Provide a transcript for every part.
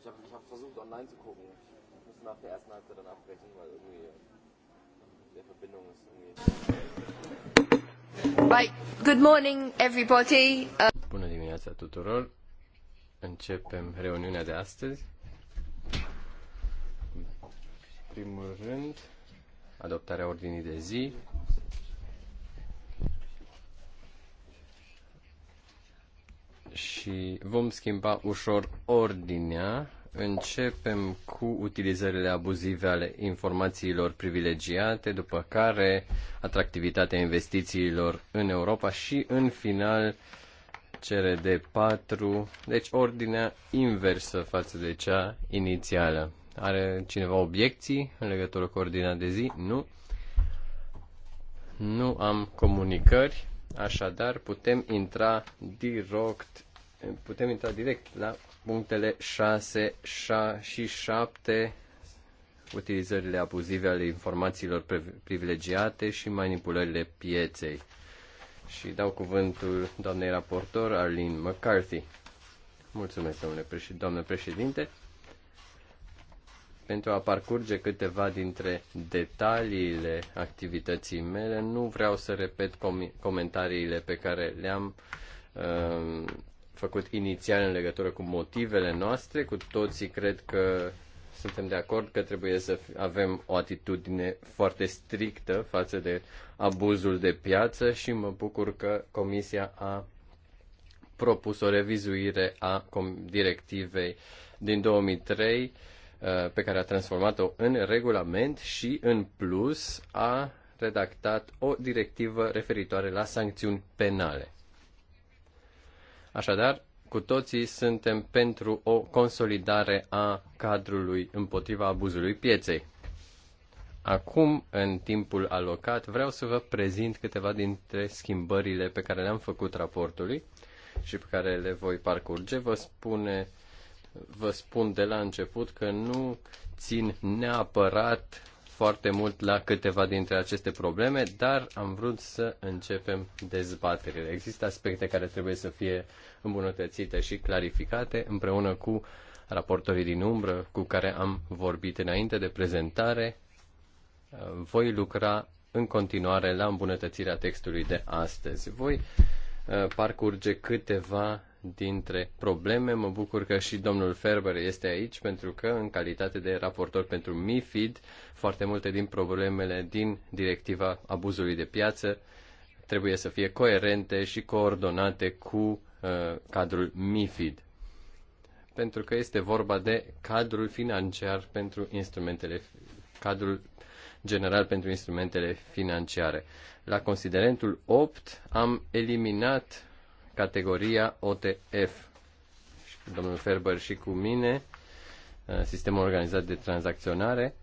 Ich habe ich hab versucht, online zu gucken. Ich musste nach der ersten Halbzeit dann abbrechen, weil irgendwie äh, der Verbindung ist irgendwie. Right. Good morning, everybody. Uh Bună dimineața tuturor. Începem reuniunea de astăzi. În primul rând, adoptarea ordinii de zi. și vom schimba ușor ordinea. Începem cu utilizările abuzive ale informațiilor privilegiate, după care atractivitatea investițiilor în Europa și, în final, CRD 4, deci ordinea inversă față de cea inițială. Are cineva obiecții în legătură cu ordinea de zi? Nu. Nu am comunicări. Așadar, putem intra direct, putem intra direct la punctele 6, 6 și 7, utilizările abuzive ale informațiilor privilegiate și manipulările pieței. Și dau cuvântul doamnei raportor Arlene McCarthy. Mulțumesc, domnule președinte. președinte pentru a parcurge câteva dintre detaliile activității mele. Nu vreau să repet com- comentariile pe care le-am uh, făcut inițial în legătură cu motivele noastre. Cu toții cred că suntem de acord că trebuie să avem o atitudine foarte strictă față de abuzul de piață și mă bucur că Comisia a propus o revizuire a directivei din 2003 Uh, pe care a transformat-o în regulament și, în plus, a redactat o directivă referitoare la sancțiuni penale. Așadar, cu toții suntem pentru o consolidare a cadrului împotriva abuzului pieței. Acum, în timpul alocat, vreau să vă prezint câteva dintre schimbările pe care le-am făcut raportului și pe care le voi parcurge. Vă spune vă spun de la început că nu țin neapărat foarte mult la câteva dintre aceste probleme, dar am vrut să începem dezbaterile. Există aspecte care trebuie să fie îmbunătățite și clarificate împreună cu raportorii din umbră cu care am vorbit înainte de prezentare. Voi lucra în continuare la îmbunătățirea textului de astăzi. Voi uh, parcurge câteva dintre probleme. Mă bucur că și domnul Ferber este aici, pentru că, în calitate de raportor pentru MIFID, foarte multe din problemele din directiva abuzului de piață trebuie să fie coerente și coordonate cu uh, cadrul MIFID. Pentru că este vorba de cadrul financiar pentru instrumentele, cadrul general pentru instrumentele financiare. La considerentul 8 am eliminat categoria OTF. Domnul Ferber și cu mine, uh, sistemul organizat de tranzacționare.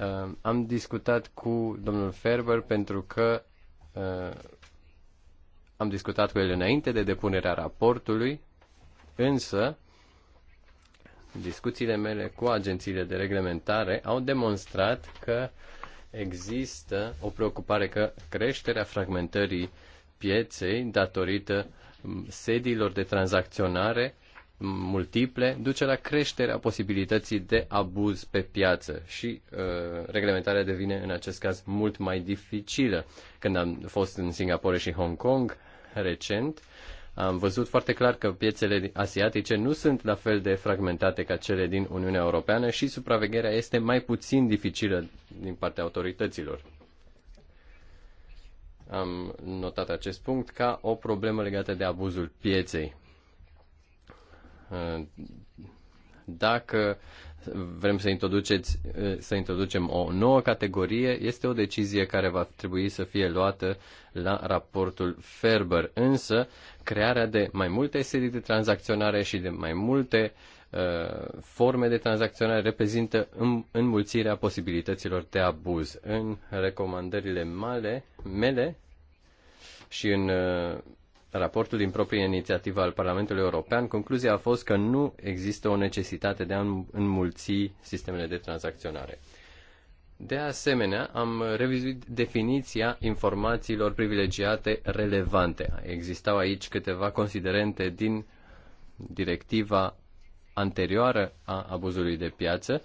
Uh, am discutat cu domnul Ferber pentru că uh, am discutat cu el înainte de depunerea raportului, însă discuțiile mele cu agențiile de reglementare au demonstrat că există o preocupare că creșterea fragmentării pieței datorită uh, sediilor de tranzacționare multiple duce la creșterea posibilității de abuz pe piață și uh, reglementarea devine în acest caz mult mai dificilă. Când am fost în Singapore și Hong Kong recent, am văzut foarte clar că piețele asiatice nu sunt la fel de fragmentate ca cele din Uniunea Europeană și supravegherea este mai puțin dificilă din partea autorităților. Am notat acest punct ca o problemă legată de abuzul pieței. Uh, dacă vrem să, introduceți, uh, să introducem o nouă categorie, este o decizie care va trebui să fie luată la raportul Ferber. Însă, crearea de mai multe serii de tranzacționare și de mai multe uh, forme de tranzacționare reprezintă înmulțirea posibilităților de abuz. În recomandările male, mele și în uh, raportul din proprie inițiativă al Parlamentului European, concluzia a fost că nu există o necesitate de a înmulți sistemele de tranzacționare. De asemenea, am revizuit definiția informațiilor privilegiate relevante. Existau aici câteva considerente din directiva anterioară a abuzului de piață,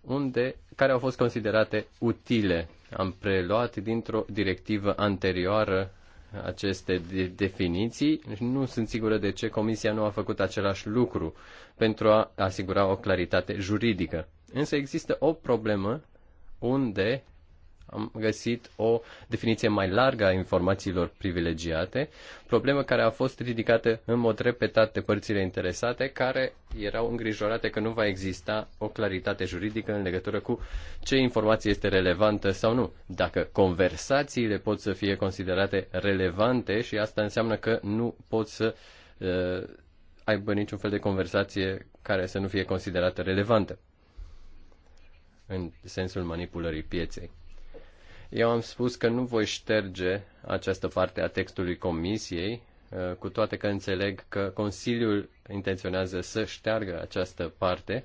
unde, care au fost considerate utile. Am preluat dintr-o directivă anterioară aceste de- definiții. Nu sunt sigură de ce Comisia nu a făcut același lucru pentru a asigura o claritate juridică. Însă există o problemă unde am găsit o definiție mai largă a informațiilor privilegiate, problemă care a fost ridicată în mod repetat de părțile interesate, care erau îngrijorate că nu va exista o claritate juridică în legătură cu ce informație este relevantă sau nu. Dacă conversațiile pot să fie considerate relevante și asta înseamnă că nu pot să uh, aibă niciun fel de conversație care să nu fie considerată relevantă în sensul manipulării pieței. Eu am spus că nu voi șterge această parte a textului comisiei, uh, cu toate că înțeleg că Consiliul intenționează să șteargă această parte,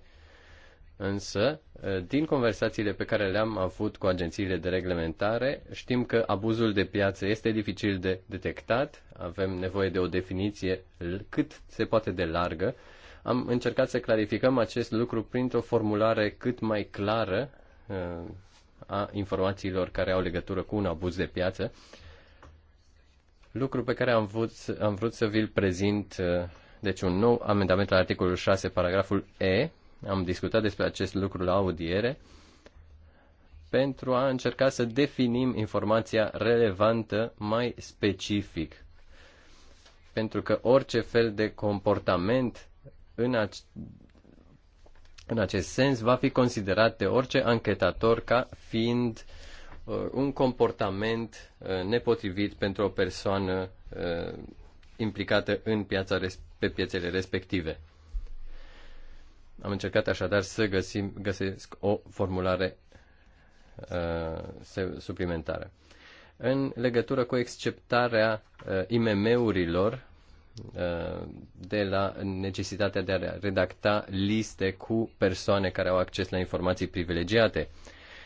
însă, uh, din conversațiile pe care le-am avut cu agențiile de reglementare, știm că abuzul de piață este dificil de detectat, avem nevoie de o definiție cât se poate de largă. Am încercat să clarificăm acest lucru printr-o formulare cât mai clară, uh, a informațiilor care au legătură cu un abuz de piață, lucru pe care am vrut, am vrut să vi-l prezint, uh, deci un nou amendament la articolul 6, paragraful E, am discutat despre acest lucru la audiere, pentru a încerca să definim informația relevantă mai specific. Pentru că orice fel de comportament în în acest sens, va fi considerat de orice anchetator ca fiind uh, un comportament uh, nepotrivit pentru o persoană uh, implicată în piața, pe piețele respective. Am încercat așadar să găsim, găsesc o formulare uh, suplimentară. În legătură cu exceptarea uh, IMM-urilor, de la necesitatea de a redacta liste cu persoane care au acces la informații privilegiate.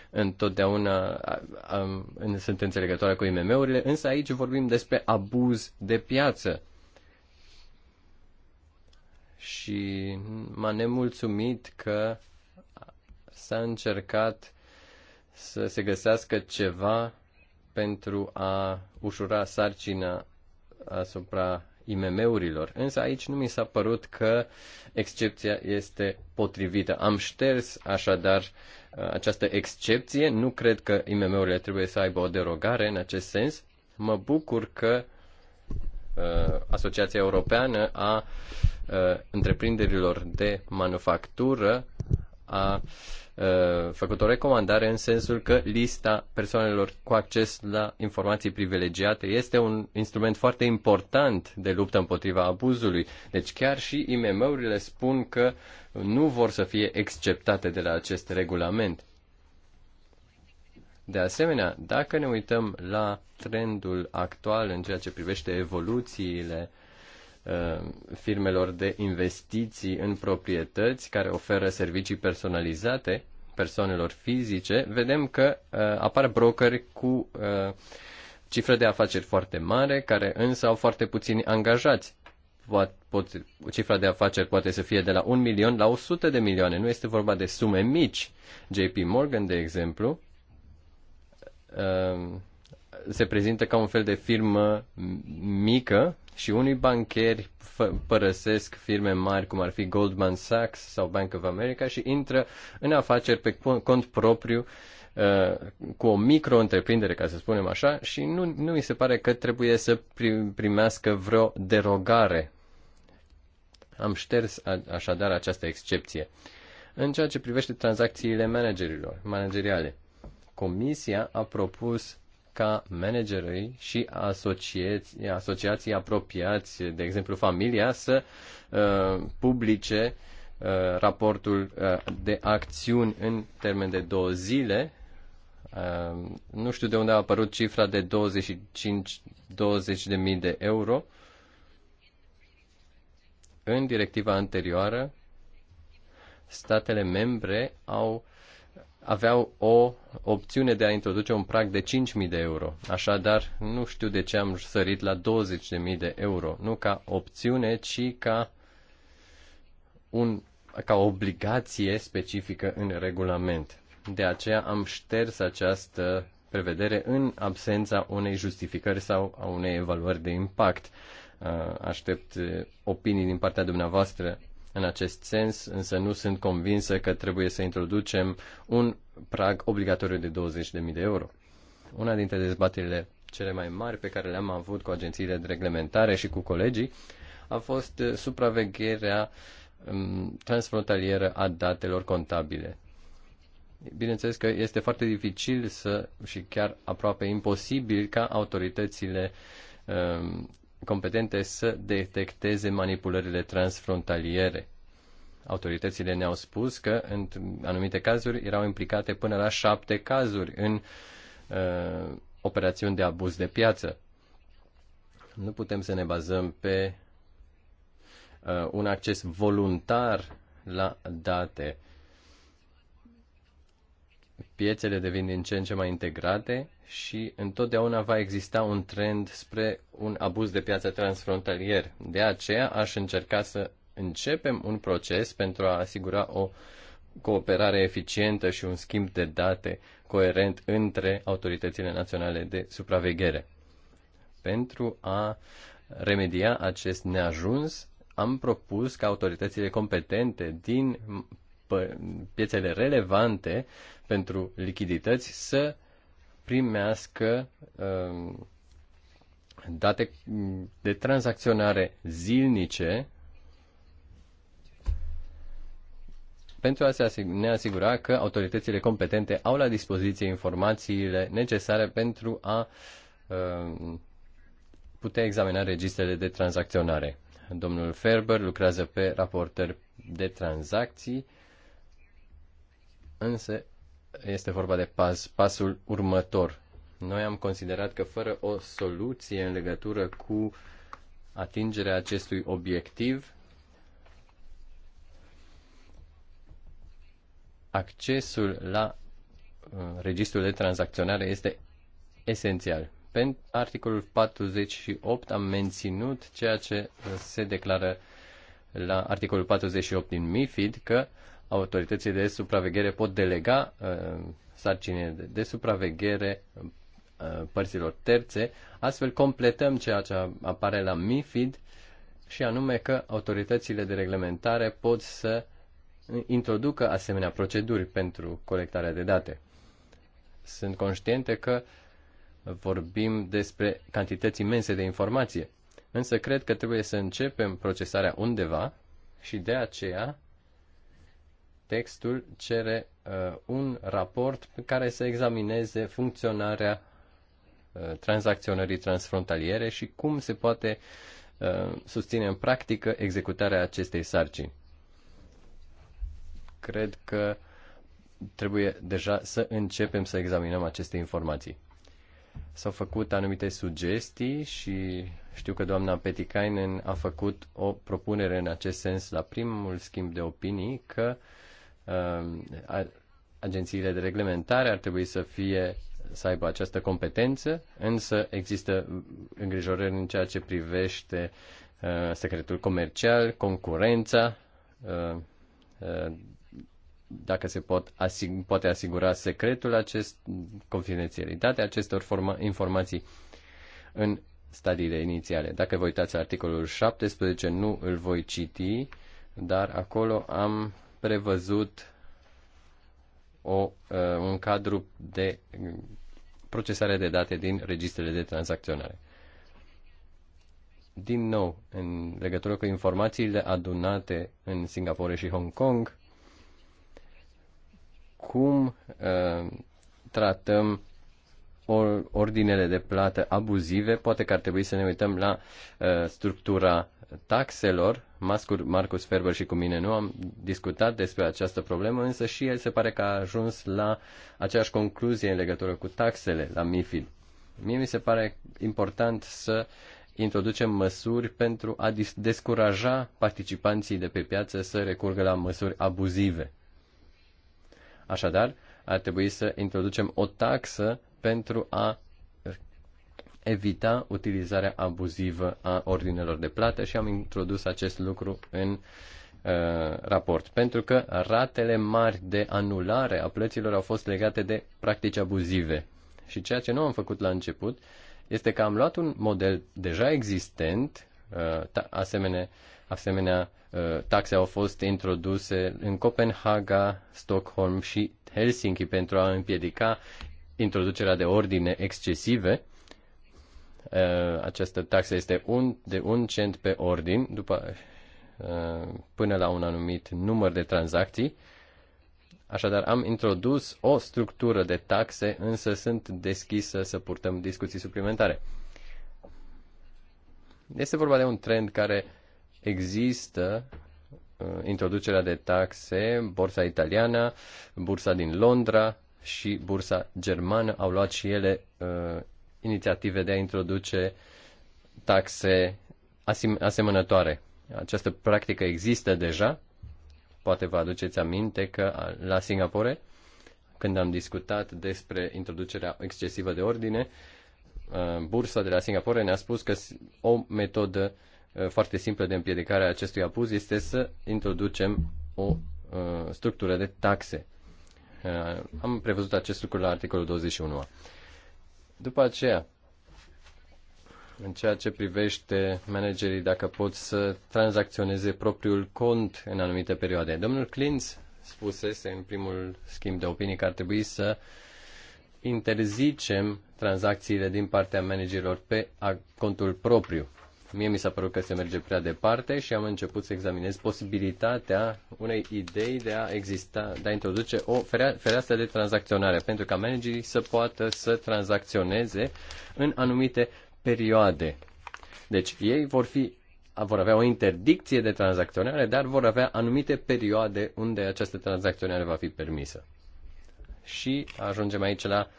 Întotdeauna am, sunt înțelegătoare cu IMM-urile, însă aici vorbim despre abuz de piață. Și m-a nemulțumit că s-a încercat să se găsească ceva pentru a ușura sarcina asupra IMM-urilor. Însă aici nu mi s-a părut că excepția este potrivită. Am șters așadar uh, această excepție. Nu cred că IMM-urile trebuie să aibă o derogare în acest sens. Mă bucur că uh, Asociația Europeană a uh, Întreprinderilor de Manufactură a uh, Uh, făcut o recomandare în sensul că lista persoanelor cu acces la informații privilegiate este un instrument foarte important de luptă împotriva abuzului. Deci chiar și IMM-urile spun că nu vor să fie exceptate de la acest regulament. De asemenea, dacă ne uităm la trendul actual în ceea ce privește evoluțiile uh, Uh, firmelor de investiții în proprietăți care oferă servicii personalizate persoanelor fizice, vedem că uh, apar brokeri cu uh, cifre de afaceri foarte mare, care însă au foarte puțini angajați. Poate, pot, cifra de afaceri poate să fie de la 1 milion la 100 de milioane. Nu este vorba de sume mici. JP Morgan, de exemplu, uh, se prezintă ca un fel de firmă mică și unii bancheri părăsesc firme mari cum ar fi Goldman Sachs sau Bank of America și intră în afaceri pe cont propriu uh, cu o micro-întreprindere, ca să spunem așa, și nu, nu mi se pare că trebuie să primească vreo derogare. Am șters așadar această excepție. În ceea ce privește tranzacțiile managerilor, manageriale, Comisia a propus ca managerii și asociații, asociații apropiați, de exemplu familia, să uh, publice uh, raportul uh, de acțiuni în termen de două zile. Uh, nu știu de unde a apărut cifra de 25 20 de mii de euro. În directiva anterioară, statele membre au aveau o opțiune de a introduce un prag de 5.000 de euro. Așadar, nu știu de ce am sărit la 20.000 de euro, nu ca opțiune, ci ca, un, ca obligație specifică în regulament. De aceea am șters această prevedere în absența unei justificări sau a unei evaluări de impact. Aștept eh, opinii din partea dumneavoastră în acest sens, însă nu sunt convinsă că trebuie să introducem un prag obligatoriu de 20.000 de euro. Una dintre dezbaterile cele mai mari pe care le-am avut cu agențiile de reglementare și cu colegii a fost uh, supravegherea um, transfrontalieră a datelor contabile. Bineînțeles că este foarte dificil să și chiar aproape imposibil ca autoritățile um, competente să detecteze manipulările transfrontaliere. Autoritățile ne-au spus că în anumite cazuri erau implicate până la șapte cazuri în uh, operațiuni de abuz de piață. Nu putem să ne bazăm pe uh, un acces voluntar la date. Uh, piețele devin din ce în ce mai integrate și întotdeauna va exista un trend spre un abuz de piață transfrontalier. De aceea aș încerca să începem un proces pentru a asigura o cooperare eficientă și un schimb de date coerent între autoritățile naționale de supraveghere. Pentru a remedia acest neajuns, am propus ca autoritățile competente din piețele relevante pentru lichidități să primească um, date de tranzacționare zilnice pentru a ne asigura că autoritățile competente au la dispoziție informațiile necesare pentru a um, putea examina registrele de tranzacționare. Domnul Ferber lucrează pe raportări de tranzacții Însă este vorba de pas, pasul următor. Noi am considerat că fără o soluție în legătură cu atingerea acestui obiectiv, accesul la uh, registrul de tranzacționare este esențial. Pentru articolul 48 am menținut ceea ce se declară la articolul 48 din MIFID că uh, autoritățile de supraveghere pot delega uh, sarcinile de supraveghere uh, părților terțe, astfel completăm ceea ce apare la MIFID și anume că autoritățile de reglementare pot să introducă asemenea proceduri pentru colectarea de date. Sunt conștiente că vorbim despre cantități imense de informație, însă cred că trebuie să începem procesarea undeva și de aceea textul cere uh, un raport pe care să examineze funcționarea uh, tranzacționării transfrontaliere și cum se poate uh, susține în practică executarea acestei sarcini. Cred că trebuie deja să începem să examinăm aceste informații. S-au făcut anumite sugestii și știu că doamna Petikainen a făcut o propunere în acest sens la primul schimb de opinii că uh, Ehm, agențiile de reglementare ar trebui să fie să aibă această competență, însă există îngrijorări în ceea ce privește eh, secretul comercial, concurența, ehm, eh, dacă se pot asig- poate asigura secretul acest, confidențialitatea acestor forma- informații în stadiile inițiale. Dacă vă uitați articolul 17, nu îl voi citi, dar acolo am prevăzut o, uh, un cadru de procesare de date din registrele de tranzacționare. Din nou, în legătură cu informațiile adunate în Singapore și Hong Kong, cum uh, tratăm or, ordinele de plată abuzive, poate că ar trebui să ne uităm la uh, structura taxelor Marcus Ferber și cu mine nu am discutat despre această problemă, însă și el se pare că a ajuns la aceeași concluzie în legătură cu taxele la MIFID. Mie mi se pare important să introducem măsuri pentru a descuraja participanții de pe piață să recurgă la măsuri abuzive. Așadar, ar trebui să introducem o taxă pentru a evita utilizarea abuzivă a ordinelor de plată și am introdus acest lucru în uh, raport, pentru că ratele mari de anulare a plăților au fost legate de practici abuzive. Și ceea ce nu am făcut la început este că am luat un model deja existent, uh, asemenea, asemenea uh, taxe au fost introduse în Copenhaga, Stockholm și Helsinki pentru a împiedica introducerea de ordine excesive Uh, această taxă este un, de un cent pe ordin după, uh, până la un anumit număr de tranzacții. Așadar, am introdus o structură de taxe, însă sunt deschisă să purtăm discuții suplimentare. Este vorba de un trend care există, uh, introducerea de taxe, bursa italiană, bursa din Londra și bursa germană au luat și ele inițiative de a introduce taxe asemănătoare. Această practică există deja. Poate vă aduceți aminte că la Singapore, când am discutat despre introducerea excesivă de ordine, uh, bursa de la Singapore ne-a spus că o metodă uh, foarte simplă de împiedicare a acestui abuz este să introducem o uh, structură de taxe. Am prevăzut acest lucru la articolul 21. După aceea, în ceea ce privește managerii dacă pot să tranzacționeze propriul cont în anumite perioade. Domnul Clintz spusese în primul schimb de opinii că ar trebui să interzicem tranzacțiile din partea managerilor pe contul propriu. Mie mi s-a părut că se merge prea departe și am început să examinez posibilitatea unei idei de a exista, de a introduce o fereastră de tranzacționare pentru ca managerii să poată să tranzacționeze în anumite perioade. Deci ei vor fi vor avea o interdicție de tranzacționare, dar vor avea anumite perioade unde această tranzacționare va fi permisă. Și ajungem aici la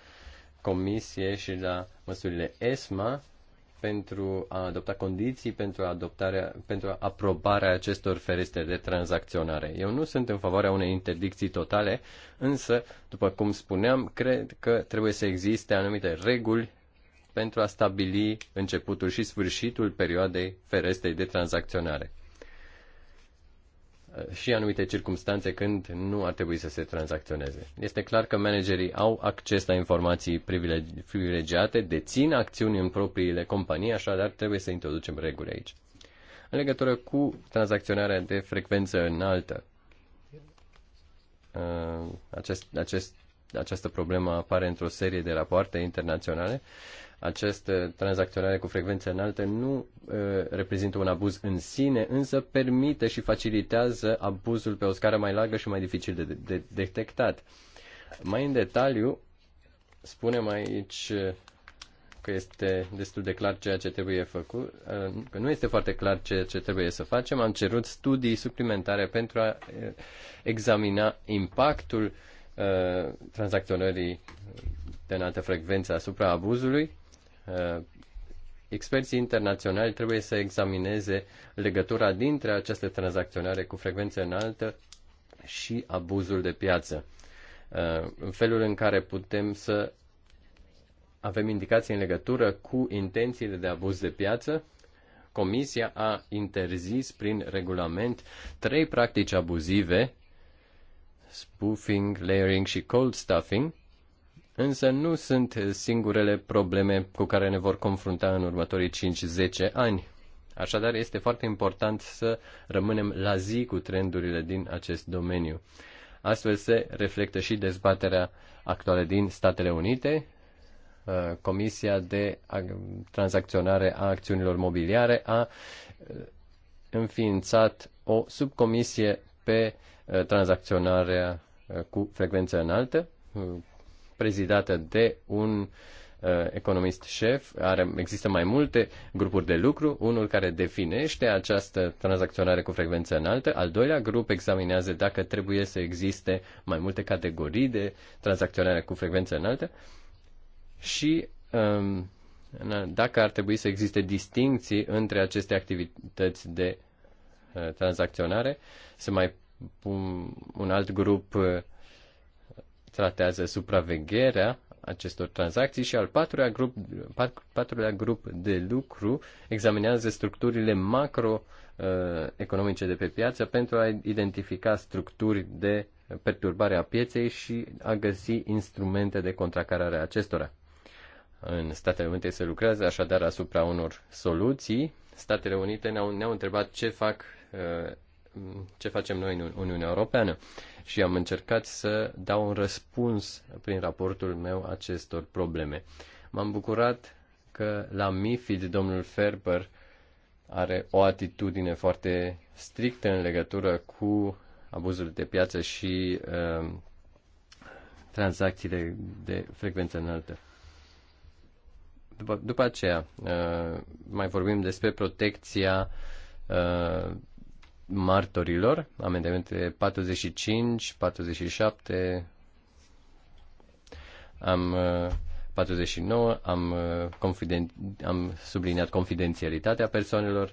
comisie și la măsurile ESMA, pentru a adopta condiții pentru, adoptarea, pentru aprobarea acestor ferestre de tranzacționare. Eu nu sunt în favoarea unei interdicții totale, însă, după cum spuneam, cred că trebuie să existe anumite reguli pentru a stabili începutul și sfârșitul perioadei ferestei de tranzacționare și anumite circunstanțe când nu ar trebui să se tranzacționeze. Este clar că managerii au acces la informații privilegiate, dețin acțiuni în propriile companii, așadar trebuie să introducem reguli aici. În legătură cu tranzacționarea de frecvență înaltă, uh, acest, acest, această problemă apare într-o serie de rapoarte internaționale aceste tranzacționare cu frecvențe înalte nu reprezintă un abuz în sine, însă permite și facilitează abuzul pe o scară mai largă și mai dificil de, de detectat. Mai în detaliu, spunem aici că este destul de clar ceea ce trebuie făcut, că nu este foarte clar ceea ce trebuie să facem. Am cerut studii suplimentare pentru a examina impactul tranzacționării de înaltă frecvență asupra abuzului Uh, experții internaționali trebuie să examineze legătura dintre această tranzacționare cu frecvență înaltă și abuzul de piață. Uh, în felul în care putem să avem indicații în legătură cu intențiile de abuz de piață, Comisia a interzis prin regulament trei practici abuzive, spoofing, layering și cold stuffing, Însă nu sunt singurele probleme cu care ne vor confrunta în următorii 5-10 ani. Așadar, este foarte important să rămânem la zi cu trendurile din acest domeniu. Astfel se reflectă și dezbaterea actuală din Statele Unite. Uh, Comisia de transacționare a acțiunilor mobiliare a uh, înființat o subcomisie pe uh, tranzacționarea cu frecvență înaltă, prezidată de un uh, economist șef, are, există mai multe grupuri de lucru, unul care definește această tranzacționare cu frecvență înaltă, al doilea grup examinează dacă trebuie să existe mai multe categorii de tranzacționare cu frecvență înaltă și um, dacă ar trebui să existe distinții între aceste activități de uh, tranzacționare, se mai un alt grup uh, tratează supravegherea acestor tranzacții și al patrulea grup, patrulea grup de lucru examinează structurile macroeconomice uh, de pe piață pentru a identifica structuri de perturbare a pieței și a găsi instrumente de contracarare a acestora. În Statele Unite se lucrează așadar asupra unor soluții. Statele Unite ne-au, ne-au întrebat ce fac uh, ce facem noi în Uniunea Europeană și am încercat să dau un răspuns prin raportul meu acestor probleme. M-am bucurat că la MIFID domnul Ferber are o atitudine foarte strictă în legătură cu abuzul de piață și uh, tranzacțiile de frecvență înaltă. După, după aceea, uh, mai vorbim despre protecția uh, martorilor, amendamente 45, 47, am 49, uh, am, uh, confiden, am subliniat confidențialitatea persoanelor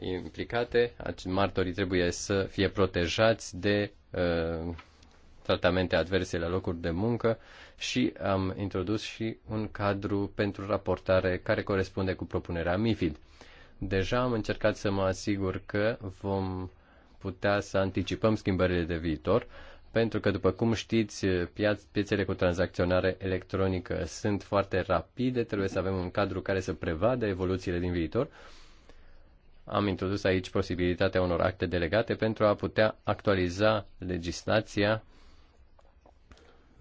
implicate. Martorii trebuie să fie protejați de uh, tratamente adverse la locuri de muncă și am introdus și un cadru pentru raportare care corespunde cu propunerea MIFID. Deja am încercat să mă asigur că vom putea să anticipăm schimbările de viitor, pentru că, după cum știți, piețele cu tranzacționare electronică sunt foarte rapide, trebuie să avem un cadru care să prevadă evoluțiile din viitor. Am introdus aici posibilitatea unor acte delegate pentru a putea actualiza legislația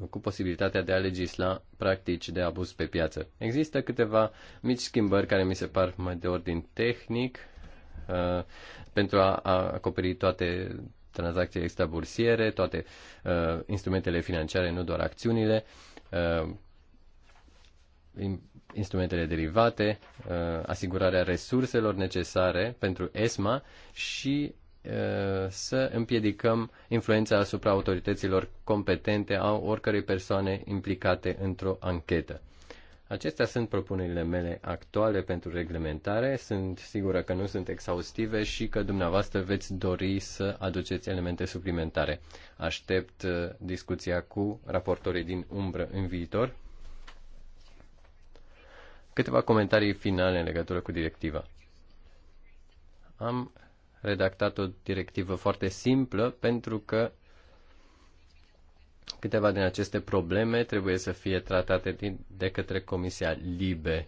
cu posibilitatea de a legisla practici de abuz pe piață. Există câteva mici schimbări care mi se par mai de ordin tehnic uh, pentru a, acoperi toate tranzacțiile extrabursiere, toate uh, instrumentele financiare, nu doar acțiunile, uh, instrumentele derivate, uh, asigurarea resurselor necesare pentru ESMA și Uh, să împiedicăm influența asupra autorităților competente a oricărei persoane implicate într-o anchetă. Acestea sunt propunerile mele actuale pentru reglementare. Sunt sigură că nu sunt exhaustive și că dumneavoastră veți dori să aduceți elemente suplimentare. Aștept uh, discuția cu raportorii din umbră în viitor. Câteva comentarii finale în legătură cu directiva. Am redactat o directivă foarte simplă pentru că câteva din aceste probleme trebuie să fie tratate de către Comisia Libe.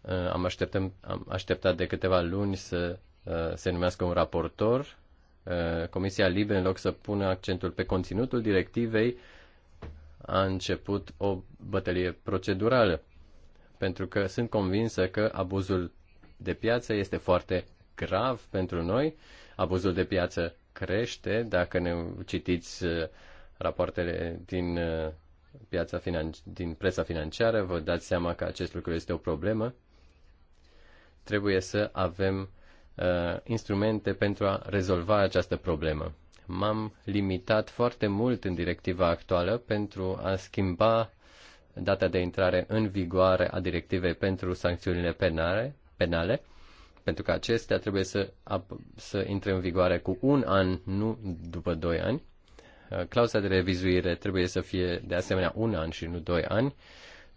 Uh, am, așteptăm, am așteptat de câteva luni să uh, se numească un raportor. Uh, Comisia Libe, în loc să pună accentul pe conținutul directivei, a început o bătălie procedurală, pentru că sunt convinsă că abuzul de piață este foarte grav pentru noi. Abuzul de piață crește. Dacă ne citiți uh, rapoartele din uh, piața finan- din presa financiară, vă dați seama că acest lucru este o problemă. Trebuie să avem uh, instrumente pentru a rezolva această problemă. M-am limitat foarte mult în directiva actuală pentru a schimba data de intrare în vigoare a directivei pentru sancțiunile penale, penale, pentru că acestea trebuie să, să intre în vigoare cu un an, nu după doi ani. Uh, clauza de revizuire trebuie să fie de asemenea un an și nu doi ani.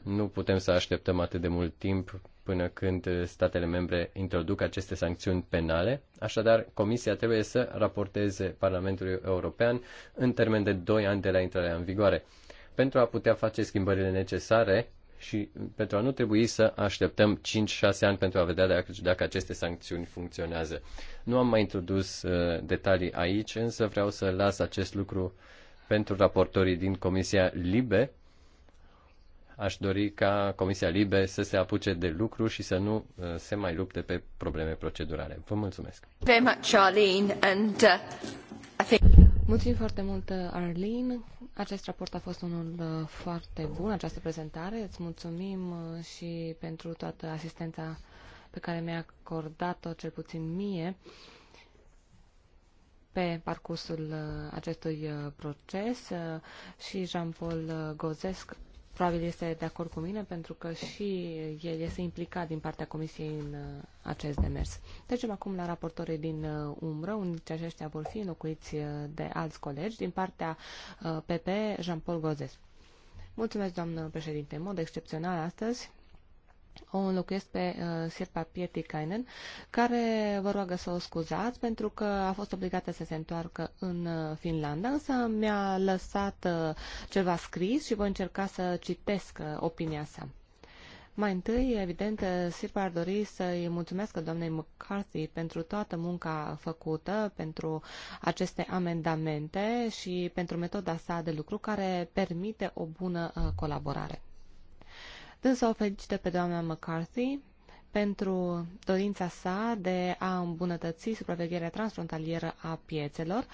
Nu putem să așteptăm atât de mult timp până când uh, statele membre introduc aceste sancțiuni penale. Așadar, Comisia trebuie să raporteze Parlamentului European în termen de 2 ani de la intrarea în vigoare. Pentru a putea face schimbările necesare, și pentru a nu trebui să așteptăm 5-6 ani pentru a vedea dacă, dacă aceste sancțiuni funcționează. Nu am mai introdus uh, detalii aici, însă vreau să las acest lucru pentru raportorii din Comisia Libe. Aș dori ca Comisia Libe să se apuce de lucru și să nu uh, se mai lupte pe probleme procedurale. Vă mulțumesc! Very much, Charlene, and, uh, I think... Mulțumim foarte mult, Arlene. Acest raport a fost unul uh, foarte bun, această prezentare. Îți mulțumim uh, și pentru toată asistența pe care mi-a acordat-o, cel puțin mie, pe parcursul uh, acestui proces și Jean-Paul Gozesc probabil este de acord cu mine pentru că și el este implicat din partea Comisiei în uh, acest demers. Trecem acum la raportorii din uh, umbră, unde aceștia vor fi înlocuiți uh, de alți colegi. Din partea PP, Jean-Paul Gozes. Mulțumesc, doamnă președinte. În mod excepțional astăzi, o înlocuiesc pe uh, Sirpa Pietikainen, care vă roagă să o scuzați pentru că a fost obligată să se întoarcă în uh, Finlanda, însă mi-a lăsat uh, ceva scris și voi încerca să citesc uh, opinia sa. Mai întâi, evident, uh, Sirpa ar dori să-i mulțumesc doamnei McCarthy pentru toată munca făcută, pentru aceste amendamente și pentru metoda sa de lucru care permite o bună uh, colaborare. Însă o felicită pe doamna McCarthy pentru dorința sa de a îmbunătăți supravegherea transfrontalieră a piețelor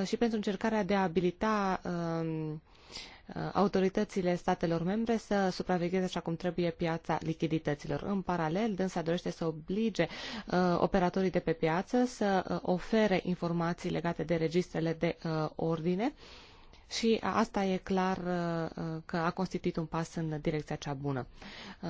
uh, și pentru încercarea de a abilita um, uh, autoritățile statelor membre să supravegheze așa cum trebuie piața lichidităților. În paralel, dânsa dorește să oblige uh, operatorii de pe piață să uh, ofere informații legate de registrele de uh, ordine uh, și asta e clar uh, uh, că a constituit un pas în direcția cea bună. Uh,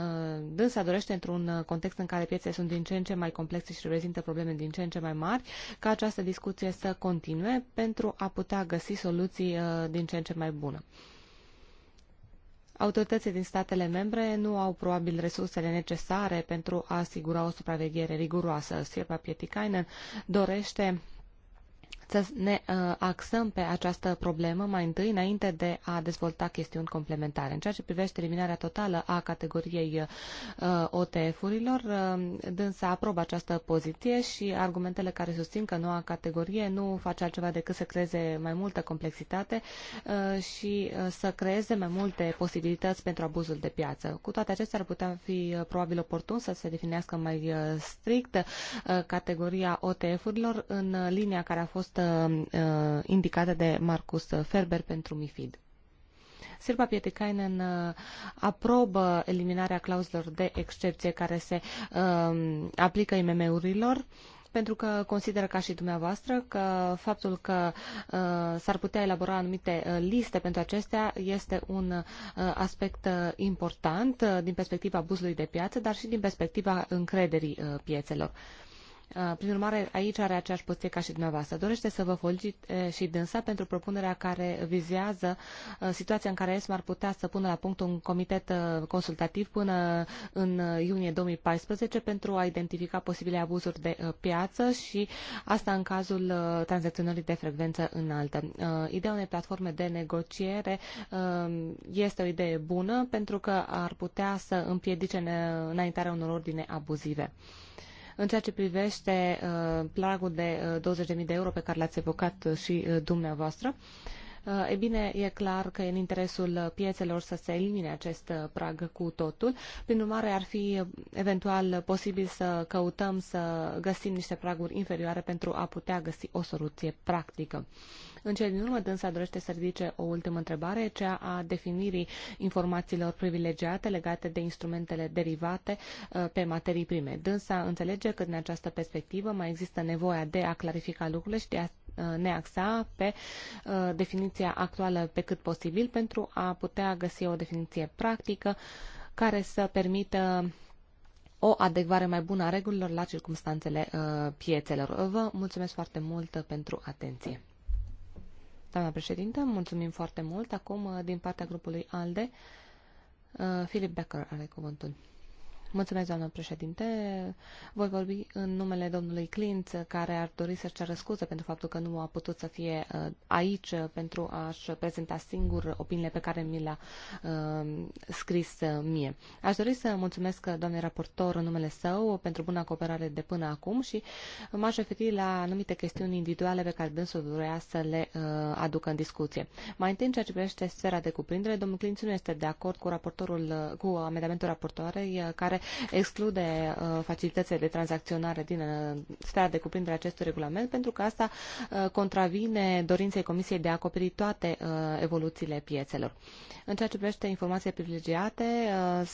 dânsa dorește, într-un context în care piețele sunt din ce în ce mai complexe și reprezintă probleme din ce în ce mai mari, ca această discuție să continue pentru a putea găsi soluții din ce în ce mai bună. Autoritățile din statele membre nu au probabil resursele necesare pentru a asigura o supraveghere riguroasă. Sirpa Pieticainen dorește să ne uh, axăm pe această problemă mai întâi, înainte de a dezvolta chestiuni complementare. În ceea ce privește eliminarea totală a categoriei uh, OTF-urilor, uh, dânsa aprobă această poziție și argumentele care susțin că noua categorie nu face altceva decât să creeze mai multă complexitate și să creeze mai multe posibilități pentru abuzul de piață. Cu toate acestea, ar putea fi probabil oportun să se definească mai strict categoria OTF-urilor în linia care a fost Uh, uh, indicată de Marcus Ferber pentru MIFID. Sirpa Pietikainen uh, aprobă eliminarea clauzelor de excepție care se uh, aplică IMM-urilor pentru că consideră ca și dumneavoastră că faptul că uh, s-ar putea elabora anumite uh, liste pentru acestea este un uh, aspect uh, important uh, din perspectiva abuzului de piață, dar și din perspectiva încrederii uh, piețelor. Uh, Uh, prin urmare, aici are aceeași poziție ca și dumneavoastră. Dorește să vă felicite și dânsa pentru propunerea care vizează uh, situația în care ESMA ar putea să pună la punct un comitet uh, consultativ până în iunie 2014 pentru a identifica posibile abuzuri de piață și asta în cazul tranzacționării de frecvență înaltă. Ideea unei platforme de negociere este o idee bună pentru că ar putea să împiedice înaintarea unor ordine abuzive în ceea ce privește uh, plagul de 20.000 uh, de euro pe care l-ați evocat uh, și dumneavoastră. E bine, e clar că e în interesul piețelor să se elimine acest prag cu totul. Prin urmare, ar fi eventual posibil să căutăm să găsim niște praguri inferioare pentru a putea găsi o soluție practică. Uh, în cele din urmă, dânsa dorește să ridice o ultimă întrebare, cea a definirii informațiilor privilegiate legate de instrumentele derivate uh, pe materii prime. Dânsa înțelege că din această perspectivă mai există nevoia de a clarifica lucrurile și de a uh, ne axa pe uh, definiția actuală pe cât posibil pentru a putea găsi o definiție practică care să permită o adecvare mai bună a regulilor la circumstanțele piețelor. Vă mulțumesc foarte mult pentru atenție. Doamna președintă, mulțumim foarte mult. Acum, din partea grupului ALDE, Filip uh, Becker are cuvântul. Mulțumesc, doamnă președinte. Voi vorbi în numele domnului Clint, care ar dori să-și ceară scuze pentru faptul că nu a putut să fie uh, aici pentru a-și prezenta singur opiniile pe care mi le-a uh, scris uh, mie. Aș dori să mulțumesc doamnei raportor în numele său pentru buna cooperare de până acum și m-aș referi la anumite chestiuni individuale pe care dânsul vrea să le aducă în discuție. Mai întâi, în ceea ce privește sfera de cuprindere, domnul Clint nu este de acord cu raportorul, cu amendamentul raportoarei care exclude uh, facilitățile de tranzacționare din uh, starea de cuprindere acestui regulament, pentru că asta uh, contravine dorinței Comisiei de a acoperi toate evoluțiile piețelor. În ceea ce privește informații privilegiate,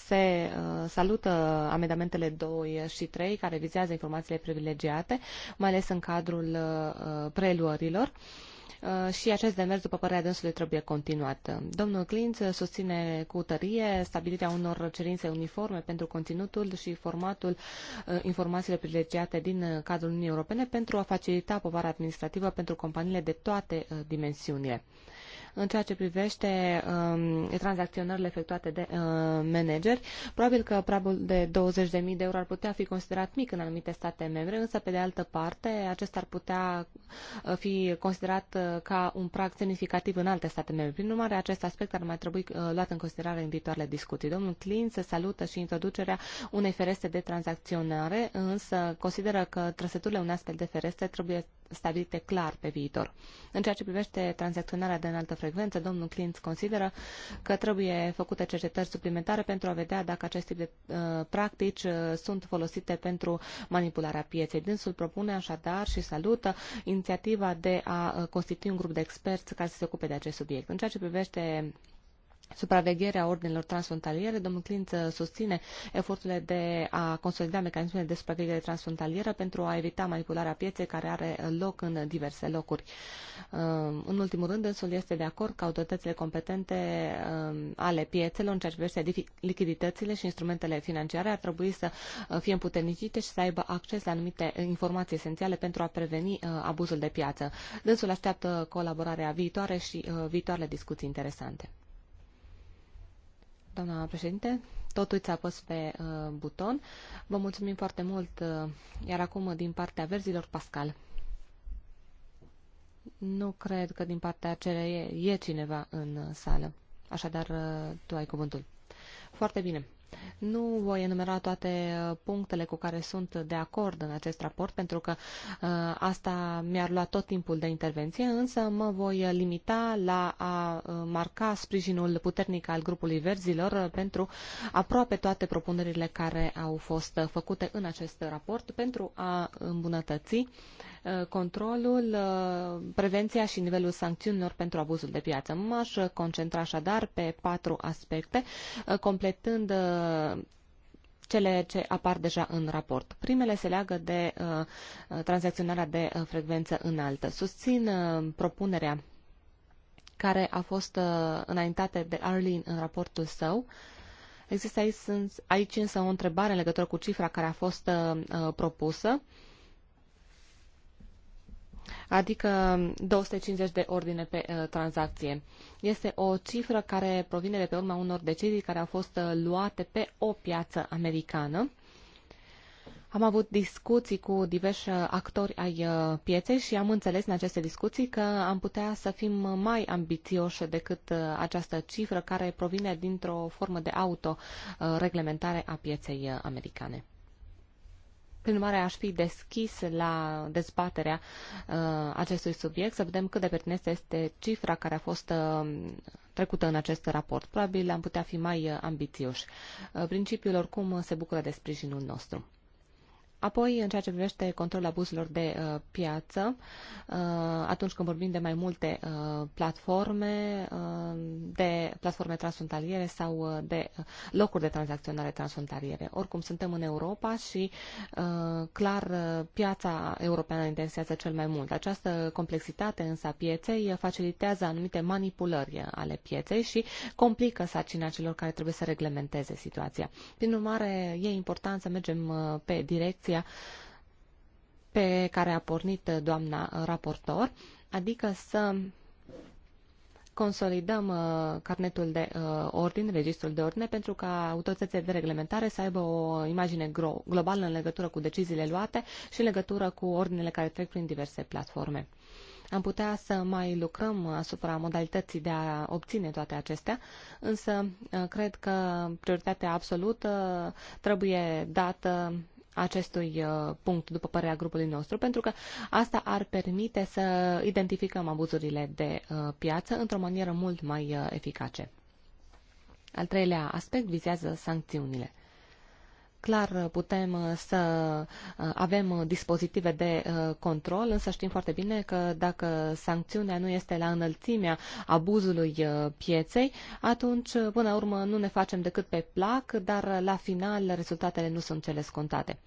se salută amendamentele 2 și 3 care vizează informațiile privilegiate, mai ales în cadrul preluărilor. Uh, Uh, și acest demers, după părerea dânsului, trebuie continuat. Domnul Clinț susține cu tărie stabilirea unor cerințe uniforme pentru conținutul și formatul uh, informațiilor privilegiate din cadrul Uniunii Europene pentru a facilita povara administrativă pentru companiile de toate uh, dimensiunile în ceea ce privește um, tranzacționările efectuate de uh, manageri. Probabil că pragul de 20.000 de euro ar putea fi considerat mic în anumite state membre, însă, pe de altă parte, acesta ar putea uh, fi considerat uh, ca un prag semnificativ în alte state membre. Prin urmare, acest aspect ar mai trebui uh, luat în considerare în viitoarele discuții. Domnul Clin se salută și introducerea unei fereste de tranzacționare, însă consideră că trăsăturile unei astfel de fereste trebuie stabilite clar pe viitor. În ceea ce privește tranzacționarea de înaltă frecvență, domnul Clint consideră că trebuie făcute cercetări suplimentare pentru a vedea dacă acest tip de uh, practici uh, sunt folosite pentru manipularea pieței. Dânsul propune așadar și salută inițiativa de a uh, constitui un grup de experți care să se ocupe de acest subiect. În ceea ce privește supravegherea ordinelor transfrontaliere. Domnul Clint uh, susține eforturile de a consolida mecanismele de supraveghere transfrontalieră pentru a evita manipularea pieței care are uh, loc în diverse locuri. Uh, în ultimul rând, însul este de acord că autoritățile competente ale piețelor în ceea ce privește lichiditățile și instrumentele financiare ar trebui să fie împuternicite și să aibă acces la anumite informații esențiale pentru a preveni abuzul de piață. Dânsul așteaptă colaborarea viitoare și viitoarele discuții interesante doamna președinte. Totul ți-a apăs pe uh, buton. Vă mulțumim foarte mult, uh, iar acum uh, din partea verzilor, Pascal. Nu cred că din partea acelei e, e cineva în uh, sală. Așadar, uh, tu ai cuvântul. Foarte bine. Nu voi enumera toate uh, punctele cu care sunt de acord în acest raport, pentru că uh, asta mi-ar lua tot timpul de intervenție, însă mă voi limita la a uh, marca sprijinul puternic al grupului verzilor pentru aproape toate propunerile care au fost făcute în acest raport pentru a îmbunătăți uh, Uh, controlul, uh, prevenția și nivelul sancțiunilor pentru abuzul de piață. M-aș concentra așadar pe patru aspecte, uh, completând cele ce apar deja în raport. Primele se leagă de tranzacționarea de frecvență înaltă. Susțin propunerea care a fost înaintată de Arlene în raportul său. Există aici, aici însă o întrebare în legătură cu cifra care a fost uh, propusă. Uh, adică 250 de ordine pe uh, tranzacție. Este o cifră care provine de pe urma unor decizii care au fost uh, luate pe o piață americană. Am avut discuții cu diversi uh, actori ai uh, pieței și am înțeles în aceste discuții că am putea să fim mai ambițioși decât uh, această cifră care provine dintr-o formă de autoreglementare a pieței americane. Prin urmare, aș fi deschis la dezbaterea uh, acestui subiect, să vedem cât de pertinentă este cifra care a fost uh, trecută în acest raport. Probabil am putea fi mai uh, ambițioși. Uh, principiul oricum se bucură de sprijinul nostru. Apoi, în ceea ce privește controlul abuzurilor de uh, piață, uh, atunci când vorbim de mai multe uh, platforme, uh, de platforme transfrontaliere sau uh, de uh, locuri de tranzacționare transfrontaliere. Oricum, suntem în Europa și, uh, clar, uh, piața europeană interesează cel mai mult. Această complexitate însă a pieței uh, facilitează anumite manipulări uh, ale pieței și complică sarcina celor care trebuie să reglementeze situația. Prin urmare, e important să mergem pe direcție direcția pe care a pornit doamna raportor, adică să consolidăm uh, carnetul de uh, ordin, registrul de ordine, pentru ca autoritățile de reglementare să aibă o imagine globală în legătură cu deciziile luate și în legătură cu ordinele care trec prin diverse platforme. Am putea să mai lucrăm asupra modalității de a obține toate acestea, însă uh, cred că prioritatea absolută trebuie dată acestui uh, punct, după părerea grupului nostru, pentru că asta ar permite să identificăm abuzurile de uh, piață într-o manieră mult mai uh, eficace. Al treilea aspect vizează sancțiunile. Clar, putem uh, să uh, avem uh, dispozitive de control, însă știm foarte bine că dacă sancțiunea nu este la înălțimea abuzului pieței, atunci, până la urmă, nu ne facem decât pe plac, dar la final rezultatele nu sunt cele scontate.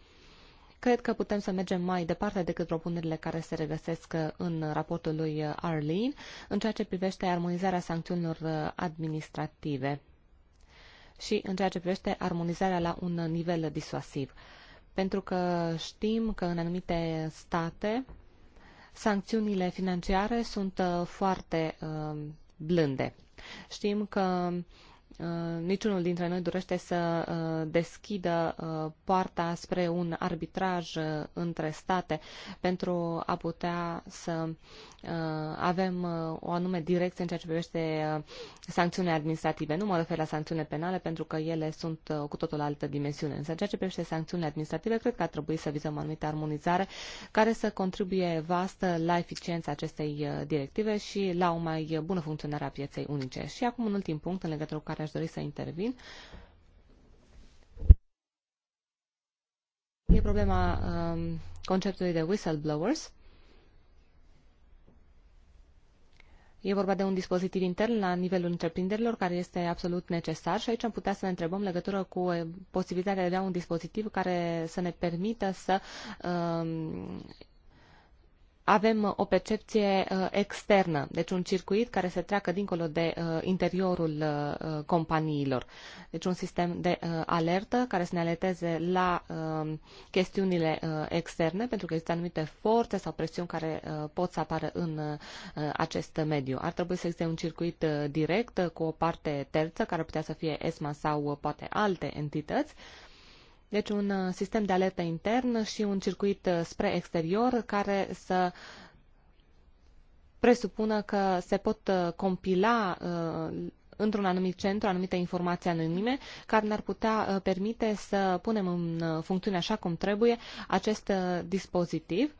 Cred că putem să mergem mai departe decât propunerile care se regăsesc în raportul lui Arlene în ceea ce privește armonizarea sancțiunilor administrative și în ceea ce privește armonizarea la un nivel disuasiv. Pentru că știm că în anumite state sancțiunile financiare sunt uh, foarte uh, blânde. Știm că uh, Uh, niciunul dintre noi dorește să uh, deschidă uh, poarta spre un arbitraj între state pentru a putea să avem o anume direcție în ceea ce privește sancțiunile administrative. Nu mă refer la sancțiunile penale pentru că ele sunt cu totul altă dimensiune. Însă în ceea ce privește sancțiunile administrative, cred că ar trebui să vizăm anumită armonizare care să contribuie vast la eficiența acestei directive și la o mai bună funcționare a pieței unice. Și acum un ultim punct în legătură cu care aș dori să intervin. E problema um, conceptului de whistleblowers. E vorba de un dispozitiv intern la nivelul întreprinderilor care este absolut necesar și aici am putea să ne întrebăm legătură cu uh, posibilitatea de a avea un dispozitiv care să ne permită să um, avem uh, o percepție uh, externă, deci un circuit care se treacă dincolo de uh, interiorul companiilor. Deci un sistem de alertă care să ne alerteze la chestiunile externe, pentru că există anumite forțe sau presiuni care pot să apară în acest mediu. Ar trebui să existe un circuit direct cu o parte terță, care putea să fie ESMA sau poate alte entități, deci un uh, sistem de alertă intern și un circuit uh, spre exterior care să presupună că se pot uh, compila într-un anumit centru anumite informații anonime care ne-ar putea permite să punem în funcțiune așa cum trebuie acest dispozitiv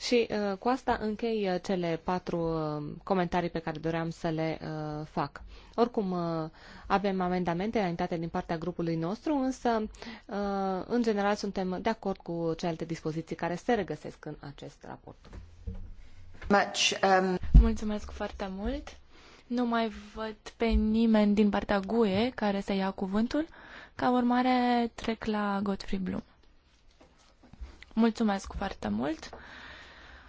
și uh, cu asta închei uh, cele patru uh, comentarii pe care doream să le uh, fac. Oricum, uh, avem amendamente înaintate din partea grupului nostru, însă, uh, în general, suntem de acord cu celelalte dispoziții care se regăsesc în acest raport. Much, um... Mulțumesc foarte mult. Nu mai văd pe nimeni din partea GUE care să ia cuvântul. Ca urmare, trec la Godfrey Bloom. Mulțumesc foarte mult.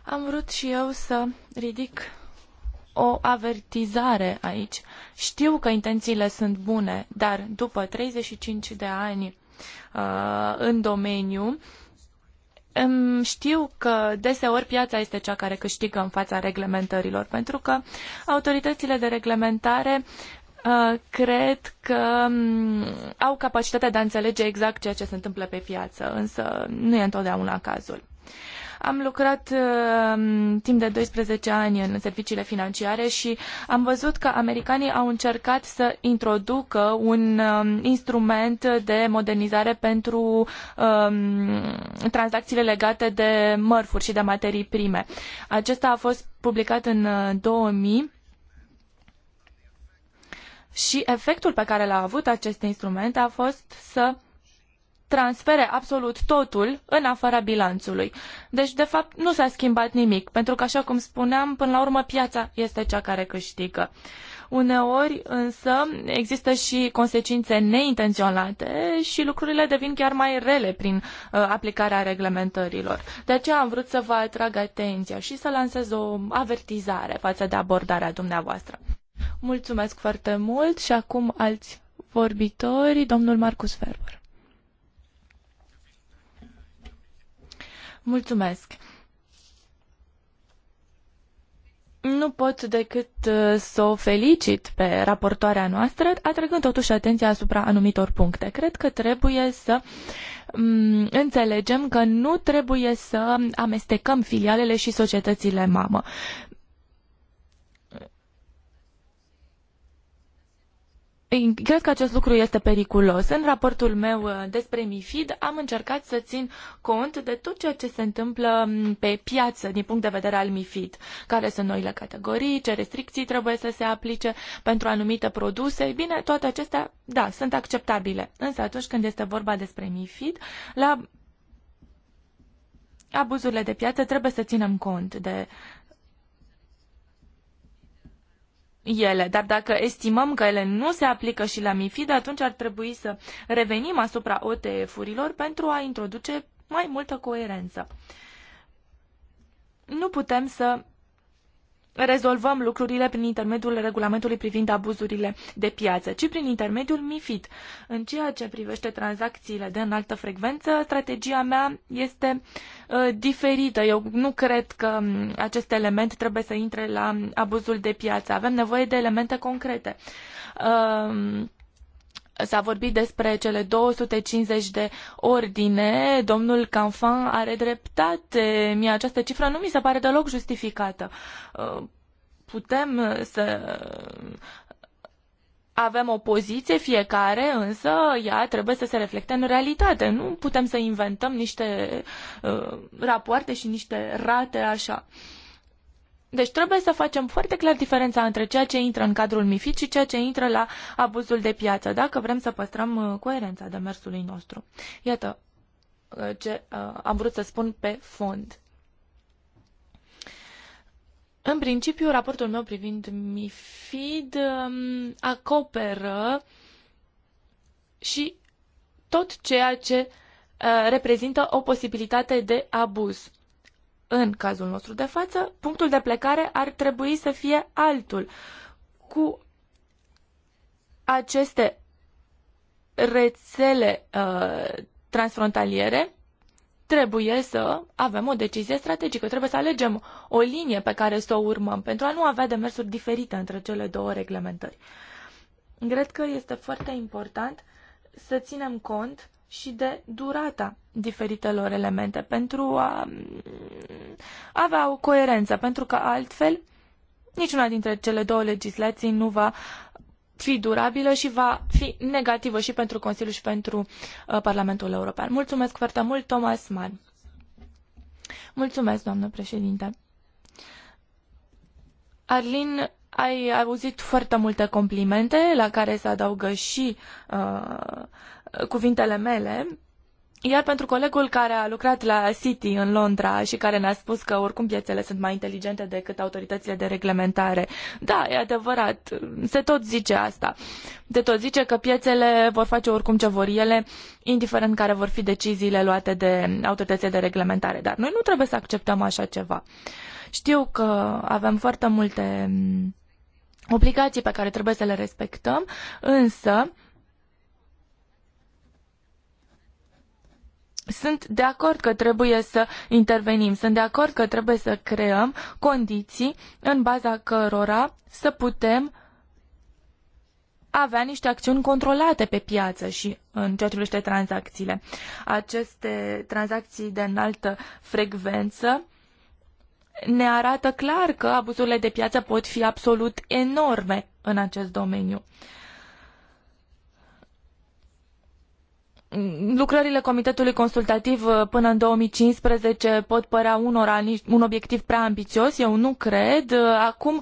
Am vrut și eu să ridic o avertizare aici. Știu că intențiile sunt bune, dar după 35 de ani uh, în domeniu, știu că deseori piața este cea care câștigă în fața reglementărilor, pentru că autoritățile de reglementare uh, cred că um, au capacitatea de a înțelege exact ceea ce se întâmplă pe piață, însă nu e întotdeauna cazul. Am lucrat uh, timp de 12 ani în serviciile financiare și am văzut că americanii au încercat să introducă un uh, instrument de modernizare pentru ehm, tranzacțiile legate de mărfuri și de materii prime. Acesta a fost publicat în 2000 eh, și efectul pe care l-a avut acest instrument a fost să transfere absolut totul în afara bilanțului. Deci, de fapt, nu s-a schimbat nimic, pentru că, așa cum spuneam, până la urmă piața este cea care câștigă. Uneori, însă, există și consecințe neintenționate și lucrurile devin chiar mai rele prin uh, aplicarea reglementărilor. De aceea am vrut să vă atrag atenția și să lansez o avertizare față de abordarea dumneavoastră. Mulțumesc foarte mult și acum alți vorbitori, domnul Marcus Ferber. Mulțumesc! Nu pot decât uh, să o felicit pe raportoarea noastră, atrăgând totuși atenția asupra anumitor puncte. Cred că trebuie să mm, înțelegem că nu trebuie să amestecăm filialele și societățile mamă. Cred că acest lucru este periculos. În raportul meu uh, despre MIFID am încercat să țin cont de tot ceea ce se întâmplă pe piață din punct de vedere al MIFID. Care sunt noile categorii, ce restricții trebuie să se aplice pentru anumite produse. Ei bine, toate acestea, da, sunt acceptabile. Însă atunci când este vorba despre MIFID, la abuzurile de piață trebuie să ținem cont de ele, dar dacă estimăm că ele nu se aplică și la MIFID, atunci ar trebui să revenim asupra OTF-urilor pentru a introduce mai multă coerență. Nu putem să rezolvăm lucrurile prin intermediul regulamentului privind abuzurile de piață, ci prin intermediul MIFID. În ceea ce privește tranzacțiile de înaltă frecvență, strategia mea este uh, diferită. Eu nu cred că um, acest element trebuie să intre la abuzul de piață. Avem nevoie de elemente concrete. Uh, S-a vorbit despre cele 250 de ordine. Domnul Canfan are dreptate. Mie această cifră nu mi se pare deloc justificată. Uh, putem să avem o poziție fiecare, însă ea trebuie să se reflecte în realitate. Nu putem să inventăm niște uh, rapoarte și niște rate așa. Uh, deci trebuie să facem foarte clar diferența între ceea ce intră în cadrul MIFID și ceea ce intră la abuzul de piață, dacă vrem să păstrăm uh, coerența demersului nostru. Iată uh, ce uh, am vrut să spun pe fond. În principiu, raportul meu privind MIFID um, acoperă și tot ceea ce reprezintă o posibilitate de abuz. În cazul nostru de față, punctul de plecare ar trebui să fie altul. Cu aceste rețele uh, transfrontaliere, trebuie să avem o decizie strategică, trebuie să alegem o linie pe care să o urmăm pentru a nu avea demersuri diferite între cele două reglementări. Cred că este foarte important să ținem cont și de durata diferitelor elemente pentru a mm, avea o coerență, pentru că altfel niciuna dintre cele două legislații nu va fi durabilă și va fi negativă și pentru Consiliu și pentru uh, Parlamentul European. Mulțumesc foarte mult, Thomas Mann. Mulțumesc, doamnă președinte. Arlin, ai auzit foarte multe complimente, la care se adaugă și uh, cuvintele mele. Iar pentru colegul care a lucrat la City în Londra și care ne-a spus că oricum piețele sunt mai inteligente decât autoritățile de reglementare, da, e adevărat, se tot zice asta. Se tot zice că piețele vor face oricum ce vor ele, indiferent care vor fi deciziile luate de autoritățile de reglementare. Dar noi nu trebuie să acceptăm așa ceva. Știu că avem foarte multe mm, obligații pe care trebuie să le respectăm, însă Sunt de acord că trebuie să intervenim, sunt de acord că trebuie să creăm condiții în baza cărora să putem avea niște acțiuni controlate pe piață și în ceea ce privește tranzacțiile. Aceste tranzacții de înaltă frecvență ne arată clar că abuzurile de piață pot fi absolut enorme în acest domeniu. Uh, lucrările Comitetului Consultativ uh, până în 2015 pot părea unora un obiectiv prea ambițios, eu nu cred. Uh, acum,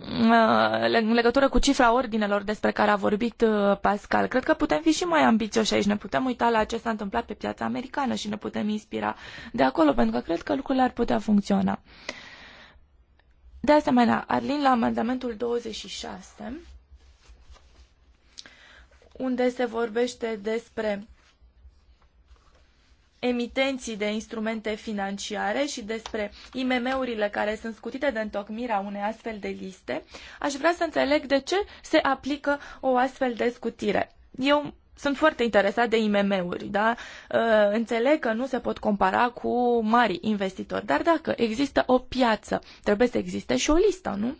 uh, în legătură cu cifra ordinelor despre care a vorbit Pascal, cred că putem fi și mai ambițioși aici. Ne putem uita la ce s-a întâmplat pe piața americană și ne putem inspira de acolo, pentru că cred că lucrurile ar putea funcționa. De asemenea, Arlin, la amendamentul 26, unde se vorbește despre emitenții de instrumente financiare și despre IMM-urile care sunt scutite de întocmirea unei astfel de liste, aș vrea să înțeleg de ce se aplică o astfel de scutire. Eu sunt foarte interesat de IMM-uri, da? Ă, înțeleg că nu se pot compara cu mari investitori, dar dacă există o piață, trebuie să existe și o listă, nu?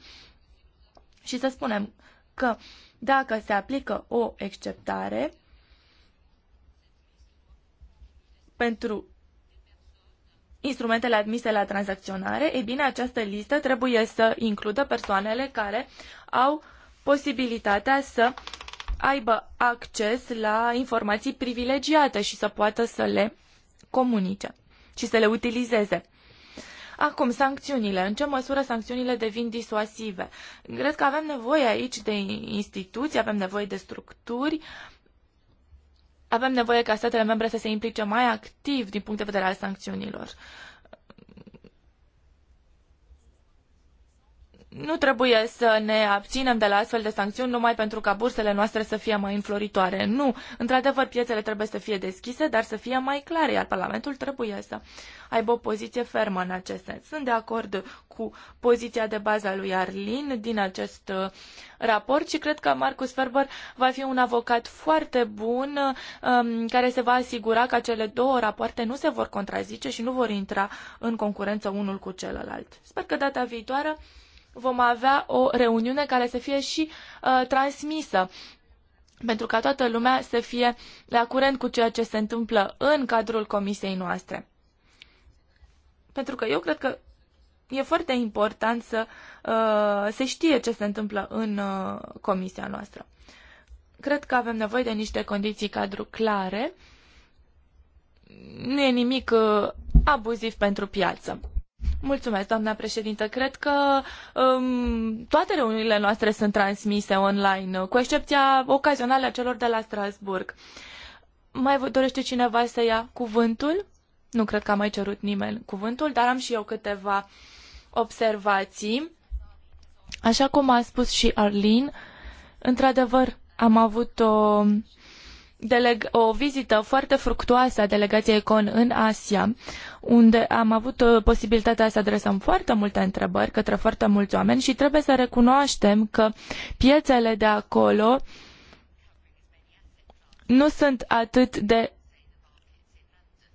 Și să spunem că dacă se aplică o exceptare, pentru instrumentele admise la tranzacționare, e bine, această listă trebuie să includă persoanele care au posibilitatea să aibă acces la informații privilegiate și să poată să le comunice și să le utilizeze. Acum, sancțiunile. În ce măsură sancțiunile devin disuasive? Cred că avem nevoie aici de instituții, avem nevoie de structuri uh, avem nevoie ca statele membre să se implice mai activ din punct de vedere al sancțiunilor. nu trebuie să ne abținem de la astfel de sancțiuni numai pentru ca bursele noastre să fie mai înfloritoare. Nu, într-adevăr, piețele trebuie să fie deschise, dar să fie mai clare, iar Parlamentul trebuie să aibă o poziție fermă în acest sens. Sunt de acord cu poziția de bază a lui Arlin din acest uh, raport și cred că Marcus Ferber va fi un avocat foarte bun um, care se va asigura că cele două rapoarte nu se vor contrazice și nu vor intra în concurență unul cu celălalt. Sper că data viitoare vom avea o reuniune care să fie și uh, transmisă pentru ca toată lumea să fie la curent cu ceea ce se întâmplă în cadrul comisiei noastre. Pentru că eu cred că e foarte important să uh, se știe ce se întâmplă în uh, comisia noastră. Cred că avem nevoie de niște condiții cadru clare. Nu e nimic uh, abuziv pentru piață. Mulțumesc, doamna președintă. Cred că um, toate reuniunile noastre sunt transmise online, cu excepția ocazională a celor de la Strasburg. Mai dorește cineva să ia cuvântul? Nu cred că a mai cerut nimeni cuvântul, dar am și eu câteva observații. Așa cum a spus și Arlin, într-adevăr am avut o deleg- o vizită foarte fructuoasă a delegației Econ în Asia, unde am avut uh, posibilitatea să adresăm foarte multe întrebări către foarte mulți oameni și trebuie să recunoaștem că piețele de acolo nu sunt atât de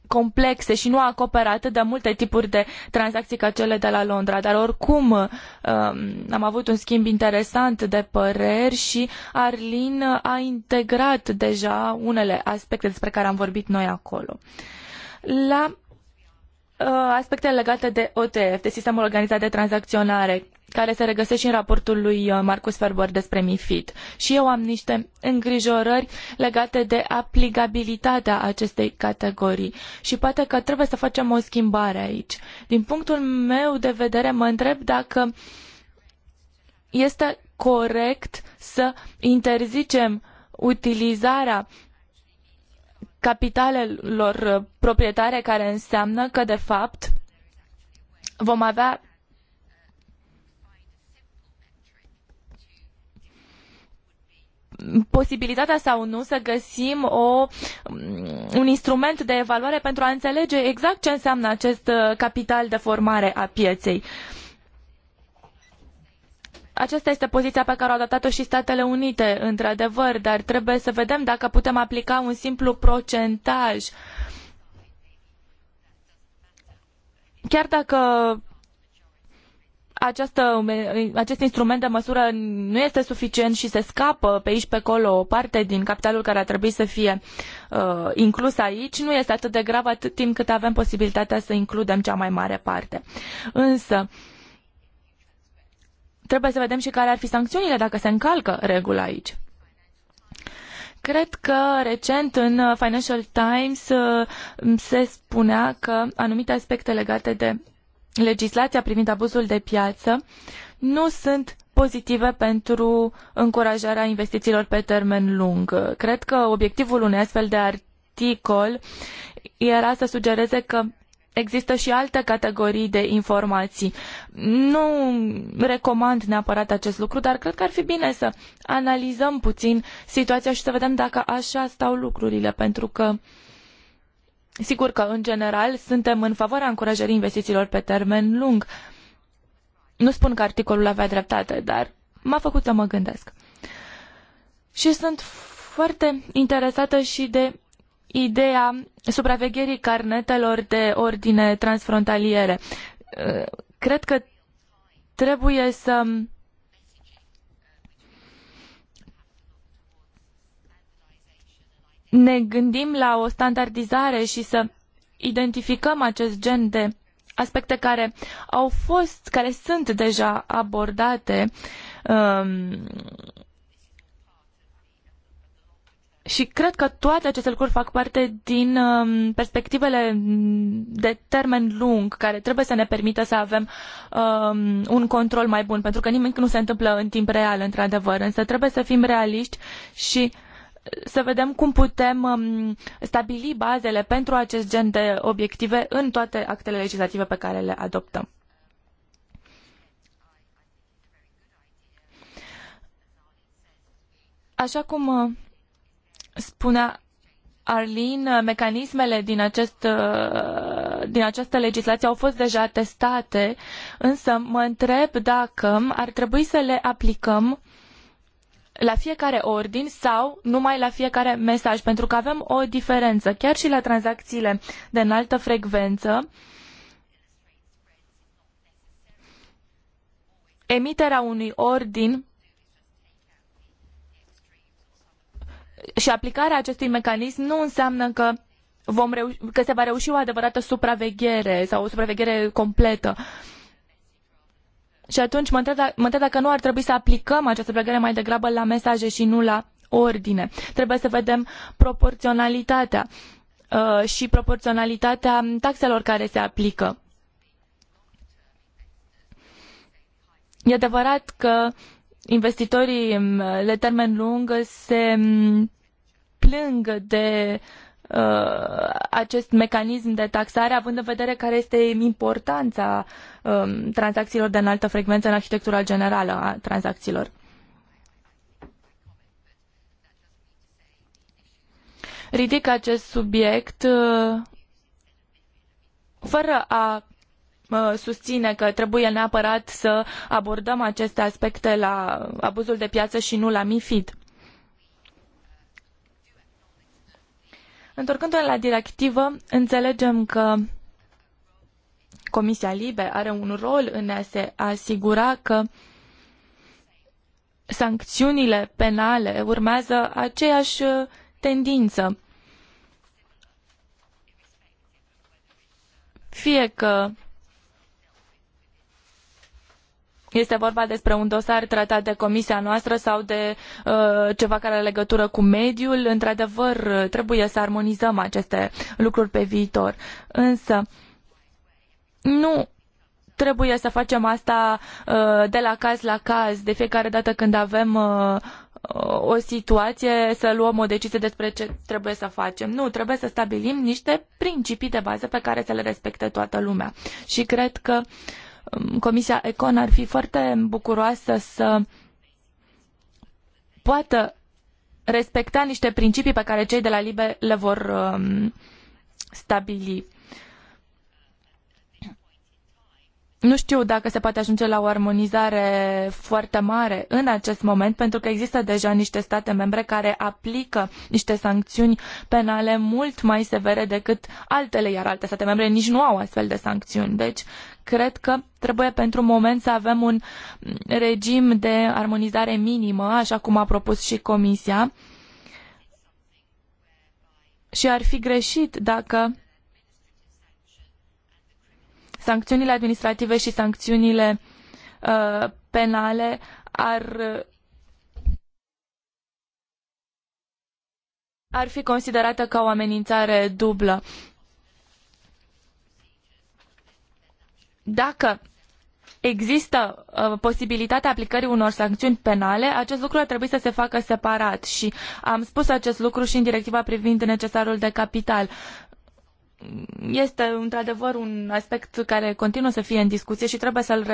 complexe și nu acoperă atât de multe tipuri de tranzacții ca cele de la Londra. Dar oricum um, am avut un schimb interesant de păreri și Arlin a integrat deja unele aspecte despre care am vorbit noi acolo. La Uh, aspectele legate de OTF, de sistemul organizat de tranzacționare, care se regăsesc și în raportul lui uh, Marcus Ferber despre MIFID. Și eu am niște îngrijorări legate de aplicabilitatea acestei categorii și poate că trebuie să facem o schimbare aici. Din punctul meu de vedere, mă întreb dacă este corect să interzicem utilizarea capitalelor uh, proprietare, care înseamnă că, de fapt, vom avea posibilitatea sau nu să găsim o, mm, un instrument de evaluare pentru a înțelege exact ce înseamnă acest uh, capital de formare a pieței. Uh, aceasta este poziția pe care au adoptat-o și Statele Unite, într-adevăr, dar trebuie să vedem dacă putem aplica un simplu procentaj. Chiar dacă această, acest instrument de măsură nu este suficient și se scapă pe aici pe acolo o parte din capitalul care ar trebui să fie uh, inclus aici, nu este atât de grav atât timp cât avem posibilitatea să includem cea mai mare parte. Însă, uh, Trebuie să vedem și care ar fi sancțiunile dacă se încalcă regula aici. Cred că recent în Financial Times uh, se spunea că anumite aspecte legate de legislația privind abuzul de piață nu sunt pozitive pentru încurajarea investițiilor pe termen lung. Cred că obiectivul unui astfel de articol era să sugereze că există și alte categorii de informații. Nu recomand neapărat acest lucru, dar cred că ar fi bine să analizăm puțin situația și să vedem dacă așa stau lucrurile, pentru că sigur că în general suntem în favoarea încurajării investițiilor pe termen lung. Nu spun că articolul avea dreptate, dar m-a făcut să mă gândesc. Și sunt foarte interesată și de ideea supravegherii carnetelor de ordine transfrontaliere. Uh, cred că trebuie să ne gândim la o standardizare și să identificăm acest gen de aspecte care au fost, care sunt deja abordate um, și cred că toate aceste lucruri fac parte din um, perspectivele mm, de termen lung care trebuie să ne permită să avem um, un control mai bun, pentru că nimic nu se întâmplă în timp real, într-adevăr, însă trebuie să fim realiști și uh, să vedem cum putem um, stabili bazele pentru acest gen de obiective în toate actele legislative pe care le adoptăm. Așa cum uh, spunea Arlin, mecanismele din, acest, din această legislație au fost deja testate, însă mă întreb dacă ar trebui să le aplicăm la fiecare ordin sau numai la fiecare mesaj, pentru că avem o diferență. Chiar și la tranzacțiile de înaltă frecvență, emiterea unui ordin și aplicarea acestui mecanism nu înseamnă că vom reu- că se va reuși o adevărată supraveghere sau o supraveghere completă. Și atunci mă întreb, mă întreb dacă nu ar trebui să aplicăm această supraveghere mai degrabă la mesaje și nu la ordine. Trebuie să vedem proporționalitatea uh, și proporționalitatea taxelor care se aplică. E adevărat că investitorii mm, le termen lung se mm, plâng de uh, acest mecanism de taxare, având în vedere care este importanța um, tranzacțiilor de înaltă frecvență în arhitectura generală a tranzacțiilor. Ridic acest subiect uh, fără a susține că trebuie neapărat să abordăm aceste aspecte la abuzul de piață și nu la MIFID. Întorcându-ne la directivă, înțelegem că Comisia Libe are un rol în a se asigura că sancțiunile penale urmează aceeași tendință. Fie că este vorba despre un dosar tratat de comisia noastră sau de uh, ceva care are legătură cu mediul. Într-adevăr, trebuie să armonizăm aceste lucruri pe viitor. Însă, nu trebuie să facem asta uh, de la caz la caz, de fiecare dată când avem uh, o situație, să luăm o decizie despre ce trebuie să facem. Nu, trebuie să stabilim niște principii de bază pe care să le respecte toată lumea. Și cred că uh, Comisia Econ ar fi foarte bucuroasă să poată respecta niște principii pe care cei de la Libe le vor um, stabili. Nu știu dacă se poate ajunge la o armonizare foarte mare în acest moment, pentru că există deja niște state membre care aplică niște sancțiuni penale mult mai severe decât altele, iar alte state membre nici nu au astfel de sancțiuni. Deci, cred că trebuie pentru moment să avem un regim de armonizare minimă, așa cum a propus și Comisia. Și ar fi greșit dacă sancțiunile administrative și sancțiunile uh, penale ar ar fi considerate ca o amenințare dublă. dacă există uh, posibilitatea aplicării unor sancțiuni penale, acest lucru ar trebui să se facă separat și am spus acest lucru și în directiva privind necesarul de capital. Este într-adevăr un aspect care continuă să fie în discuție și trebuie să-l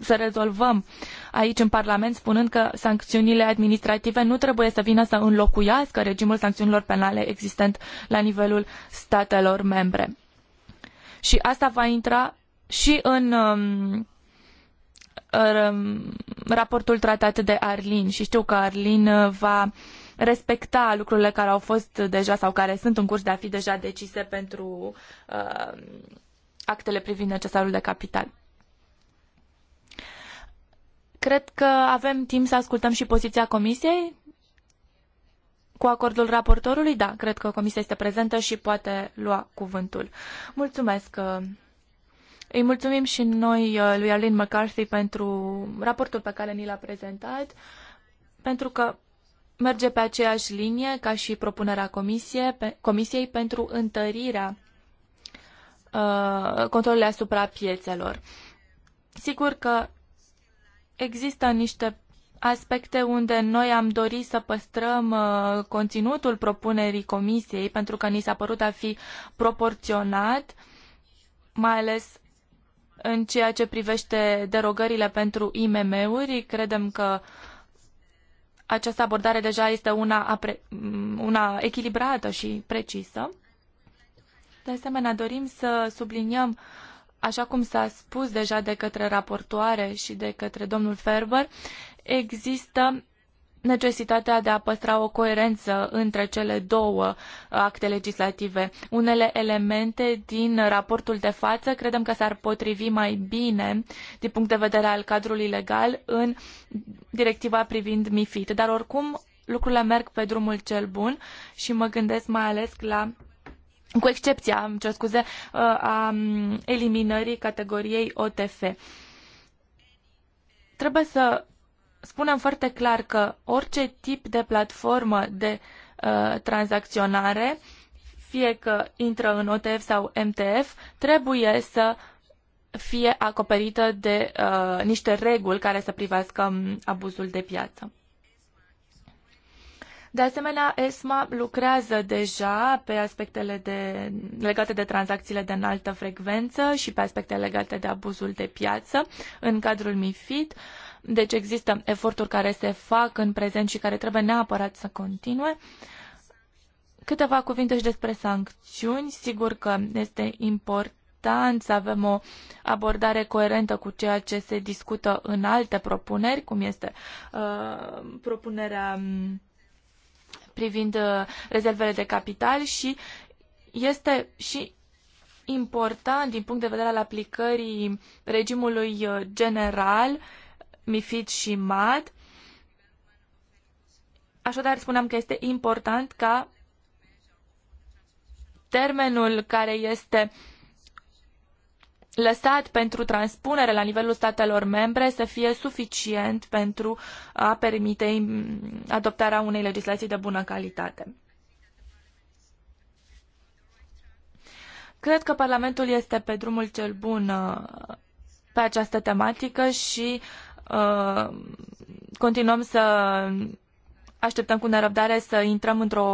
să rezolvăm aici în Parlament, spunând că sancțiunile administrative nu trebuie să vină să înlocuiască regimul sancțiunilor penale existent la nivelul statelor membre. Și asta va intra și în um, um, raportul tratat de Arlin și știu că Arlin uh, va respecta lucrurile care au fost deja sau care sunt în curs de a fi deja decise pentru um, actele privind necesarul de capital. Cred că avem timp să ascultăm și poziția Comisiei. Cu acordul raportorului, da, cred că Comisia este prezentă și poate lua cuvântul. Mulțumesc, uh, îi mulțumim și noi uh, lui Alin McCarthy pentru raportul pe care ni l-a prezentat, pentru că merge pe aceeași linie ca și propunerea comisie, pe, Comisiei pentru întărirea uh, controlului asupra piețelor. Sigur că există niște aspecte unde noi am dorit să păstrăm uh, conținutul propunerii Comisiei pentru că ni s-a părut a fi proporționat, mai ales în ceea ce privește derogările pentru IMM-uri, credem că această abordare deja este una, una echilibrată și precisă. De asemenea, dorim să subliniem, așa cum s-a spus deja de către raportoare și de către domnul Ferber, există necesitatea de a păstra o coerență între cele două uh, acte legislative. Unele elemente din raportul de față credem că s-ar potrivi mai bine din punct de vedere al cadrului legal în directiva privind MIFID, dar oricum lucrurile merg pe drumul cel bun și mă gândesc mai ales la cu excepția, îmi cer scuze, uh, a mm, eliminării categoriei OTF. Trebuie să spunem foarte clar că orice tip de platformă de uh, tranzacționare, fie că intră în OTF sau MTF, trebuie să fie acoperită de uh, niște reguli care să privească um, abuzul de piață. De asemenea, ESMA lucrează deja pe aspectele de, legate de tranzacțiile de înaltă frecvență și pe aspecte legate de abuzul de piață în cadrul MIFID. Uh, deci există eforturi care se fac în prezent și care trebuie neapărat să continue. Câteva cuvinte și despre sancțiuni. Sigur că este important să avem o abordare coerentă cu ceea ce se discută în alte propuneri, cum este uh, propunerea mm, privind uh, rezervele de capital și este și important din punct de vedere al aplicării regimului uh, general uh, MIFID și MAD. Așadar, spuneam că este important ca termenul care este lăsat pentru transpunere la nivelul statelor membre să fie suficient pentru a permite adoptarea unei legislații de bună calitate. Cred că Parlamentul este pe drumul cel bun uh, pe această tematică și Uh, continuăm să așteptăm cu nerăbdare să intrăm într-o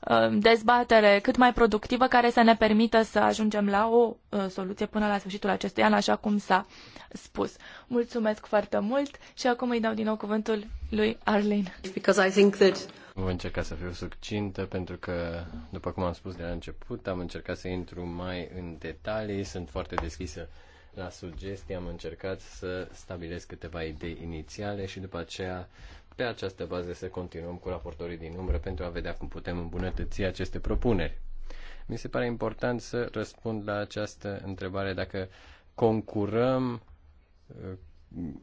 uh, dezbatere cât mai productivă care să ne permită să ajungem la o uh, soluție până la sfârșitul acestui an, așa cum s-a spus. Mulțumesc foarte mult și acum îi dau din nou cuvântul lui Arlene. Because I think that... Voi încerca să fiu succintă pentru că, după cum am spus de la început, am încercat să intru mai în detalii, sunt foarte deschisă la sugestii am încercat să stabilesc câteva idei inițiale și după aceea pe această bază să continuăm cu raportorii din umbră pentru a vedea cum putem îmbunătăți aceste propuneri. Mi se pare important să răspund la această întrebare dacă concurăm uh,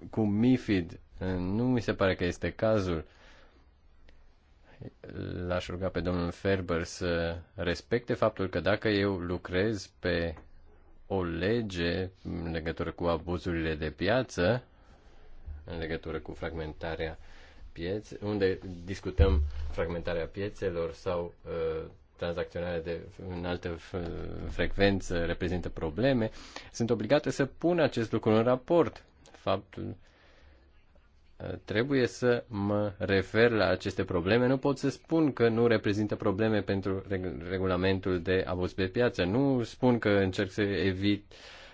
cu MIFID. Uh, nu mi se pare că este cazul. L-aș ruga pe domnul Ferber să respecte faptul că dacă eu lucrez pe o lege în legătură cu abuzurile de piață, în legătură cu fragmentarea pieței, unde discutăm fragmentarea piețelor sau uh, tranzacționarea de în altă frecvență reprezintă probleme, sunt obligate să pună acest lucru în raport. Faptul trebuie să mă refer la aceste probleme. Nu pot să spun că nu reprezintă probleme pentru regulamentul de abuz pe piață. Nu spun că încerc să evit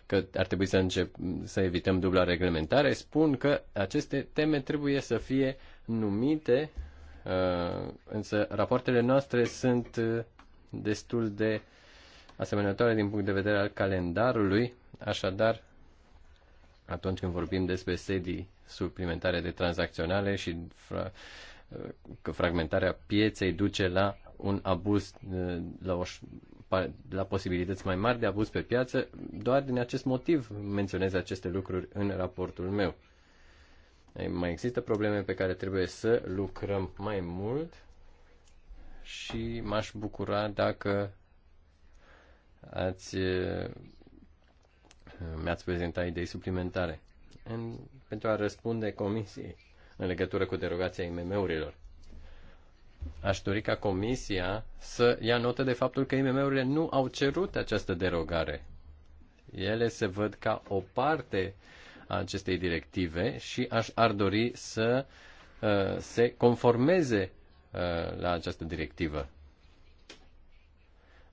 că ar trebui să, încep, să evităm dubla reglementare. Spun că aceste teme trebuie să fie numite, uh, însă rapoartele noastre sunt uh, destul de asemănătoare din punct de vedere al calendarului, așadar atunci când vorbim despre sedii suplimentare de tranzacționale și fra, că fragmentarea pieței duce la un abuz, la, o, la posibilități mai mari de abuz pe piață. Doar din acest motiv menționez aceste lucruri în raportul meu. Mai există probleme pe care trebuie să lucrăm mai mult și m-aș bucura dacă ați mi-ați prezentat idei suplimentare. În pentru a răspunde comisiei în legătură cu derogația IMM-urilor. Aș dori ca comisia să ia notă de faptul că IMM-urile nu au cerut această derogare. Ele se văd ca o parte a acestei directive și aș, ar dori să uh, se conformeze uh, la această directivă.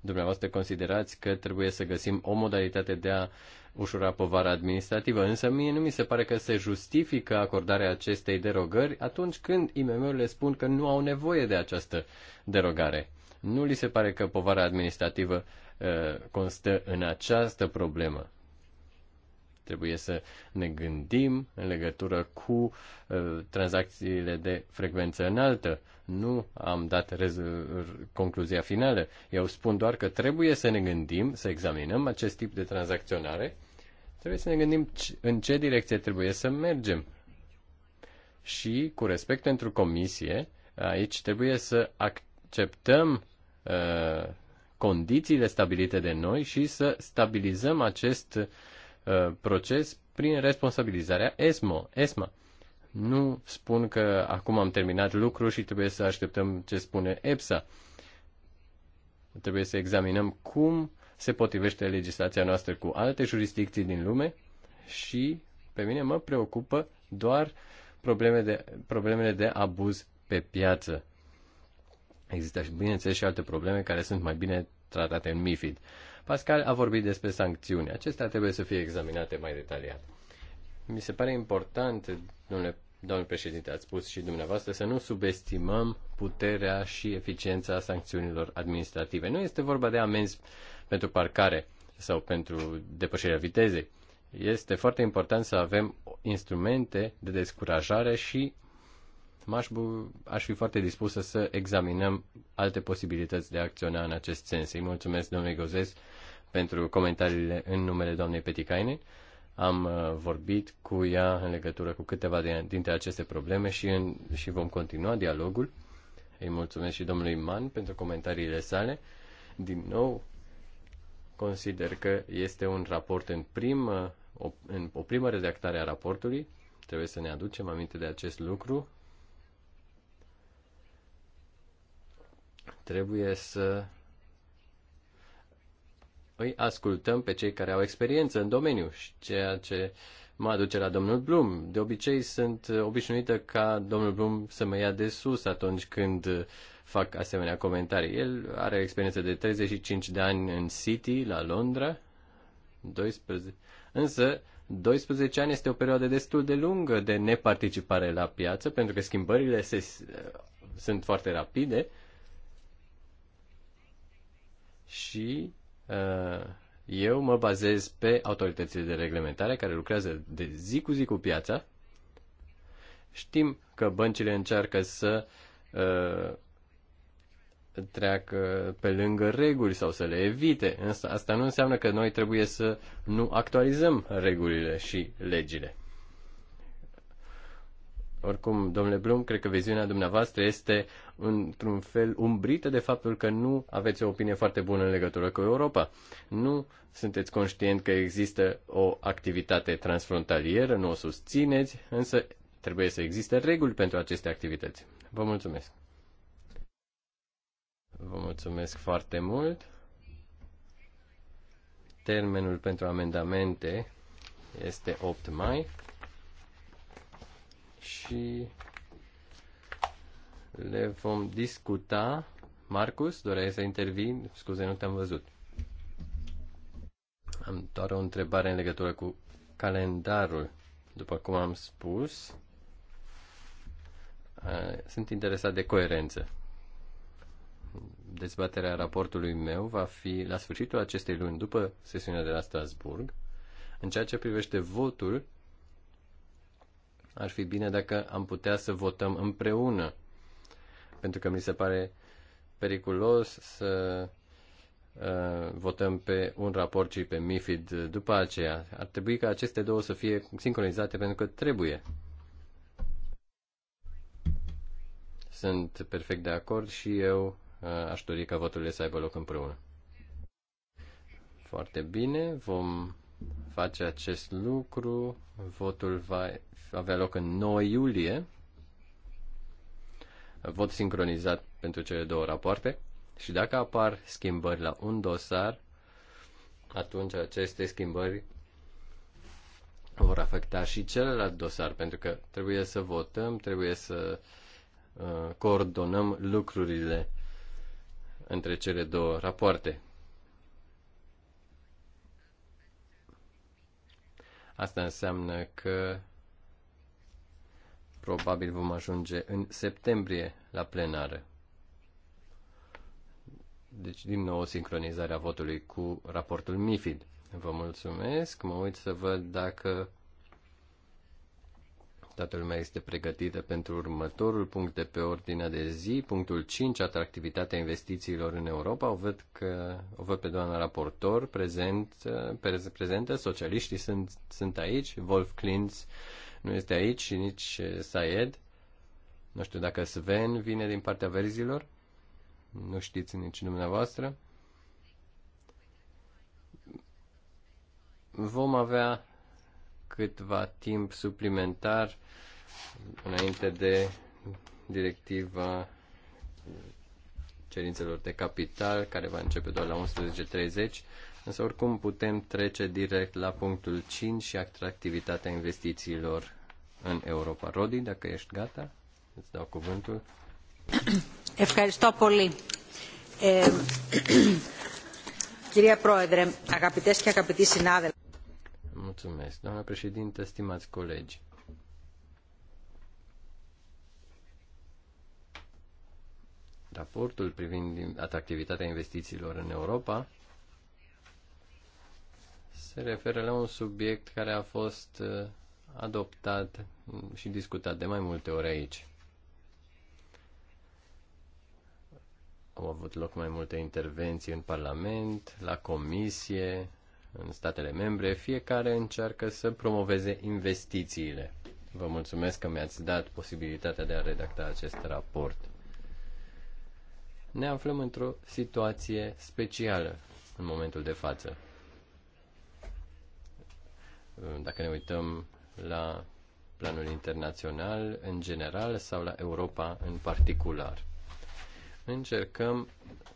Dumneavoastră considerați că trebuie să găsim o modalitate de a uh, ușura povara administrativă, însă mie nu mi se pare că se justifică acordarea acestei derogări atunci când IMM-urile spun că nu au nevoie de această derogare. Nu li se pare că povara administrativă uh, constă în această problemă. Trebuie să ne gândim în legătură cu uh, tranzacțiile de frecvență înaltă. Nu am dat concluzia finală. Eu spun doar că trebuie să ne gândim, să examinăm acest tip de tranzacționare Trebuie să ne gândim în ce direcție trebuie să mergem. Și, cu respect pentru comisie, aici trebuie să acceptăm uh, condițiile stabilite de noi și să stabilizăm acest uh, proces prin responsabilizarea ESMO, ESMA. Nu spun că acum am terminat lucrul și trebuie să așteptăm ce spune EPSA. Trebuie să examinăm cum se potrivește legislația noastră cu alte jurisdicții din lume și pe mine mă preocupă doar probleme de, problemele de abuz pe piață. Există, și bineînțeles, și alte probleme care sunt mai bine tratate în MIFID. Pascal a vorbit despre sancțiuni. Acestea trebuie să fie examinate mai detaliat. Mi se pare important, domnule, domnule președinte, ați spus și dumneavoastră, să nu subestimăm puterea și eficiența sancțiunilor administrative. Nu este vorba de amenzi pentru parcare sau pentru depășirea vitezei. Este foarte important să avem instrumente de descurajare și m-aș, aș fi foarte dispusă să examinăm alte posibilități de a acționa în acest sens. Îi mulțumesc, domnule Gozes, pentru comentariile în numele doamnei Peticainen. Am uh, vorbit cu ea în legătură cu câteva dintre aceste probleme și, în, și vom continua dialogul. Îi mulțumesc și domnului Man pentru comentariile sale. Din nou, consider că este un raport în primă, o, în o primă redactare a raportului. Trebuie să ne aducem aminte de acest lucru. Trebuie să îi ascultăm pe cei care au experiență în domeniu și ceea ce mă aduce la domnul Blum. De obicei sunt obișnuită ca domnul Blum să mă ia de sus atunci când fac asemenea comentarii. El are experiență de 35 de ani în City, la Londra, 12. Însă, 12 ani este o perioadă destul de lungă de neparticipare la piață, pentru că schimbările se, sunt foarte rapide și uh, eu mă bazez pe autoritățile de reglementare care lucrează de zi cu zi cu piața. Știm că băncile încearcă să uh, treacă pe lângă reguli sau să le evite. Însă asta nu înseamnă că noi trebuie să nu actualizăm regulile și legile. Oricum, domnule Blum, cred că viziunea dumneavoastră este într-un fel umbrită de faptul că nu aveți o opinie foarte bună în legătură cu Europa. Nu sunteți conștient că există o activitate transfrontalieră, nu o susțineți, însă trebuie să existe reguli pentru aceste activități. Vă mulțumesc! Vă mulțumesc foarte mult. Termenul pentru amendamente este 8 mai și le vom discuta. Marcus, doreai să intervin? Scuze, nu te-am văzut. Am doar o întrebare în legătură cu calendarul. După cum am spus, sunt interesat de coerență. Dezbaterea raportului meu va fi la sfârșitul acestei luni, după sesiunea de la Strasburg. În ceea ce privește votul, ar fi bine dacă am putea să votăm împreună, pentru că mi se pare periculos să uh, votăm pe un raport și pe MIFID după aceea. Ar trebui ca aceste două să fie sincronizate pentru că trebuie. Sunt perfect de acord și eu Uh, aș dori ca voturile să aibă loc împreună. Foarte bine, vom face acest lucru. Votul va avea loc în 9 iulie. Vot sincronizat pentru cele două rapoarte. Și dacă apar schimbări la un dosar, atunci aceste schimbări vor afecta și celălalt dosar, pentru că trebuie să votăm, trebuie să uh, coordonăm lucrurile între cele două rapoarte. Asta înseamnă că probabil vom ajunge în septembrie la plenară. Deci, din nou, sincronizarea votului cu raportul MIFID. Vă mulțumesc, mă uit să văd dacă Toată lumea este pregătită pentru următorul punct de pe ordinea de zi, punctul 5, atractivitatea investițiilor în Europa. O văd, că, o văd pe doamna raportor prezent, prezentă, socialiștii sunt, sunt aici, Wolf Klintz nu este aici și nici eh, Saed. Nu știu dacă Sven vine din partea verzilor, nu știți nici dumneavoastră. Vom avea câtva timp suplimentar înainte de directiva cerințelor de capital, care va începe doar la 11.30, însă oricum putem trece direct la punctul 5 și atractivitatea investițiilor în Europa. Rodi, dacă ești gata, îți dau cuvântul. Ευχαριστώ πολύ. Ε, κυρία Πρόεδρε, αγαπητές και αγαπητοί συνάδελφοι. Mulțumesc, doamna președinte, stimați colegi. Raportul privind atractivitatea investițiilor în Europa se referă la un subiect care a fost uh, adoptat și discutat de mai multe ori aici. Au avut loc mai multe intervenții în Parlament, la Comisie în statele membre, fiecare încearcă să promoveze investițiile. Vă mulțumesc că mi-ați dat posibilitatea de a redacta acest raport. Ne aflăm într-o situație specială în momentul de față. Dacă ne uităm la planul internațional în general sau la Europa în particular. Încercăm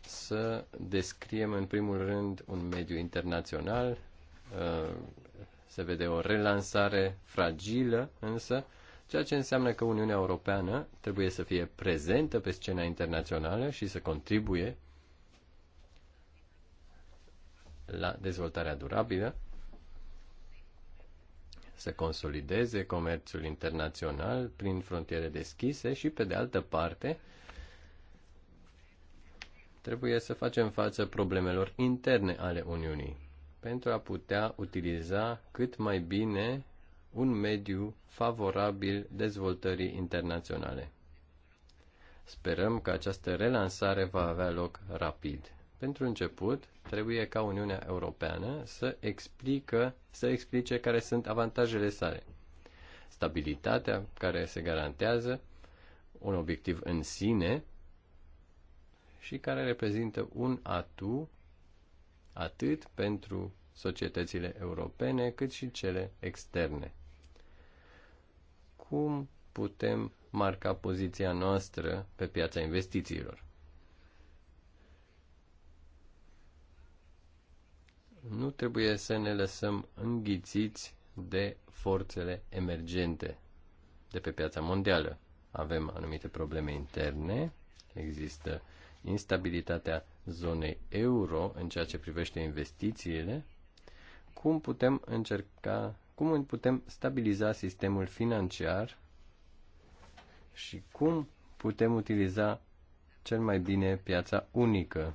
să descriem în primul rând un mediu internațional, uh, se vede o relansare fragilă, însă, ceea ce înseamnă că Uniunea Europeană trebuie să fie prezentă pe scena internațională și să contribuie la dezvoltarea durabilă, să consolideze comerțul internațional prin frontiere deschise și, pe de altă parte, Trebuie să facem față problemelor interne ale Uniunii pentru a putea utiliza cât mai bine un mediu favorabil dezvoltării internaționale. Sperăm că această relansare va avea loc rapid. Pentru început, trebuie ca Uniunea Europeană să, explică, să explice care sunt avantajele sale. Stabilitatea care se garantează, un obiectiv în sine, și care reprezintă un atu atât pentru societățile europene cât și cele externe. Cum putem marca poziția noastră pe piața investițiilor? Nu trebuie să ne lăsăm înghițiți de forțele emergente de pe piața mondială. Avem anumite probleme interne, există uh, instabilitatea zonei euro în ceea ce privește investițiile, cum putem încerca, cum putem stabiliza sistemul financiar și cum putem utiliza cel mai bine piața unică.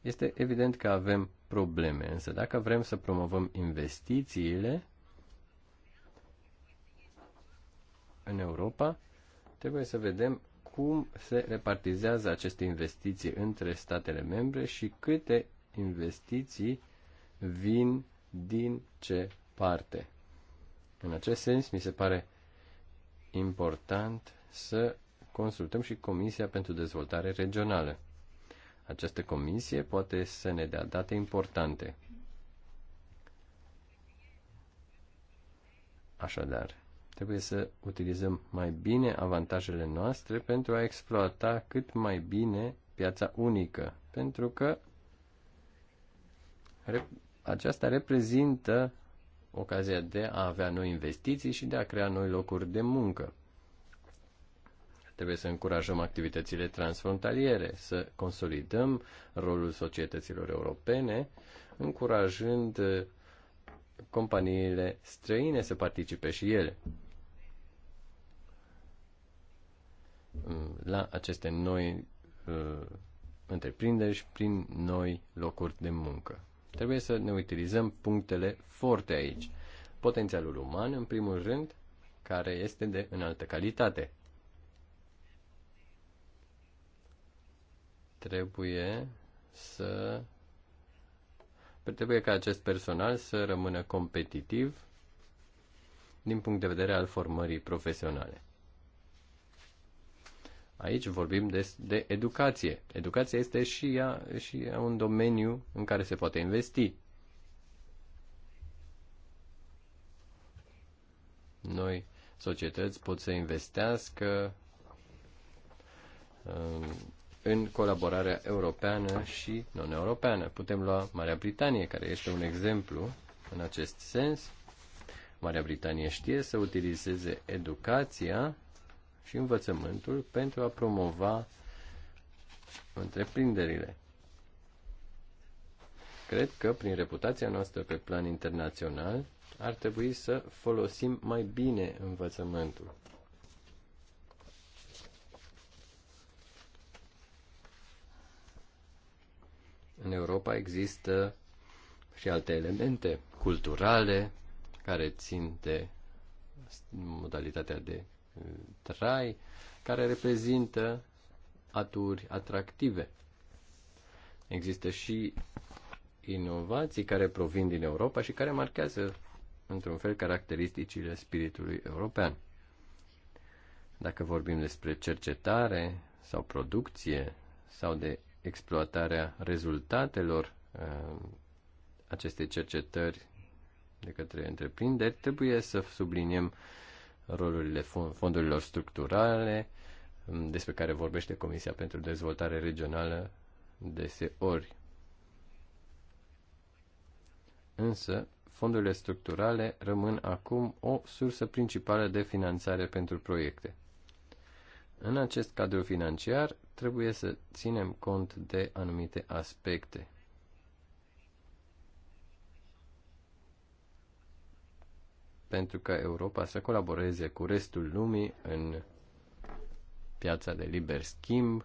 Este evident că avem probleme, însă dacă vrem să promovăm investițiile în Europa, trebuie să vedem cum se repartizează aceste investiții între statele membre și câte investiții vin din ce parte. În acest sens, mi se pare important să consultăm și Comisia pentru Dezvoltare Regională. Această comisie poate să ne dea date importante. Așadar, Trebuie să utilizăm mai bine avantajele noastre pentru a exploata cât mai bine piața unică, pentru că aceasta reprezintă ocazia de a avea noi investiții și de a crea noi locuri de muncă. Trebuie să încurajăm activitățile transfrontaliere, să consolidăm rolul societăților europene, încurajând eh, companiile străine să participe și ele. la aceste noi uh, întreprinderi prin noi locuri de muncă. Trebuie să ne utilizăm punctele forte aici. Potențialul uman, în primul rând, care este de înaltă calitate. Trebuie să trebuie ca acest personal să rămână competitiv din punct de vedere al formării profesionale. Aici vorbim de, de educație. Educația este și ea, și ea un domeniu în care se poate investi. Noi, societăți, pot să investească um, în colaborarea europeană și non-europeană. Putem lua Marea Britanie, care este un exemplu în acest sens. Marea Britanie știe să utilizeze educația și învățământul pentru a promova întreprinderile. Cred că, prin reputația noastră pe plan internațional, ar trebui să folosim mai bine învățământul. În Europa există și alte elemente culturale care țin de modalitatea de trai, care reprezintă aturi atractive. Există și inovații care provin din Europa și care marchează, într-un fel, caracteristicile spiritului european. Dacă vorbim despre cercetare sau producție sau de exploatarea rezultatelor uh, acestei cercetări de către întreprinderi, trebuie să subliniem rolurile fondurilor structurale, mm, despre care vorbește Comisia pentru Dezvoltare Regională deseori. Însă, fondurile structurale rămân acum o sursă principală de finanțare pentru proiecte. În acest cadru financiar trebuie să ținem cont de anumite aspecte. pentru ca Europa să colaboreze cu restul lumii în piața de liber schimb,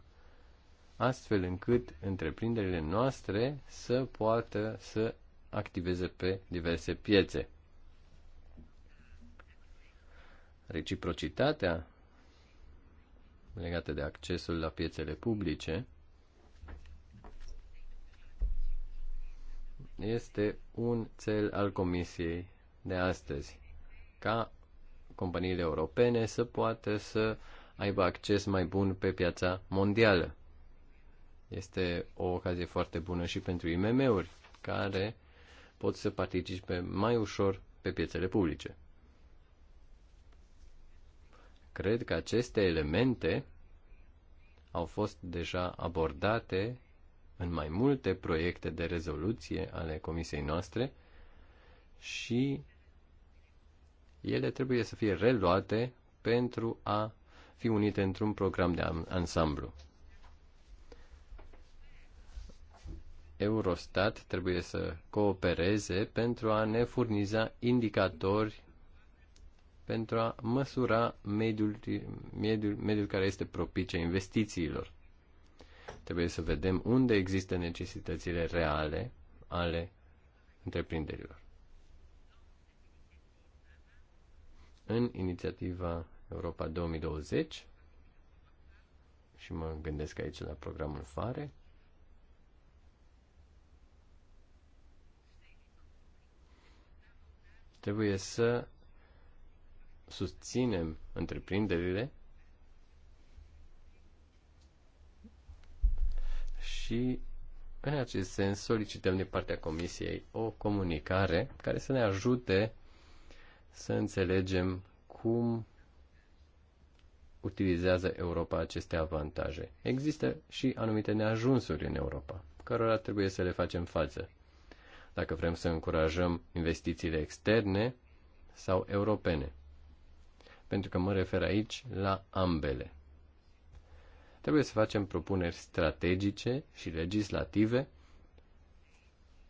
astfel încât întreprinderile noastre să poată să activeze pe diverse piețe. Reciprocitatea legată de accesul la piețele publice este un cel al Comisiei de astăzi ca companiile europene să poată să aibă acces mai bun pe piața mondială. Este o ocazie foarte bună și pentru IMM-uri care pot să participe mai ușor pe piețele publice. Cred că aceste elemente au fost deja abordate în mai multe proiecte de rezoluție ale comisiei noastre și ele trebuie să fie reluate pentru a fi unite într-un program de ansamblu. Eurostat trebuie să coopereze pentru a ne furniza indicatori pentru a măsura mediul, mediul, mediul care este propice investițiilor. Trebuie să vedem unde există necesitățile reale ale întreprinderilor. în inițiativa Europa 2020 și mă gândesc aici la programul FARE. Trebuie să susținem întreprinderile și în acest sens solicităm din partea Comisiei o comunicare care să ne ajute să înțelegem cum utilizează Europa aceste avantaje. Există și anumite neajunsuri în Europa, cărora trebuie să le facem față. Dacă vrem să încurajăm investițiile externe sau europene. Pentru că mă refer aici la ambele. Trebuie să facem propuneri strategice și legislative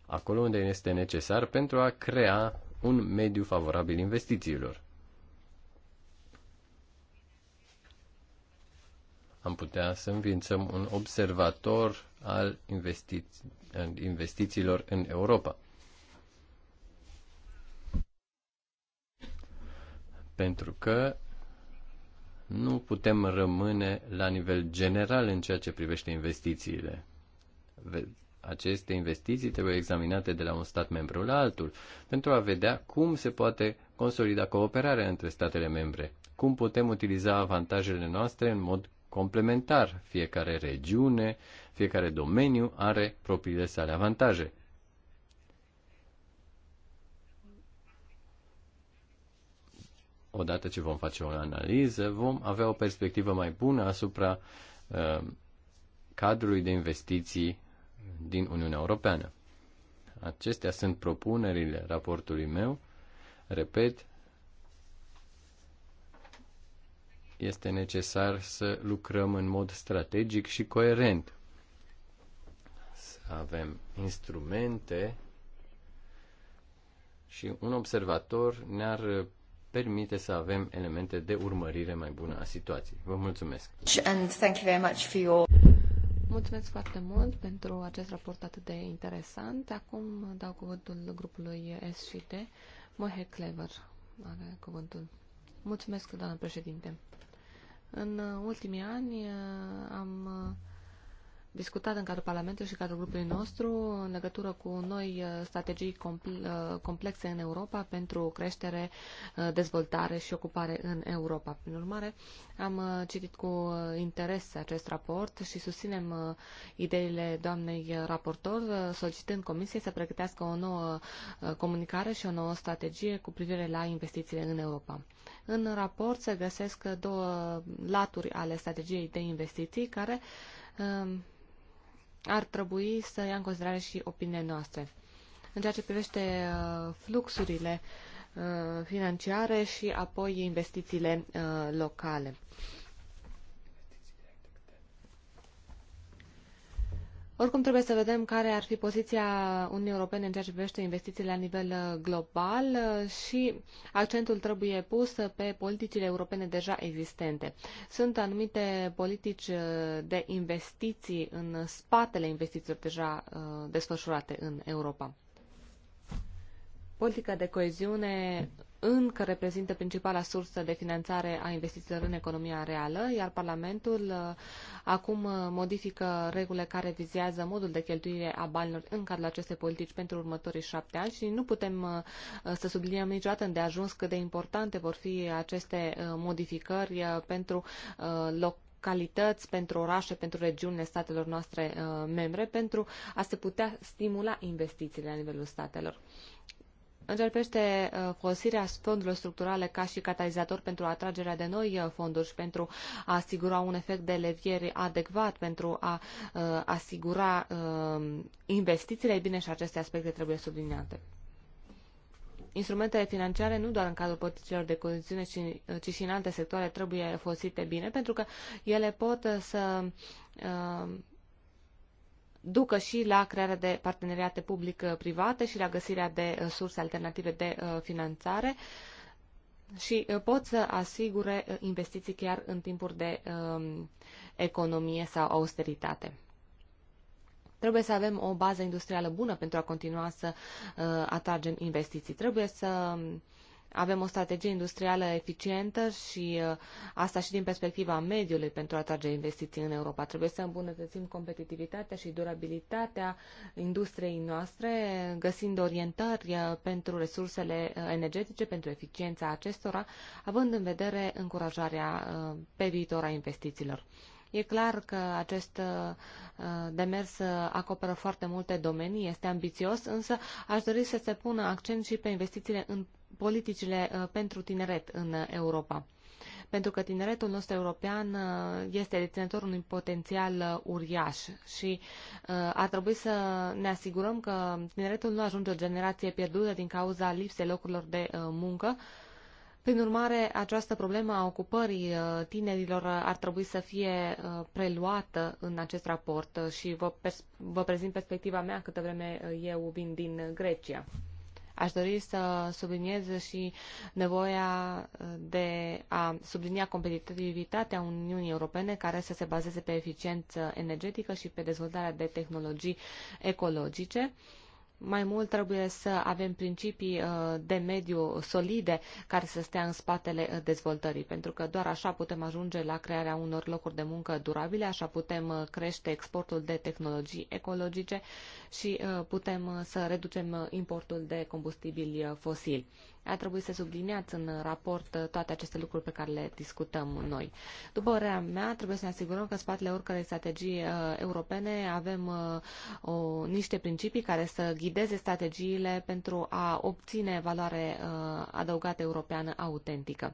acolo unde este necesar pentru a crea un mediu favorabil investițiilor. Am putea să înființăm un observator al investiți- investițiilor în Europa. Pentru că nu putem rămâne la nivel general în ceea ce privește investițiile aceste investiții trebuie examinate de la un stat membru la altul, pentru a vedea cum se poate consolida cooperarea între statele membre, cum putem utiliza avantajele noastre în mod complementar. Fiecare regiune, fiecare domeniu are propriile sale avantaje. Odată ce vom face o analiză, vom avea o perspectivă mai bună asupra uh, cadrului de investiții din Uniunea Europeană. Acestea sunt propunerile raportului meu. Repet, este necesar să lucrăm în mod strategic și coerent. Să avem instrumente și un observator ne-ar permite să avem elemente de urmărire mai bună a situației. Vă mulțumesc. And thank you very much for your... Mulțumesc foarte mult pentru acest raport atât de interesant. Acum dau cuvântul grupului S și D. Mohe Clever are cuvântul. Mulțumesc, doamnă președinte. În ultimii ani uh, am uh, discutat în cadrul Parlamentului și în cadrul grupului nostru în legătură cu noi uh, strategii uh, complexe în Europa pentru creștere, uh, dezvoltare și ocupare în Europa. Prin urmare, am citit cu interes acest raport și susținem ideile doamnei raportor, solicitând Comisiei să pregătească o nouă comunicare și o nouă strategie cu privire la investițiile în Europa. În raport se găsesc două laturi ale strategiei de investiții care ar trebui să ia în considerare și opiniile noastre. În ceea ce privește uh, fluxurile uh, financiare și apoi investițiile uh, locale. Oricum trebuie să vedem care ar fi poziția Uniunii Europene în ceea ce privește investițiile la nivel uh, global uh, și accentul trebuie pus pe politicile europene deja existente. Sunt anumite politici uh, de investiții în spatele investițiilor deja desfășurate în Europa. Politica de coeziune încă reprezintă principala sursă de finanțare a investițiilor în economia reală, iar Parlamentul uh, acum uh, modifică regulile care vizează modul de cheltuire a banilor în cadrul acestei politici pentru următorii șapte ani și nu putem uh, să subliniem niciodată de ajuns cât de importante vor fi aceste modificări pentru loc calități pentru orașe, pentru regiunile statelor noastre membre, pentru a se putea stimula investițiile la nivelul statelor. În uh, folosirea fondurilor structurale ca și catalizator pentru atragerea de noi uh, fonduri și pentru a asigura un efect de levier adecvat pentru a uh, asigura um, investițiile, bine și aceste aspecte trebuie subliniate instrumentele financiare, nu doar în cadrul politicilor de coeziune, ci, ci și în alte sectoare, trebuie folosite bine, pentru că ele pot să uh, ducă și la crearea de parteneriate public-private și la găsirea de uh, surse alternative de uh, finanțare și uh, pot să asigure investiții chiar în timpuri de um, economie sau austeritate. Trebuie să avem o bază industrială bună pentru a continua să atragem investiții. Trebuie să um, avem o strategie industrială eficientă și uh, asta și din perspectiva mediului pentru a atrage investiții în Europa. Trebuie să îmbunătățim competitivitatea și durabilitatea industriei noastre, găsind orientări uh, pentru resursele uh, energetice, pentru eficiența acestora, având în vedere încurajarea pe viitor a investițiilor. E clar că acest demers acoperă foarte multe domenii, este ambițios, însă aș dori să se pună accent și pe investițiile în politicile uh, pentru tineret în uh, Europa. Pentru că tineretul nostru european uh, este deținătorul unui potențial uriaș și ar trebui să ne asigurăm că tineretul nu ajunge o generație pierdută din cauza lipsei locurilor de muncă, prin urmare, această problemă a ocupării tinerilor ar trebui să fie preluată în acest raport și vă, vă prezint perspectiva mea câtă vreme eu vin din Grecia. Aș dori să subliniez și nevoia uh, de a sublinia competitivitatea Uniunii Europene care să se bazeze pe eficiență energetică și pe dezvoltarea de tehnologii ecologice. Uh, mai mult trebuie să avem principii uh, de mediu solide care să stea în spatele uh, dezvoltării, pentru că doar așa putem ajunge la crearea unor locuri de muncă durabile, așa putem uh, crește exportul de tehnologii ecologice și putem să reducem importul de combustibili fosili. Ar trebui să subliniați în raport uh, toate aceste lucruri pe care le discutăm noi. După orea mea, trebuie să ne asigurăm că în spatele oricărei strategii uh, europene avem uh, o, niște principii care să ghideze strategiile pentru a obține valoare adăugată europeană autentică.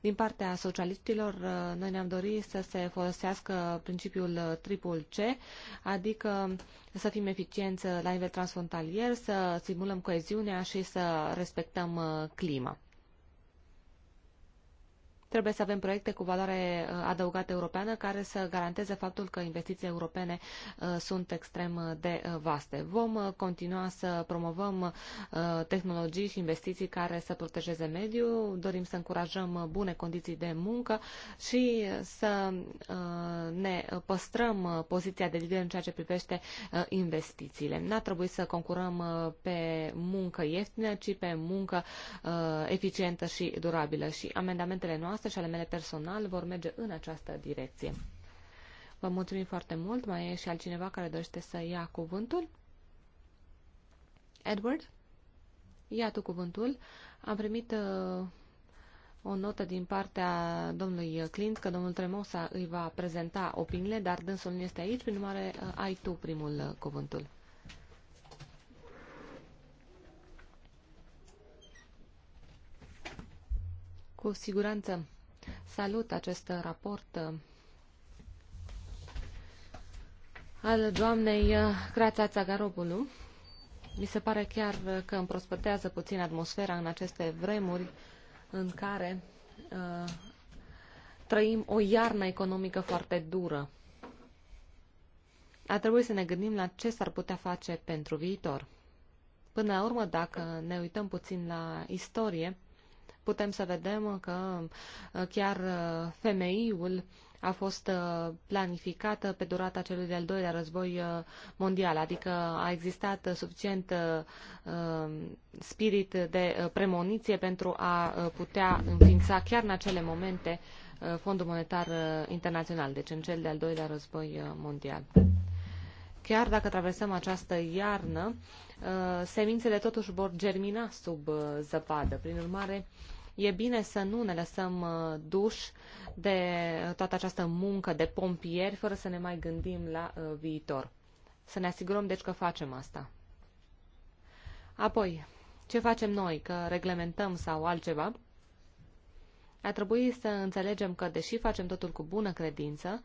Din partea socialiștilor, noi ne-am dorit să se folosească principiul triple C, adică să fim eficienți la nivel transfrontalier, să stimulăm coeziunea și să respectăm uh, clima. Trebuie să avem proiecte cu valoare uh, adăugată europeană care să garanteze faptul că investițiile europene uh, sunt extrem uh, de vaste. Vom continua să promovăm tehnologii și investiții care să protejeze mediul, dorim să încurajăm bune condiții de muncă și să ne păstrăm poziția de lider în ceea ce privește investițiile. N-a trebuit să concurăm pe muncă ieftină, ci pe muncă eficientă și durabilă. Și amendamentele noastre dumneavoastră și ale mele personal vor merge în această direcție. Vă mulțumim foarte mult. Mai e și altcineva care dorește să ia cuvântul? Edward? Ia tu cuvântul. Am primit uh, o notă din partea domnului Clint că domnul Tremosa îi va prezenta opiniile, dar dânsul nu este aici, prin urmare uh, ai tu primul uh, cuvântul. Cu siguranță Salut acest raport uh, al doamnei uh, Crața Țagarobulu. Mi se pare chiar uh, că împrospătează puțin atmosfera în aceste vremuri în care uh, trăim o iarnă economică foarte dură. A trebuit să ne gândim la ce s-ar putea face pentru viitor. Până la urmă, dacă ne uităm puțin la istorie, putem să vedem că uh, chiar uh, femeiul a fost uh, planificată pe durata celui de-al doilea război mondial, adică a existat suficient spirit de premoniție pentru a putea înființa chiar în acele momente Fondul Monetar Internațional, deci în cel de-al doilea război mondial. Chiar dacă traversăm această iarnă, semințele totuși vor germina sub zăpadă. Prin urmare, E bine să nu ne lăsăm uh, duși de toată această muncă de pompieri fără să ne mai gândim la uh, viitor. Să ne asigurăm deci că facem asta. Apoi, ce facem noi, că reglementăm sau altceva? Ar trebui să înțelegem că, deși facem totul cu bună credință,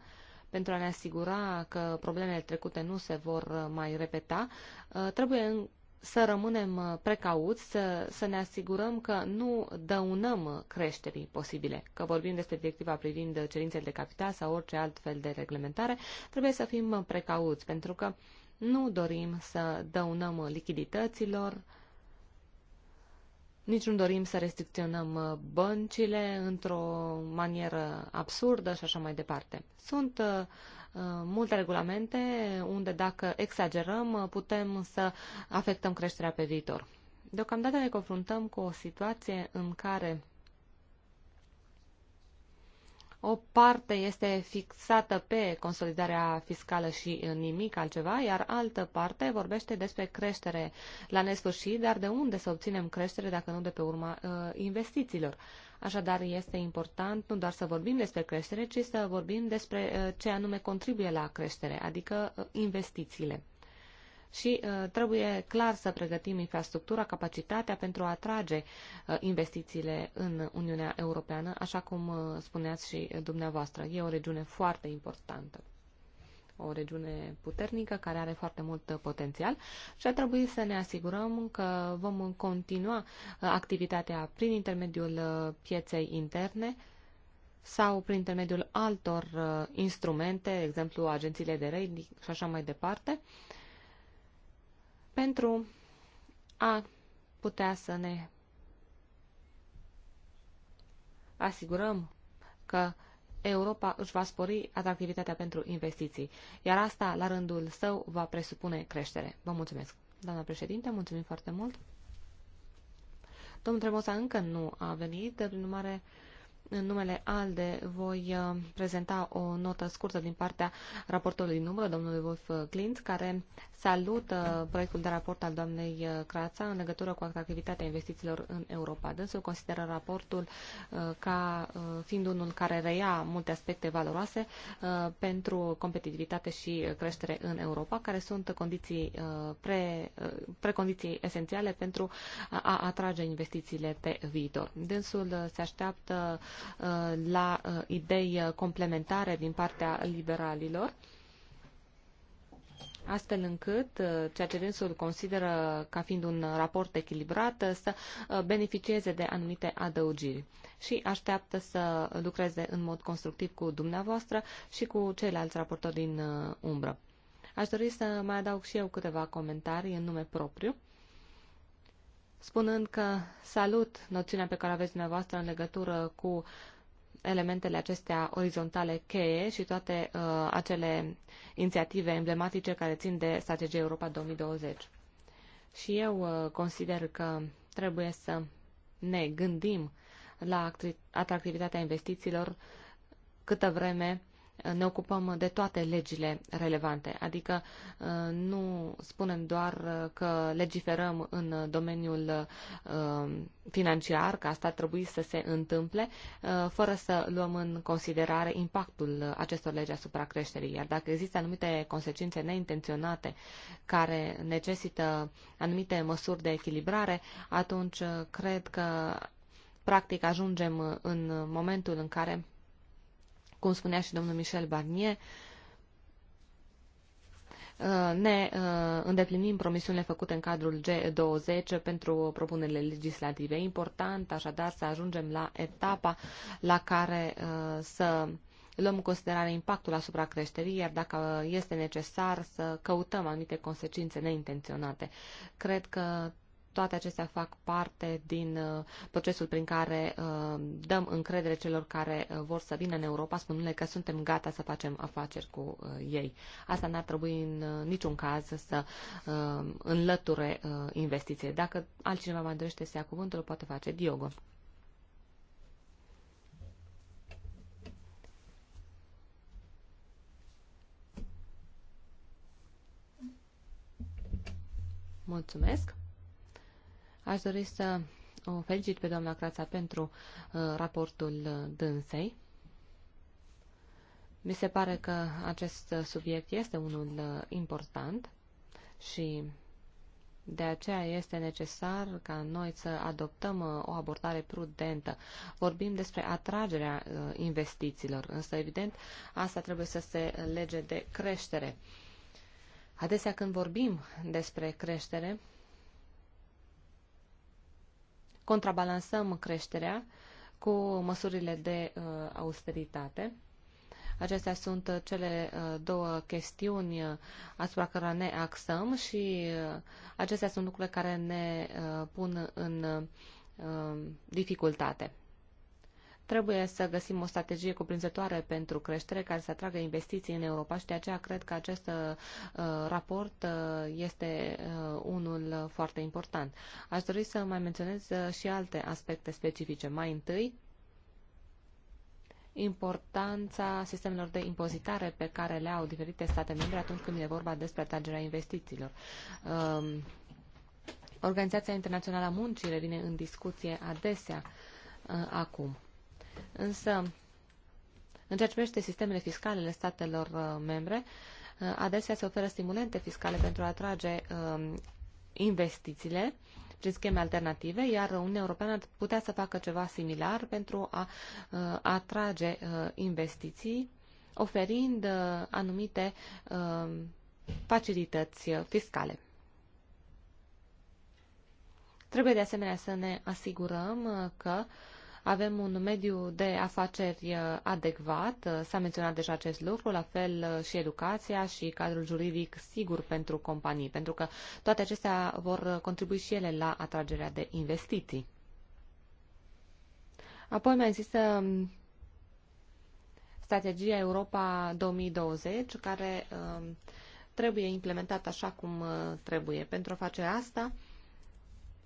pentru a ne asigura că problemele trecute nu se vor uh, mai repeta, trebuie să rămânem uh, precauți, să, să ne asigurăm că nu dăunăm creșterii posibile. Că vorbim despre directiva privind cerințele de capital sau orice alt fel de reglementare, trebuie să fim uh, precauți, pentru că nu dorim să dăunăm lichidităților, nici nu dorim să restricționăm uh, băncile într-o manieră absurdă și așa mai departe. Sunt uh, Uh, multe regulamente unde dacă exagerăm uh, putem să afectăm creșterea pe viitor. Deocamdată ne confruntăm cu o situație în care o parte este fixată pe consolidarea fiscală și nimic altceva, iar altă parte vorbește despre creștere la nesfârșit, dar de unde să obținem creștere dacă nu de pe urma uh, investițiilor? Așadar, este important nu doar să vorbim despre creștere, ci să vorbim despre uh, ce anume contribuie la creștere, adică uh, investițiile. Și uh, trebuie clar să pregătim infrastructura, capacitatea pentru a atrage investițiile în Uniunea Europeană, așa cum spuneați și dumneavoastră. E o regiune foarte importantă o regiune puternică care are foarte mult potențial și ar trebui să ne asigurăm că vom continua uh, activitatea prin intermediul uh, pieței interne sau prin intermediul altor uh, instrumente, exemplu agențiile de rating și așa mai departe, pentru a putea să ne asigurăm că Europa își va spori atractivitatea pentru investiții, iar asta, la rândul său, va presupune creștere. Vă mulțumesc. Doamna președinte, mulțumim foarte mult. Domnul Tremosa încă nu a venit, de prin în numele ALDE voi uh, prezenta o notă scurtă din partea raportorului numără, domnului Wolf uh, Klint, care salută proiectul de raport al doamnei uh, Crața în legătură cu activitatea investițiilor în Europa. Dânsul consideră raportul ca fiind unul care reia multe aspecte valoroase pentru competitivitate și creștere în Europa, care sunt condiții pre, precondiții esențiale pentru a atrage investițiile pe viitor. Dânsul se așteaptă Uh, la uh, idei uh, complementare din partea liberalilor, astfel încât ceea ce dânsul consideră ca fiind un raport echilibrat să beneficieze de anumite adăugiri și așteaptă să lucreze în mod constructiv cu dumneavoastră și cu ceilalți raportori din umbră. Aș dori să mai adaug și eu câteva comentarii în nume propriu spunând că salut noțiunea pe care aveți dumneavoastră în legătură cu elementele acestea orizontale cheie și toate uh, acele inițiative emblematice care țin de strategia Europa 2020. Și eu uh, consider că trebuie să ne gândim la atractivitatea investițiilor câtă vreme ne ocupăm de toate legile relevante, adică uh, nu spunem doar uh, că legiferăm în domeniul uh, financiar, că asta ar trebui să se întâmple, fără să luăm în considerare impactul acestor legi asupra creșterii. Iar dacă există anumite consecințe neintenționate care necesită anumite măsuri de echilibrare, atunci cred că practic ajungem în momentul în care cum spunea și domnul Michel Barnier, uh, ne uh, îndeplinim promisiunile făcute în cadrul G20 pentru propunerile legislative. Important așadar să ajungem la etapa la care uh, să luăm în considerare impactul asupra creșterii, iar dacă este necesar să căutăm anumite consecințe neintenționate. Cred că toate acestea fac parte din uh, procesul prin care uh, dăm încredere celor care uh, vor să vină în Europa, spunându-le că suntem gata să facem afaceri cu ei. Asta n-ar trebui în niciun caz să înlăture investiție. Dacă altcineva mai dorește să ia cuvântul, o poate face Diogo. Mulțumesc! Aș dori să o felicit pe doamna Crața pentru uh, raportul uh, dânsei. Mi se pare că acest uh, subiect este unul uh, important și de aceea este necesar ca noi să adoptăm uh, o abordare prudentă. Vorbim despre atragerea uh, investițiilor, însă evident asta trebuie să se lege de creștere. Adesea când vorbim despre creștere, contrabalansăm creșterea cu măsurile de uh, austeritate. Acestea sunt uh, cele uh, două chestiuni asupra cărora ne axăm și acestea sunt lucrurile care ne pun în dificultate. Trebuie să găsim o strategie cuprinzătoare pentru creștere care să atragă investiții în Europa și de aceea cred că acest uh, raport uh, este uh, unul foarte important. Aș dori să mai menționez uh, și alte aspecte specifice. Mai întâi, importanța sistemelor de impozitare pe care le au diferite state membre atunci când e vorba despre atragerea investițiilor. Um, Organizația Internațională a Muncii revine în discuție adesea uh, acum. Însă, în ceea ce privește sistemele fiscale ale statelor uh, membre, uh, adesea se oferă stimulente fiscale pentru a atrage um, investițiile prin scheme alternative, iar Uniunea Europeană ar putea să facă ceva similar pentru a, uh, atrage investiții, oferind anumite um, facilități fiscale. Trebuie de asemenea să ne asigurăm că uh, avem un mediu de afaceri uh, adecvat, uh, s-a menționat deja acest lucru, la fel uh, și educația și cadrul juridic sigur pentru companii, pentru că toate acestea vor contribui și ele la atragerea de investiții. Apoi mai există um, strategia Europa 2020, care um, trebuie implementată așa cum trebuie. Pentru a face asta,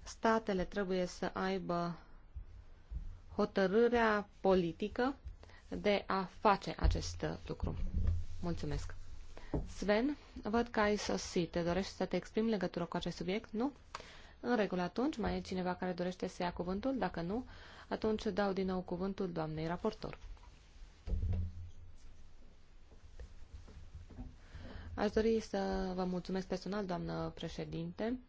statele trebuie să aibă hotărârea politică de a face acest lucru. Mulțumesc. Sven, văd că ai sosit. Te dorești să te exprimi legătură cu acest subiect? Nu? În regulă atunci, mai e cineva care dorește să ia cuvântul? Dacă nu, atunci dau din nou cuvântul doamnei raportor. Aș dori să vă mulțumesc personal, doamnă președinte,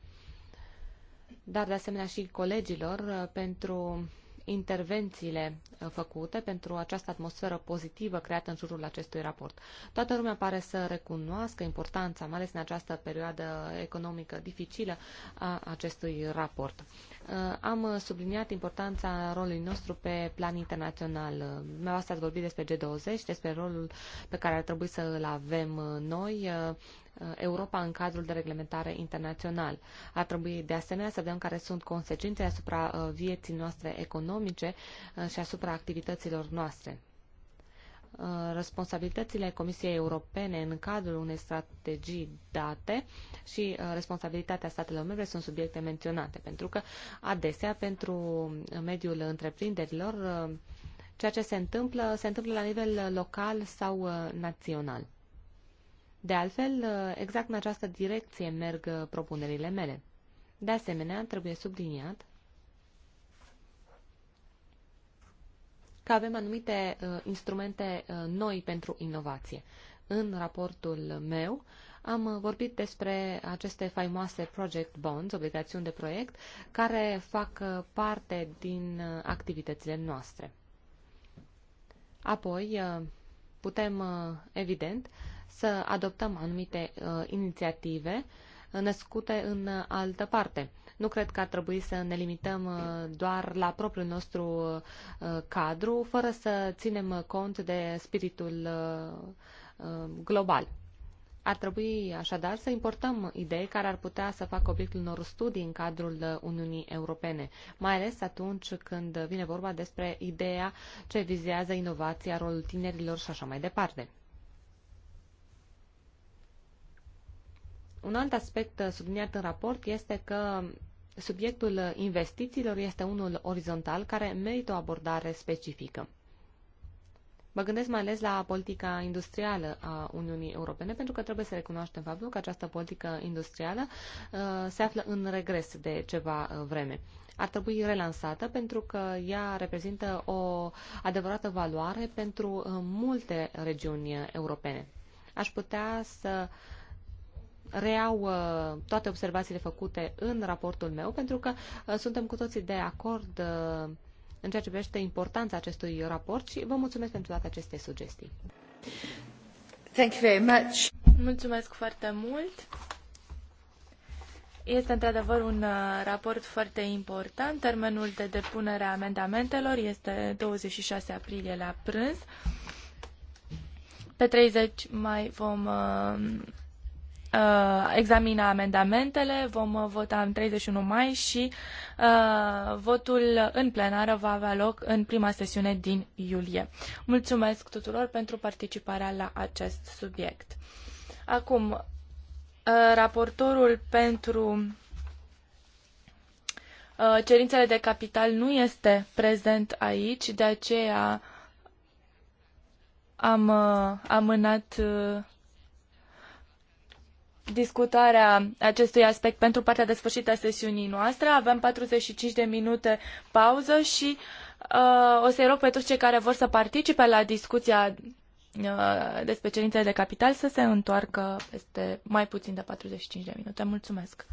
dar de asemenea și colegilor pentru intervențiile uh, făcute pentru această atmosferă pozitivă creată în jurul acestui raport. Toată lumea pare să recunoască importanța, mai ales în această perioadă economică dificilă, a acestui raport. Uh, am subliniat importanța rolului nostru pe plan internațional. Dumneavoastră ați vorbit despre G20, despre rolul pe care ar trebui să îl avem uh, noi Uh, Europa în cadrul de reglementare internațional. Ar trebui de asemenea să vedem care sunt consecințele asupra uh, vieții noastre economice uh, și asupra activităților noastre responsabilitățile Comisiei Europene în cadrul unei strategii date și responsabilitatea statelor membre sunt subiecte menționate, pentru că adesea pentru mediul întreprinderilor ceea ce se întâmplă se întâmplă la nivel local sau național. De altfel, exact în această direcție merg uh, propunerile mele. De asemenea, trebuie subliniat că avem anumite uh, instrumente uh, noi pentru inovație. În raportul meu am uh, vorbit despre aceste faimoase project bonds, obligațiuni de proiect, care fac uh, parte din uh, activitățile noastre. Apoi, uh, putem, uh, evident, uh, să adoptăm anumite uh, inițiative uh, născute în uh, altă parte. Nu cred că ar trebui să ne limităm uh, doar la propriul nostru cadru, fără să ținem cont de spiritul global. Ar trebui așadar să importăm idei care ar putea să facă obiectul unor studii în cadrul Uniunii Europene, mai ales atunci când vine vorba despre ideea ce vizează inovația, rolul tinerilor și așa mai departe. Un alt aspect uh, subliniat în raport este că subiectul investițiilor este unul orizontal care merită o abordare specifică. Mă gândesc mai ales la politica industrială a Uniunii Europene, pentru că trebuie să recunoaștem faptul că această politică industrială uh, se află în regres de ceva uh, vreme. Ar trebui relansată pentru că ea reprezintă o adevărată valoare pentru uh, multe regiuni europene. Aș putea să uh, reiau uh, toate observațiile făcute în raportul meu, pentru că uh, suntem cu toții de acord uh, în ceea ce privește importanța acestui raport și vă mulțumesc pentru toate aceste sugestii. Thank you very much. Mulțumesc foarte mult. Este într-adevăr un raport foarte important. Termenul de depunere a amendamentelor este 26 aprilie la prânz. Pe 30 mai vom Uh, examina amendamentele, vom uh, vota în 31 mai și uh, votul în plenară va avea loc în prima sesiune din iulie. Mulțumesc tuturor pentru participarea la acest subiect. Acum, uh, raportorul pentru uh, cerințele de capital nu este prezent aici, de aceea am amânat discutarea acestui aspect pentru partea de sfârșit a sesiunii noastre. Avem 45 de minute pauză și uh, o să-i rog pe toți cei care vor să participe la discuția uh, despre cerințele de capital să se întoarcă peste mai puțin de 45 de minute. Mulțumesc!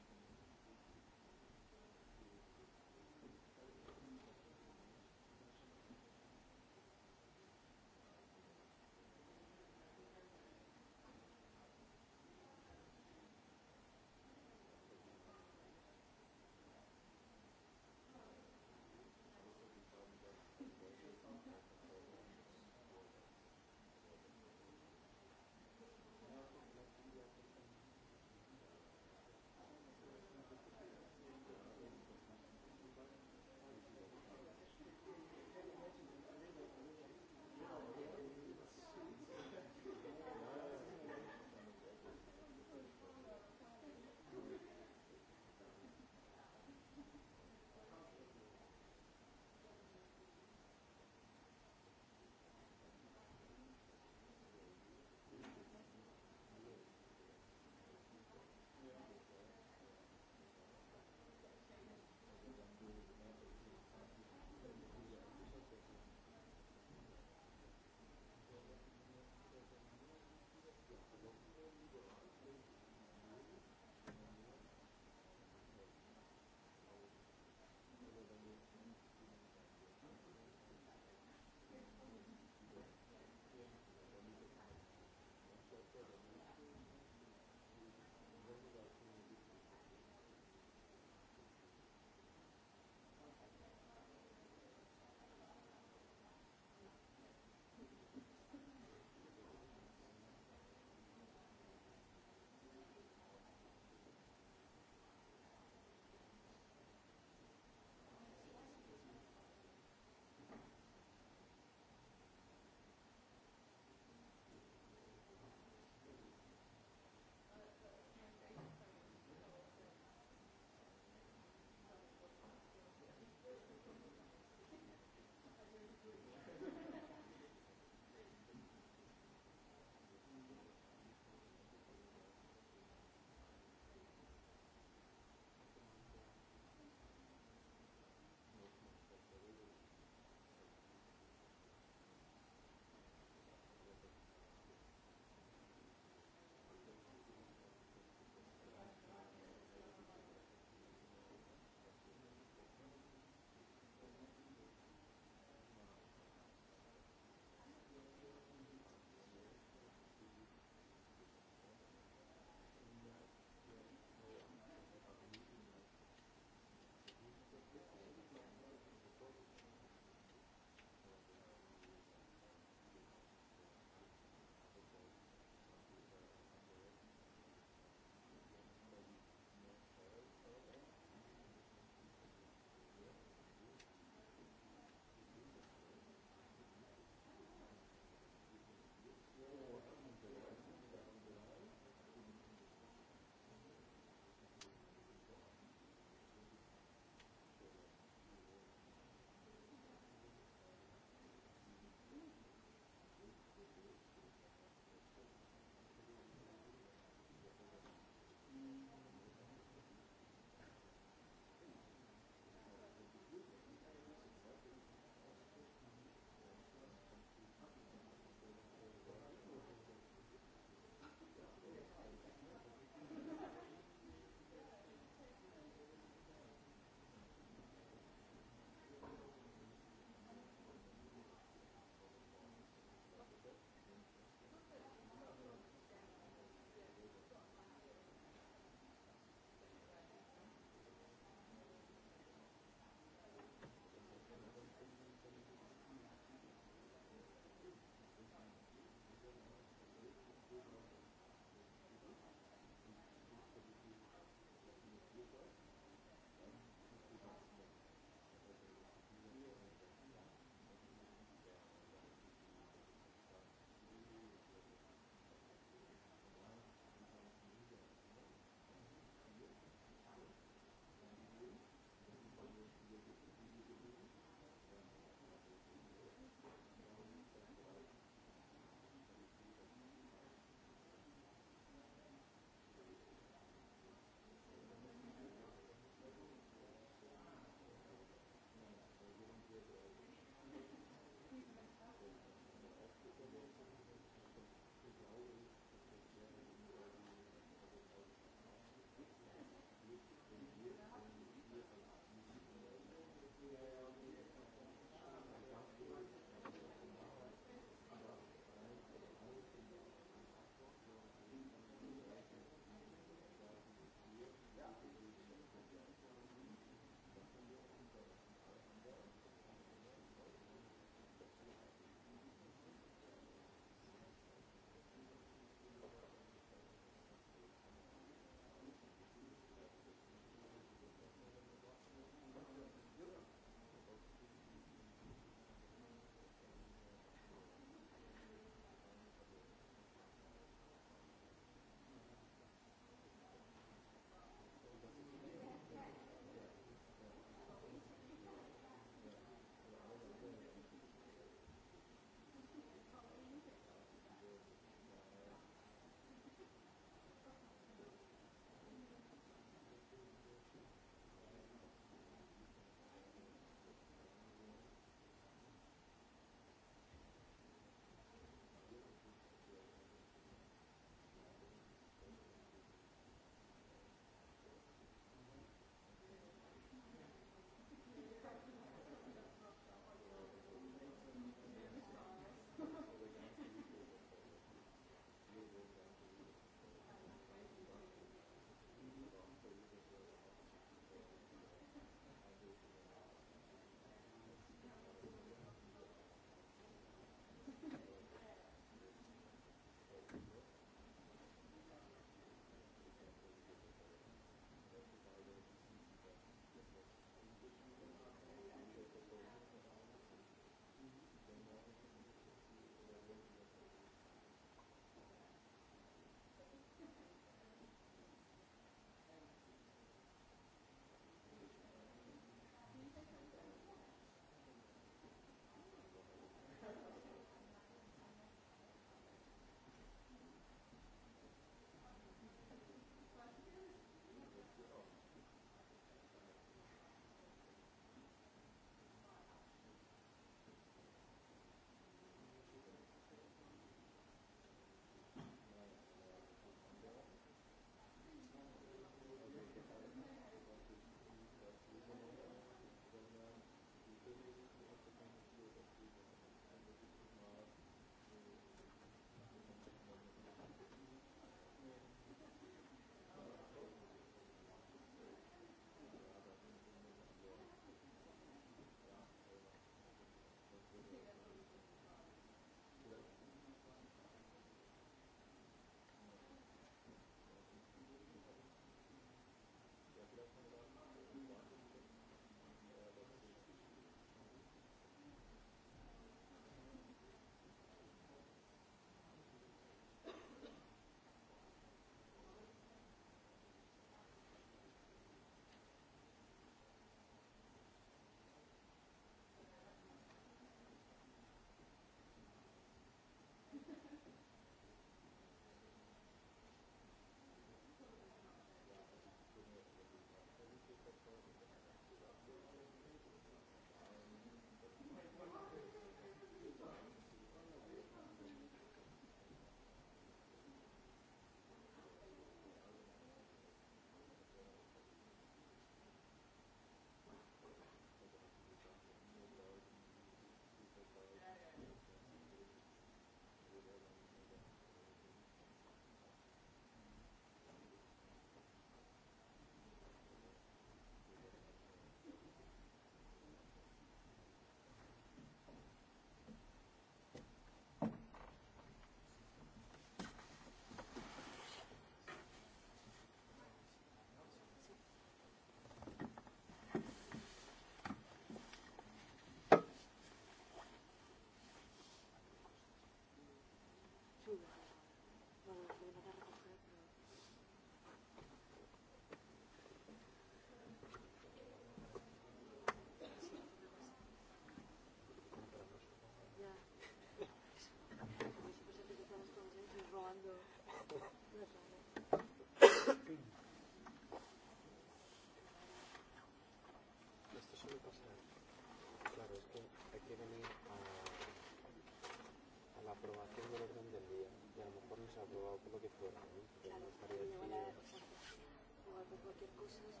cosas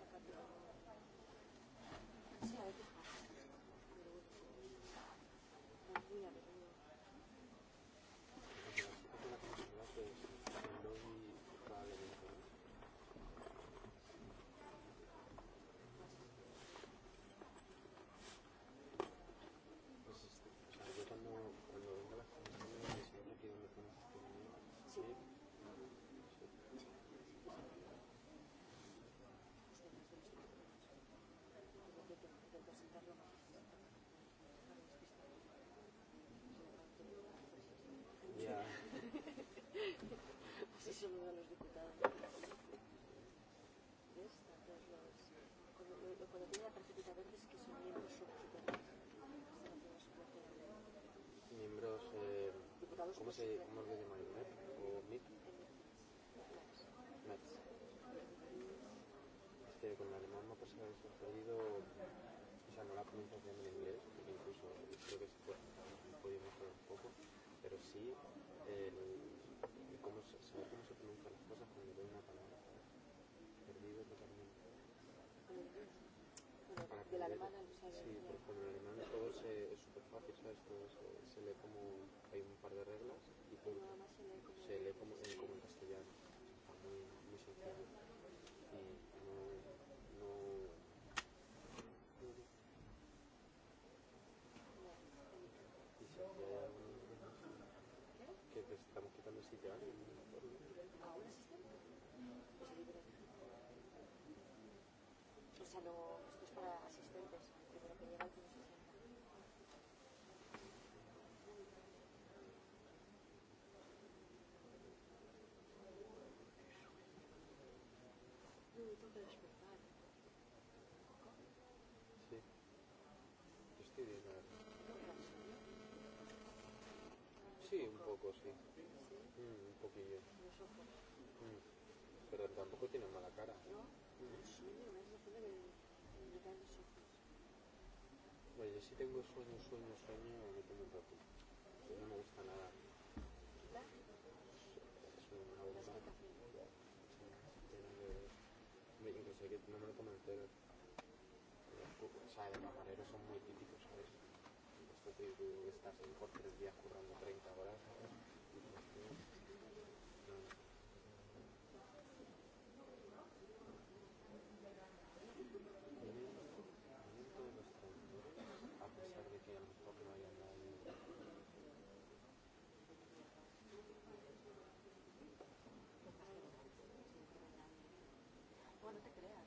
¿Cómo, se, ¿Cómo lo llamáis? ¿MEP o MIP? MEP. Es que con el alemán no pasa eso. He o sea, no la pronunciación en inglés, incluso creo que se puede, podía mejorar un poco, pero sí el, el cómo, saber cómo se pronuncian las cosas cuando veo una palabra. Perdido totalmente. Bueno, del alemán al Sí, porque con el alemán todo se, es súper fácil, ¿sabes? Todo se, se lee como hay un par de reglas y no, punto. Se lee como se en, como en castellano, está muy, muy sencillo. Y no, no, Y si aquí hay algún... que te estamos quitando el sitio a alguien. ¿Ahora sí? O sea, no... Sí, da. un poco, sí. Da. Da. Mm, un poquillo. Mm. Pero tampoco tiene mala cara. Mm. Oye, si tengo sueño, sueño, sueño, me tomo un rato. No me gusta nada. Es una broma incluso hay que no me lo tomo entero. O sea, de camareros son muy típicos, ¿sabes? Pues te digo estás en por tres días currando 30 horas, ¿sabes? no te creas.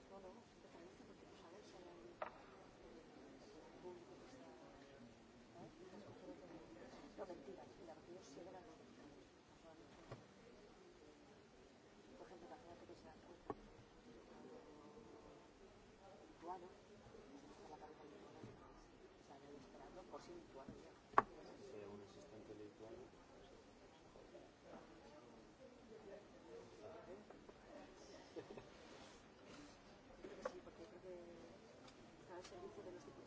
să distrugă niște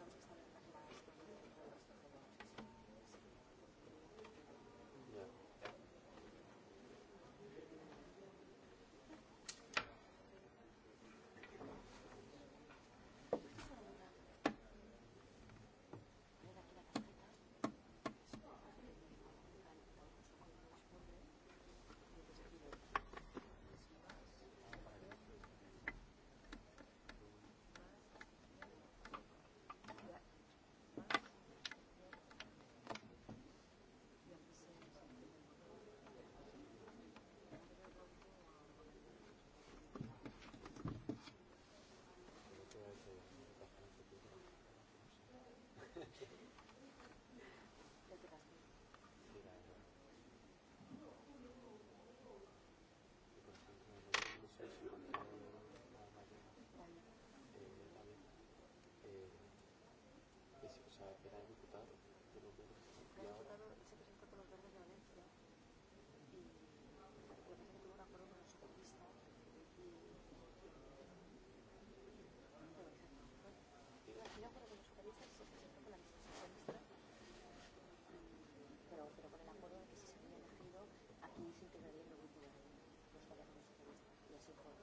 sub control.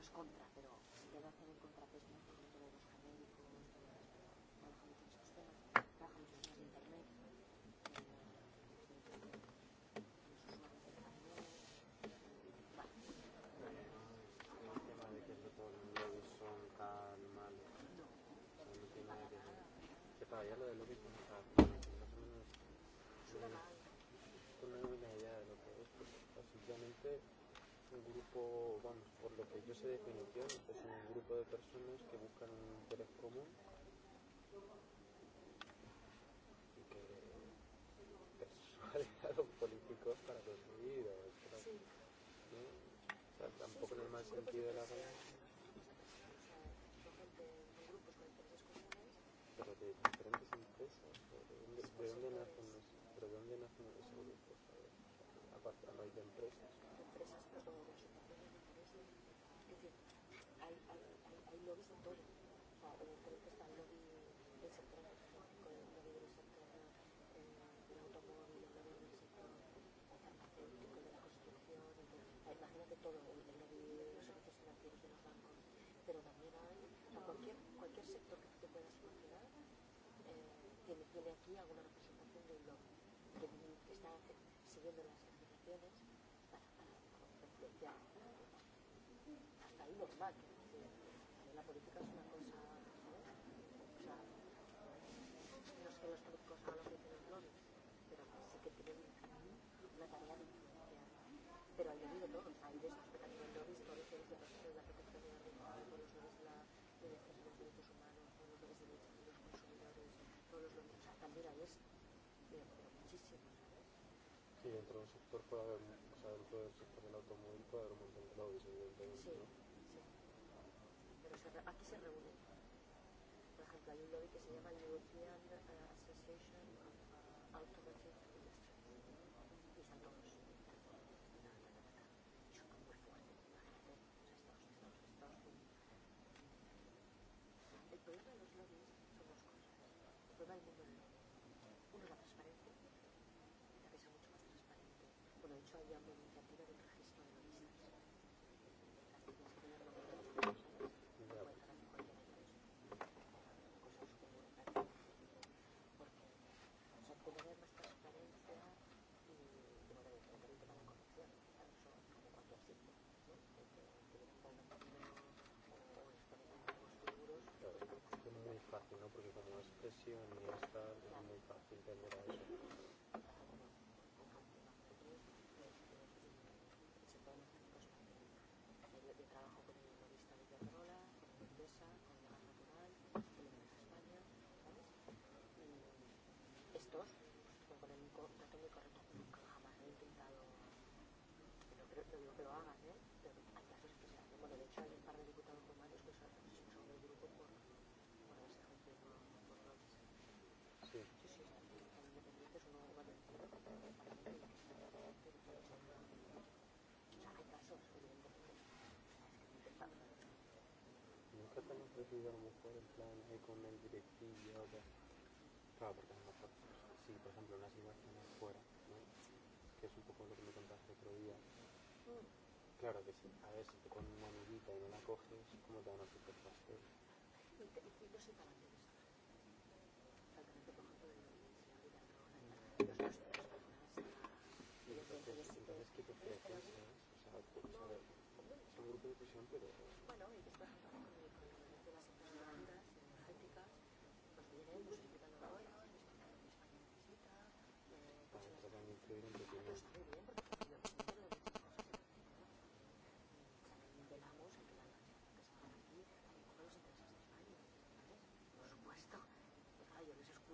los contra, pero debe hacer el contrapeso ¿no? con todos los genéricos, todas las, trabaja mucho en sistemas, trabaja mucho en internet, tema de que todos son tan malos. No. El tema de que... Que para allá lo del lobby... un grupo, vamos, por lo que yo sé de definición, es un grupo de personas que buscan un interés común y que persuaden a los políticos para conseguir. Sí. ¿no? O sea, tampoco en el mal sentido de la palabra. Pero de diferentes empresas, ¿de dónde, de dónde nacen, pero de dónde nacen esos grupos? A, a raíz de empresas todo hay, hay, hay, hay lobbies de todo. O sea, creo que está el lobby del sector eléctrico, el lobby del sector del automóvil, el lobby del sector farmacéutico, de la construcción, imagínate todo, el, lobby de los servicios financieros de los bancos, pero también hay, o cualquier, cualquier sector que te puedas imaginar eh, tiene, tiene aquí alguna representación de un lobby que, que está siguiendo las legislaciones 20 Hasta ahí normal. La política es una cosa. O sea, no son los políticos ahora los que tienen lobbies, pero sí que tienen una tarea de influencia. Pero ahí vive todo. Hay de esos pequeños lobbies, por eso de la protección de la libertad, por los lobbies de la de los derechos humanos, por los lobbies de los consumidores, por los lobbies. O sea, también ahí es. Pero muchísimo, ¿eh? Sí, dentro de un sector puede haber sea, dentro del sector automóvil puede haber un montón de lobbies, evidentemente, sí, ¿no? Sí, pero se re, aquí se Por ejemplo, hay un lobby que se llama European eh, Association of uh, Automotive Industry. Y están todos. El problema de los lobbies son dos cosas. El problema del mundo del pero no digo que lo hagan, ¿eh? Pero hay casos que se hacen. Bueno, de hecho hay un par de diputados rumanos que son, son del grupo por, por esta gente por, por noches. Sí. Sí, sí, la diputada independiente es uno va a decir que está en el Parlamento y que está en el Parlamento y que está en el Parlamento. O sea, hay casos, evidentemente. Es que no Nunca te han ofrecido a lo mejor en plan eh, con el directillo o sea. Claro, porque a lo mejor si por ejemplo una situación es fuera, ¿no? que es un poco lo que me contaste otro día, Claro que sí. A ver, si te con una amiguita y no la coges, ¿cómo te van a hacer el pastel? Y, te, entonces, entonces, ¿qué te ofreces? O sea, de presión, pero... Bueno, y después...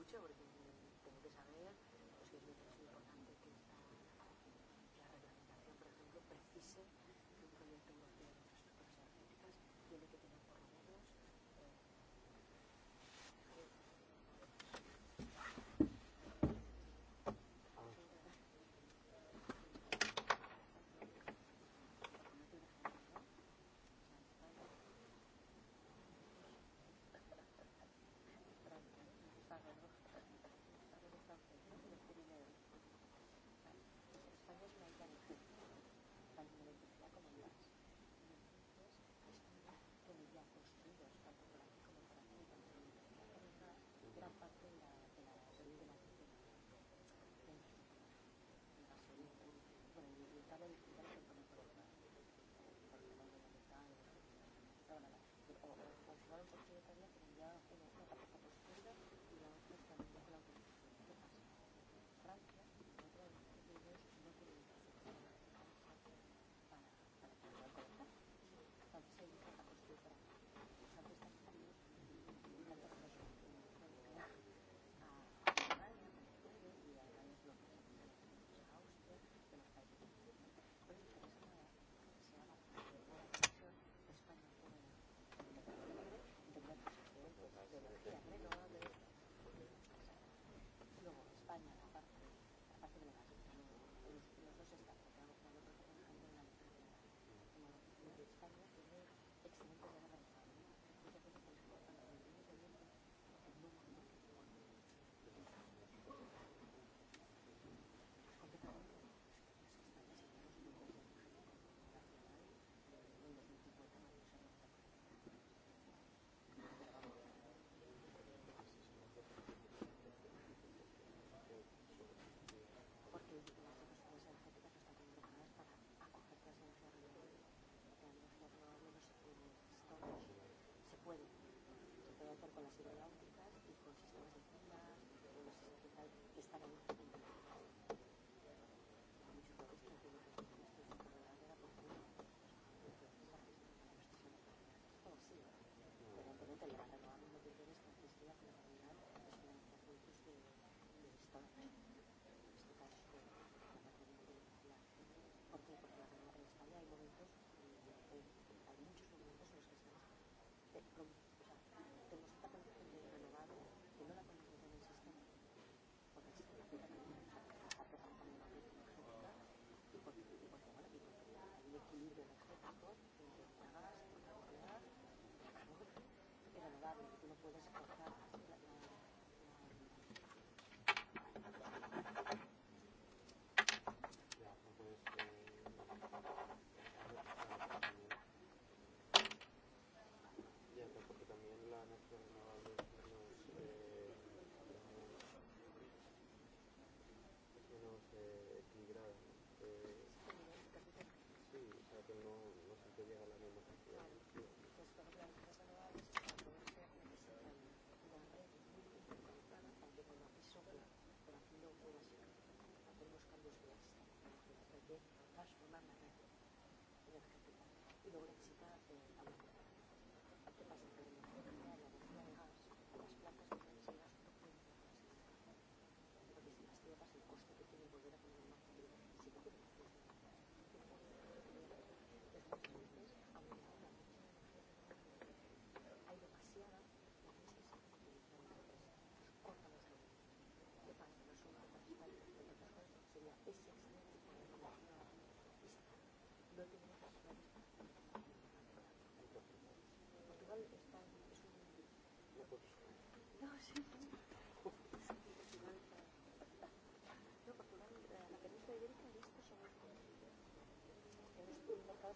ce vorbim?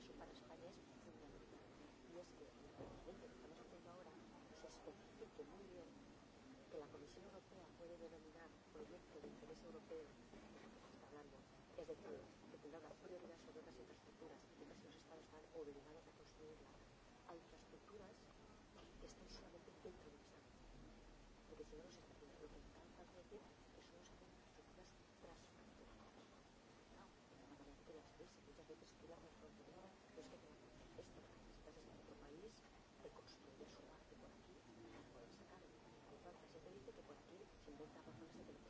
que su para España es fundamental. Y es que el que estamos haciendo ahora se especifique muy bien que la Comisión Europea puede denominar proyecto de interés europeo, de lo que se está hablando, es decir, que tendrá una prioridad sobre otras infraestructuras y que los Estados están obligados a construirla, a infraestructuras que están solamente dentro del de Porque si no, no se está haciendo. Lo que está tratando de decir que solo se hacen infraestructuras transfronterizas. Claro, de la manera que las ves y muchas veces tú las es que tenemos estas camisetas en otro país, reconstruyes un arte por aquí, puedes sacar en Francia se te dice que por aquí se inventan razones de que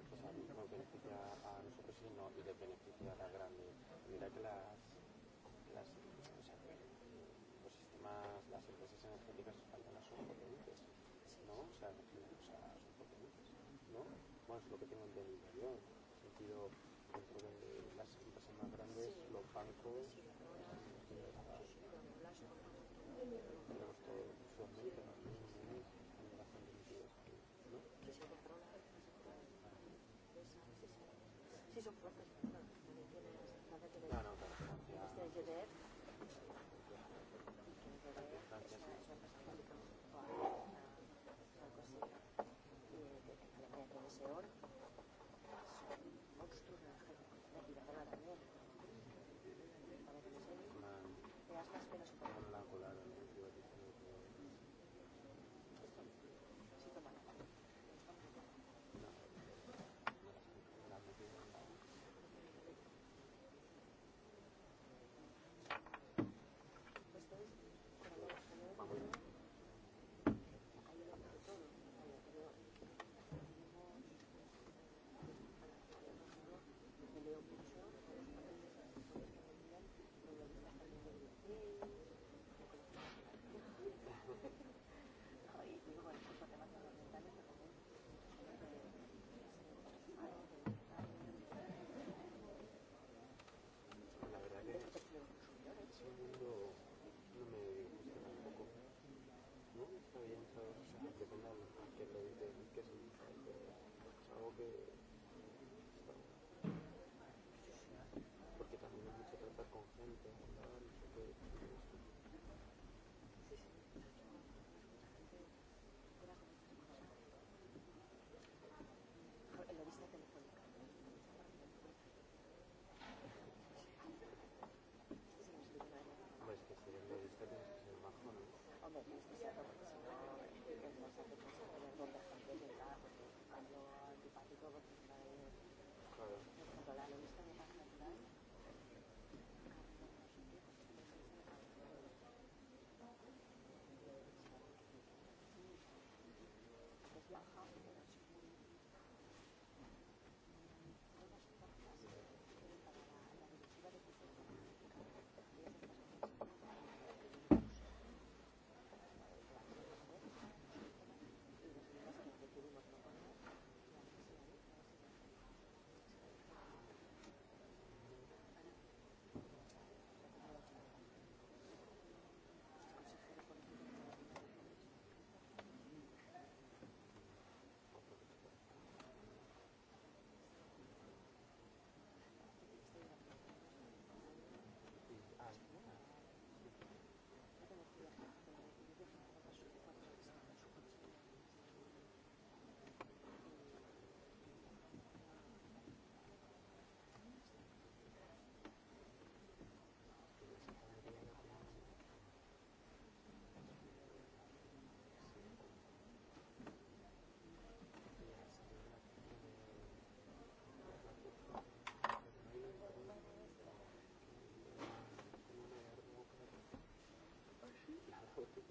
beneficia a nosotros y, no, y les beneficia a las grandes. Mira que las, las, o sea, eh, los sistemas, las empresas energéticas españolas son potentes, ¿no? O sea, no, o sea son potentes, ¿no? Bueno, es lo que tengo entendido yo, en el sentido dentro de las empresas más grandes, sí. los bancos, făcut.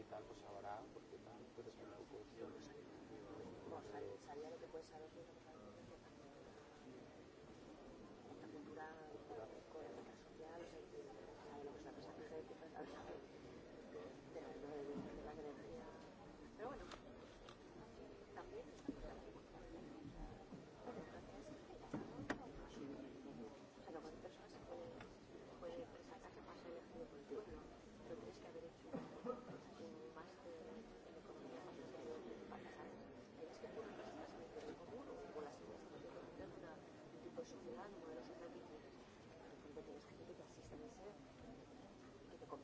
y tal, pues ahora, porque tal, pero es un poco... Yo no sabía lo que puedes saber,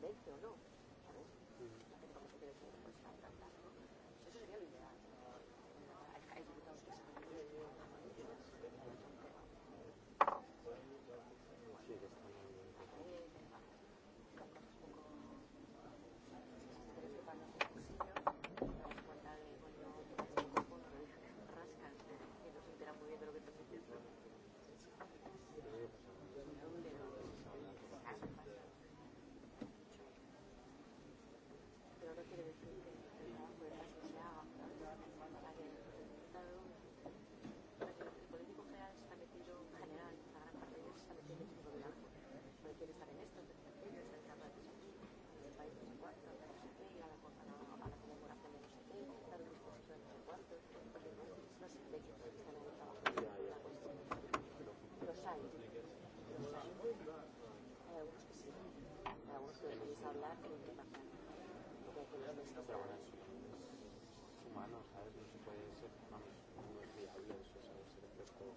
convenție o nu. Și atunci, pentru că mă trebuie să mă și Pero bueno, es, es humano, ¿sabes? No se puede ser, vamos, no es viable eso, ¿sabes? Ser fresco.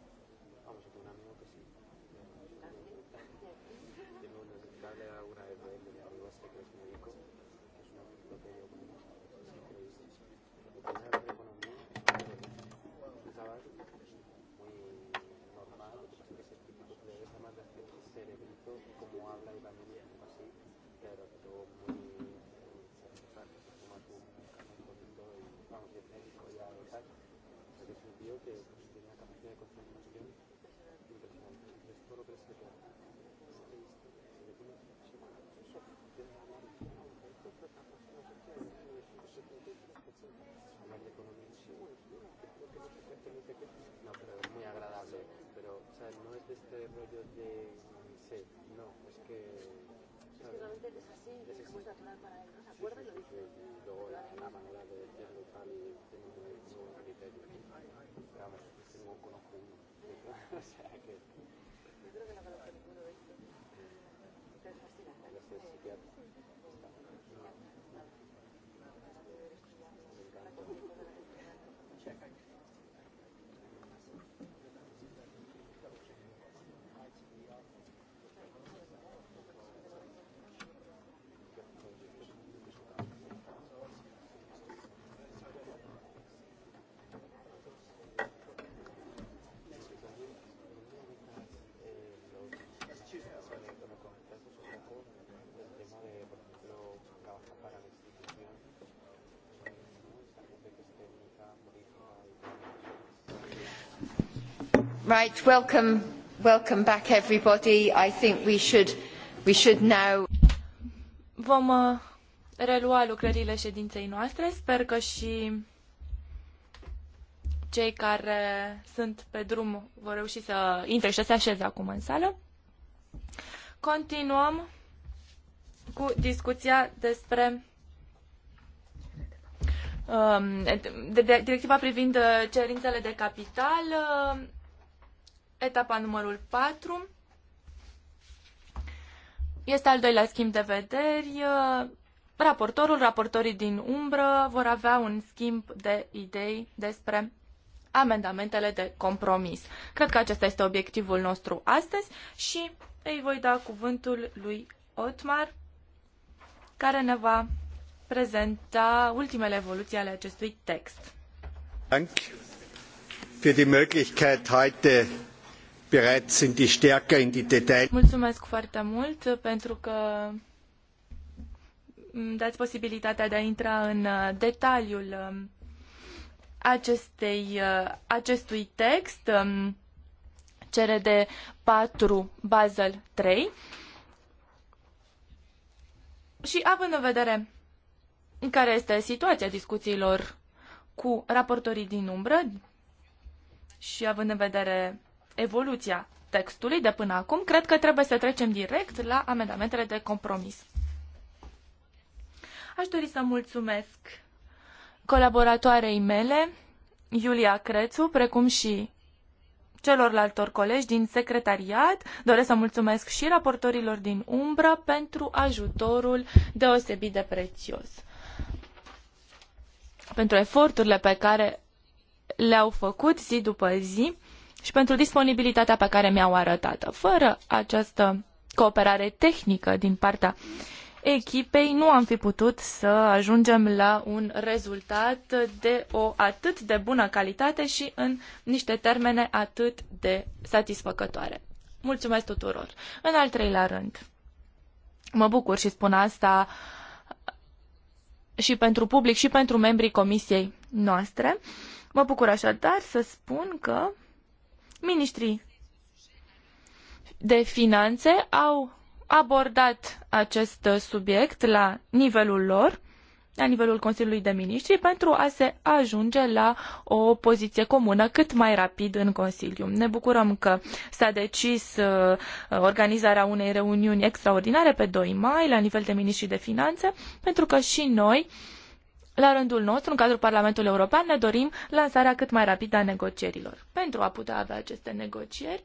Vamos, tengo un amigo que sí. Tengo un aceptable alguna vez de él, de mi amigo este que es médico, que es una lo que yo conozco, es increíble. Lo que piensa la economía es un chaval muy normal, lo que pasa es que es el típico que debe ser más de cerebrito, como habla y también que pues, tiene capacidad de concentración impresionante. Entonces todo lo que les queda. Hablar de economía, sí. No, pero es muy agradable. Pero, o sea, no es de este rollo de... Sí, no, es que... ¿sabes? Es que realmente es así, es muy natural para él, ¿no? ¿Se acuerdan? Sí, sí, sí, sí. Y luego la, la manera Exactly. Right, welcome, welcome back everybody. I think we should, we should now... Vom uh, relua lucrările ședinței noastre. Sper că și cei care sunt pe drum vor reuși să intre și să se așeze acum în sală. Continuăm cu discuția despre um, de, de, directiva privind uh, cerințele de capital. Uh, Etapa numărul 4 este al doilea schimb de vederi. Raportorul, raportorii din umbră vor avea un schimb de idei despre amendamentele de compromis. Cred că acesta este obiectivul nostru astăzi și îi voi da cuvântul lui Otmar, care ne va prezenta ultimele evoluții ale acestui text. Dank für Möglichkeit heute bereit sind, die stärker in die Details. Mulțumesc foarte mult pentru că îmi dați posibilitatea de a intra în uh, detaliul um, acestei, uh, acestui text, um, CRD 4 Basel 3. Și având în vedere care este situația discuțiilor cu raportorii din umbră și având în vedere evoluția textului de până acum, cred că trebuie să trecem direct la amendamentele de compromis. Aș dori să mulțumesc colaboratoarei mele, Iulia Crețu, precum și celorlaltor colegi din secretariat. Doresc să mulțumesc și raportorilor din umbră pentru ajutorul deosebit de prețios. Pentru eforturile pe care le-au făcut zi după zi și pentru disponibilitatea pe care mi-au arătat-o. Fără această cooperare tehnică din partea echipei nu am fi putut să ajungem la un rezultat de o atât de bună calitate și în niște termene atât de satisfăcătoare. Mulțumesc tuturor! În al treilea rând, mă bucur și spun asta și pentru public și pentru membrii comisiei noastre. Mă bucur așadar să spun că Ministrii de finanțe au abordat acest subiect la nivelul lor, la nivelul Consiliului de Ministri, pentru a se ajunge la o poziție comună cât mai rapid în Consiliu. Ne bucurăm că s-a decis uh, organizarea unei reuniuni extraordinare pe 2 mai la nivel de Ministri de Finanțe, pentru că și noi la rândul nostru, în cadrul Parlamentului European, ne dorim lansarea cât mai rapidă a negocierilor. Pentru a putea avea aceste negocieri,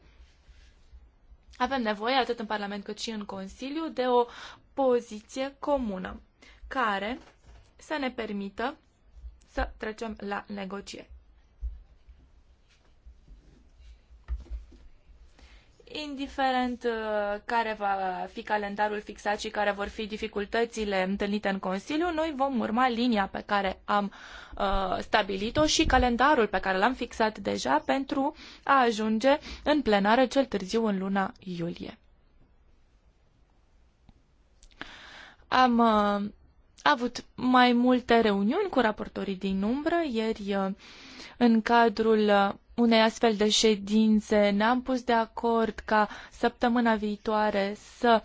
avem nevoie, atât în Parlament cât și în Consiliu, de o poziție comună care să ne permită să trecem la negocieri. indiferent uh, care va fi calendarul fixat și care vor fi dificultățile întâlnite în Consiliu, noi vom urma linia pe care am uh, stabilit-o și calendarul pe care l-am fixat deja pentru a ajunge în plenară cel târziu în luna iulie. Am uh, avut mai multe reuniuni cu raportorii din umbră ieri în cadrul unei astfel de ședințe ne-am pus de acord ca săptămâna viitoare să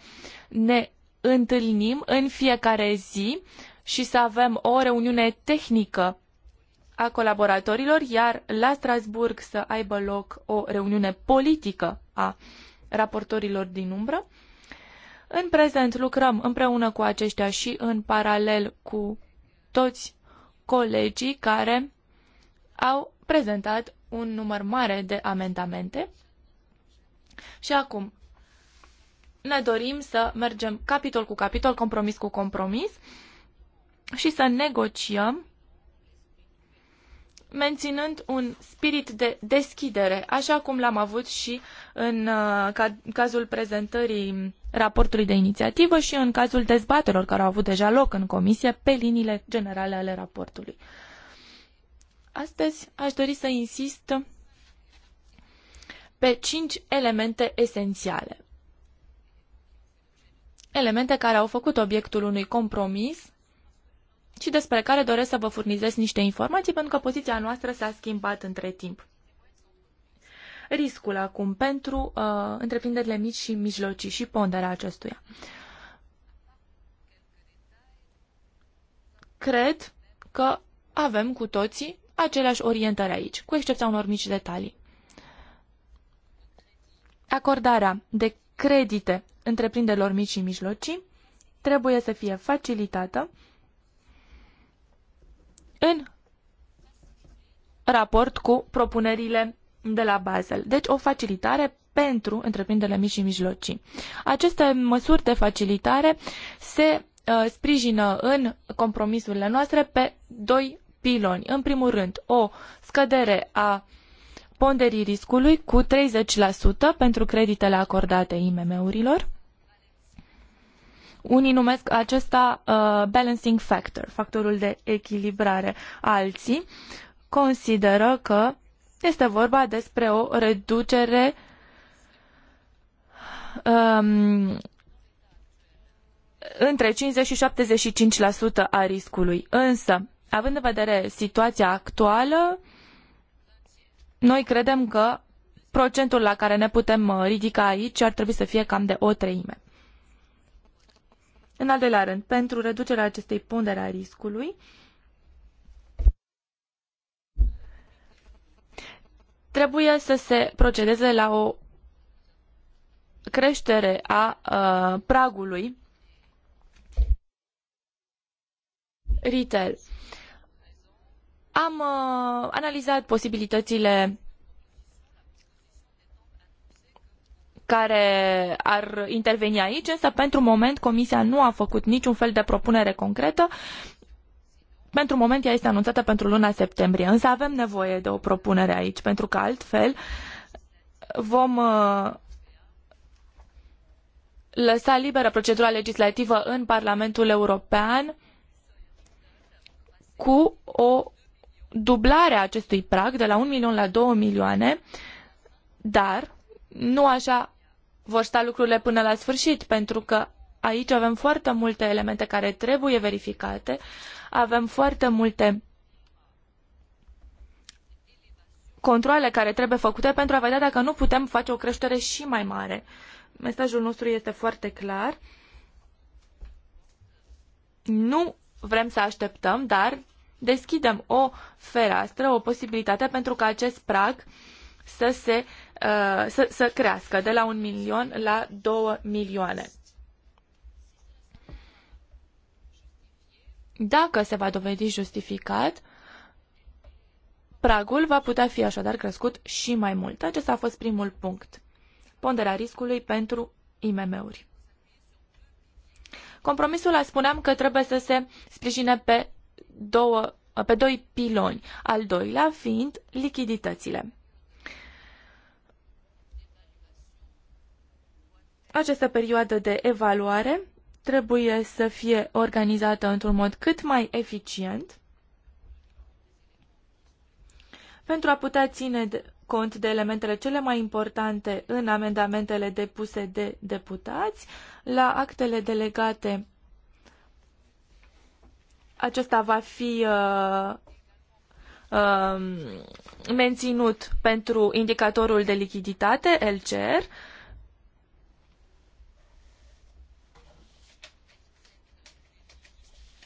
ne întâlnim în fiecare zi și să avem o reuniune tehnică a colaboratorilor, iar la Strasburg să aibă loc o reuniune politică a raportorilor din umbră. În prezent lucrăm împreună cu aceștia și în paralel cu toți colegii care au prezentat un număr mare de amendamente. Și acum ne dorim să mergem capitol cu capitol, compromis cu compromis și să negociem menținând un spirit de deschidere, așa cum l-am avut și în uh, cazul prezentării raportului de inițiativă și în cazul dezbaterilor care au avut deja loc în comisie pe liniile generale ale raportului. Astăzi aș dori să insist pe cinci elemente esențiale. Elemente care au făcut obiectul unui compromis și despre care doresc să vă furnizez niște informații pentru că poziția noastră s-a schimbat între timp. Riscul acum pentru uh, întreprinderile mici și mijlocii și ponderea acestuia. Cred că avem cu toții aceleași orientări aici, cu excepția unor mici detalii. Acordarea de credite întreprinderilor mici și mijlocii trebuie să fie facilitată în raport cu propunerile de la Basel. Deci o facilitare pentru întreprinderile mici și mijlocii. Aceste măsuri de facilitare se uh, sprijină în compromisurile noastre pe doi piloni. În primul rând, o scădere a ponderii riscului cu 30% pentru creditele acordate IMM-urilor. Unii numesc acesta uh, balancing factor, factorul de echilibrare. Alții consideră că este vorba despre o reducere um, între 50 și 75% a riscului. Însă, având în vedere situația actuală, noi credem că procentul la care ne putem uh, ridica aici ar trebui să fie cam de o treime. În al doilea rând, pentru reducerea acestei pondere a riscului, trebuie să se procedeze la o creștere a uh, pragului retail. Am uh, analizat posibilitățile care ar interveni aici, însă pentru moment Comisia nu a făcut niciun fel de propunere concretă. Pentru moment ea este anunțată pentru luna septembrie, însă avem nevoie de o propunere aici, pentru că altfel vom uh, lăsa liberă procedura legislativă în Parlamentul European cu o dublarea acestui prag de la 1 milion la 2 milioane, dar nu așa vor sta lucrurile până la sfârșit, pentru că aici avem foarte multe elemente care trebuie verificate, avem foarte multe controle care trebuie făcute pentru a vedea dacă nu putem face o creștere și mai mare. Mesajul nostru este foarte clar. Nu vrem să așteptăm, dar deschidem o fereastră, o posibilitate pentru ca acest prag să, se, uh, să, să crească de la un milion la două milioane. Dacă se va dovedi justificat, pragul va putea fi așadar crescut și mai mult. Acesta a fost primul punct. Ponderea riscului pentru IMM-uri. Compromisul a spuneam că trebuie să se sprijine pe două, pe doi piloni, al doilea fiind lichiditățile. Această perioadă de evaluare trebuie să fie organizată într-un mod cât mai eficient pentru a putea ține de cont de elementele cele mai importante în amendamentele depuse de deputați, la actele delegate acesta va fi uh, uh, menținut pentru indicatorul de lichiditate, LCR.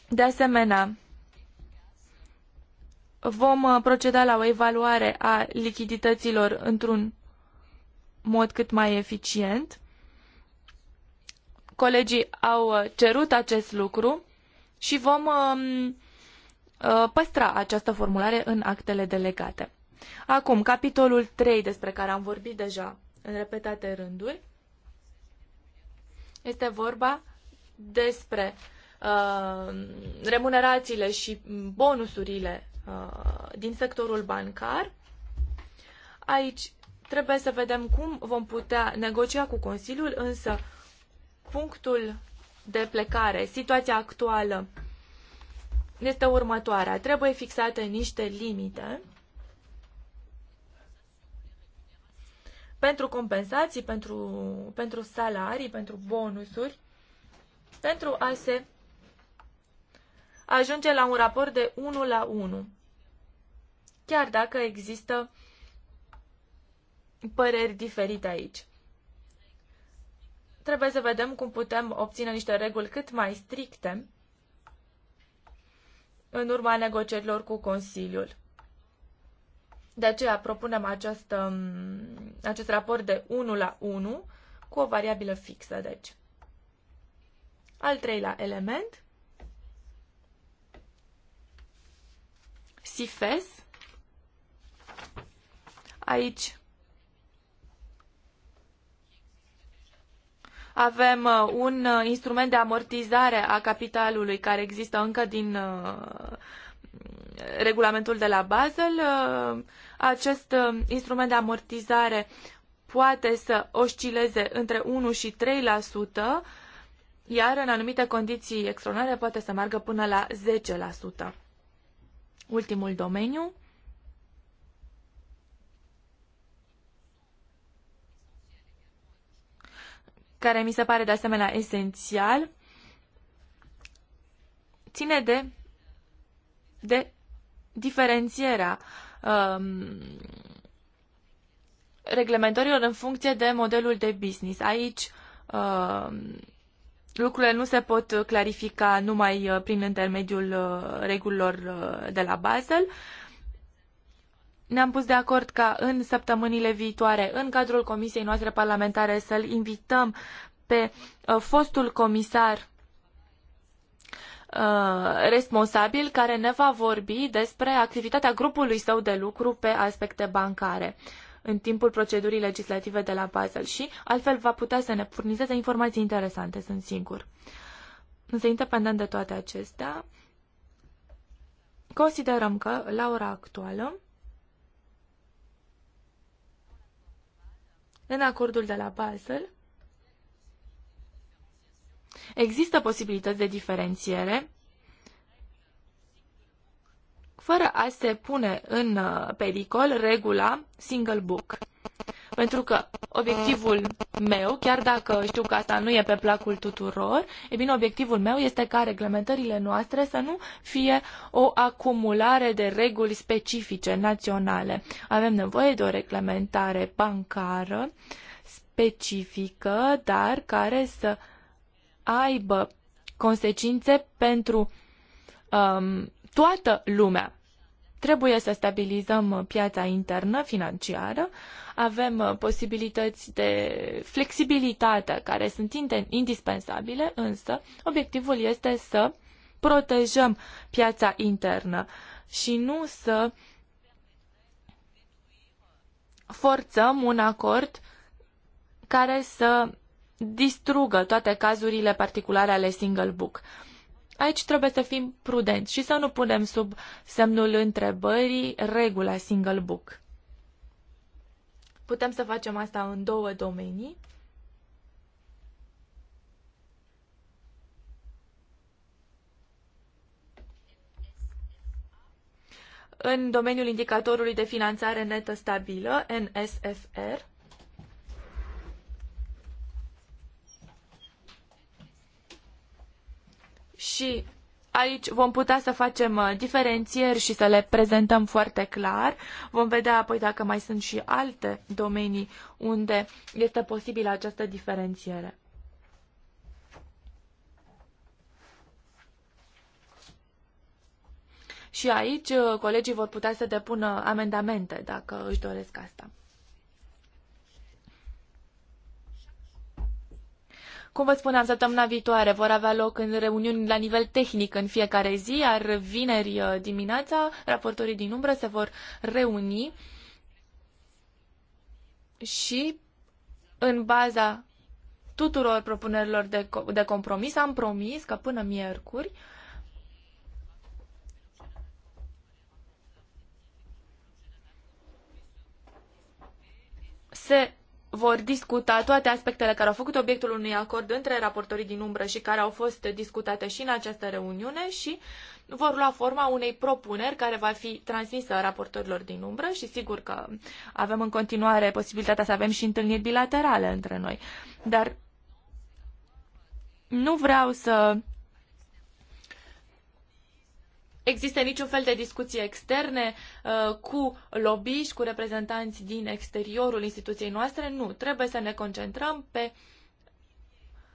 De asemenea, vom uh, proceda la o evaluare a lichidităților într-un mod cât mai eficient. Colegii au uh, cerut acest lucru și vom um, uh, păstra această formulare în actele delegate. Acum, capitolul 3 despre care am vorbit deja în repetate rânduri, este vorba despre uh, remunerațiile și bonusurile uh, din sectorul bancar. Aici trebuie să vedem cum vom putea negocia cu Consiliul, însă punctul de plecare. Situația actuală este următoarea. Trebuie fixate niște limite pentru compensații, pentru, pentru salarii, pentru bonusuri, pentru a se ajunge la un raport de 1 la 1. Chiar dacă există păreri diferite aici trebuie să vedem cum putem obține niște reguli cât mai stricte în urma negocierilor cu Consiliul. De aceea propunem această, acest raport de 1 la 1 cu o variabilă fixă, deci. Al treilea element, SIFES. Aici avem uh, un uh, instrument de amortizare a capitalului care există încă din uh, regulamentul de la Basel. Acest instrument de amortizare poate să oscileze între 1 și 3%, iar în anumite condiții extraordinare poate să meargă până la 10%. Ultimul domeniu care mi se pare de asemenea esențial, ține de, de diferențierea um, reglementărilor în funcție de modelul de business. Aici um, lucrurile nu se pot clarifica numai uh, prin intermediul uh, regulilor uh, de la Basel, ne-am pus de acord ca în săptămânile viitoare, în cadrul comisiei noastre parlamentare, să-l invităm pe uh, fostul comisar uh, responsabil care ne va vorbi despre activitatea grupului său de lucru pe aspecte bancare în timpul procedurii legislative de la Basel și altfel va putea să ne furnizeze informații interesante, sunt sigur. Însă, independent de toate acestea, considerăm că, la ora actuală, în acordul de la Basel există posibilități de diferențiere fără a se pune în uh, pericol regula single book. Pentru că obiectivul meu, chiar dacă știu că asta nu e pe placul tuturor, e bine, obiectivul meu este ca reglementările noastre să nu fie o acumulare de reguli specifice naționale. Avem nevoie de o reglementare bancară specifică, dar care să aibă consecințe pentru um, toată lumea Trebuie să stabilizăm uh, piața internă financiară, avem uh, posibilități de flexibilitate care sunt indispensabile, însă obiectivul este să protejăm piața internă și nu să forțăm un acord care să distrugă toate cazurile particulare ale single book. Aici trebuie să fim prudenți și să nu punem sub semnul întrebării regula single book. Putem să facem asta în două domenii. În domeniul indicatorului de finanțare netă stabilă, NSFR, și aici vom putea să facem uh, diferențieri și să le prezentăm foarte clar. Vom vedea apoi dacă mai sunt și alte domenii unde este posibilă această diferențiere. Și aici uh, colegii vor putea să depună amendamente dacă își doresc asta. Cum vă spuneam, săptămâna viitoare vor avea loc în reuniuni la nivel tehnic în fiecare zi, iar vineri uh, dimineața raportorii din umbră se vor reuni și în baza tuturor propunerilor de, de compromis am promis că până miercuri se vor discuta toate aspectele care au făcut obiectul unui acord între raportorii din umbră și care au fost discutate și în această reuniune și vor lua forma unei propuneri care va fi transmisă raportorilor din umbră și sigur că avem în continuare posibilitatea să avem și întâlniri bilaterale între noi. Dar nu vreau să existe niciun fel de discuții externe uh, cu lobbyiști, cu reprezentanți din exteriorul instituției noastre. Nu, trebuie să ne concentrăm pe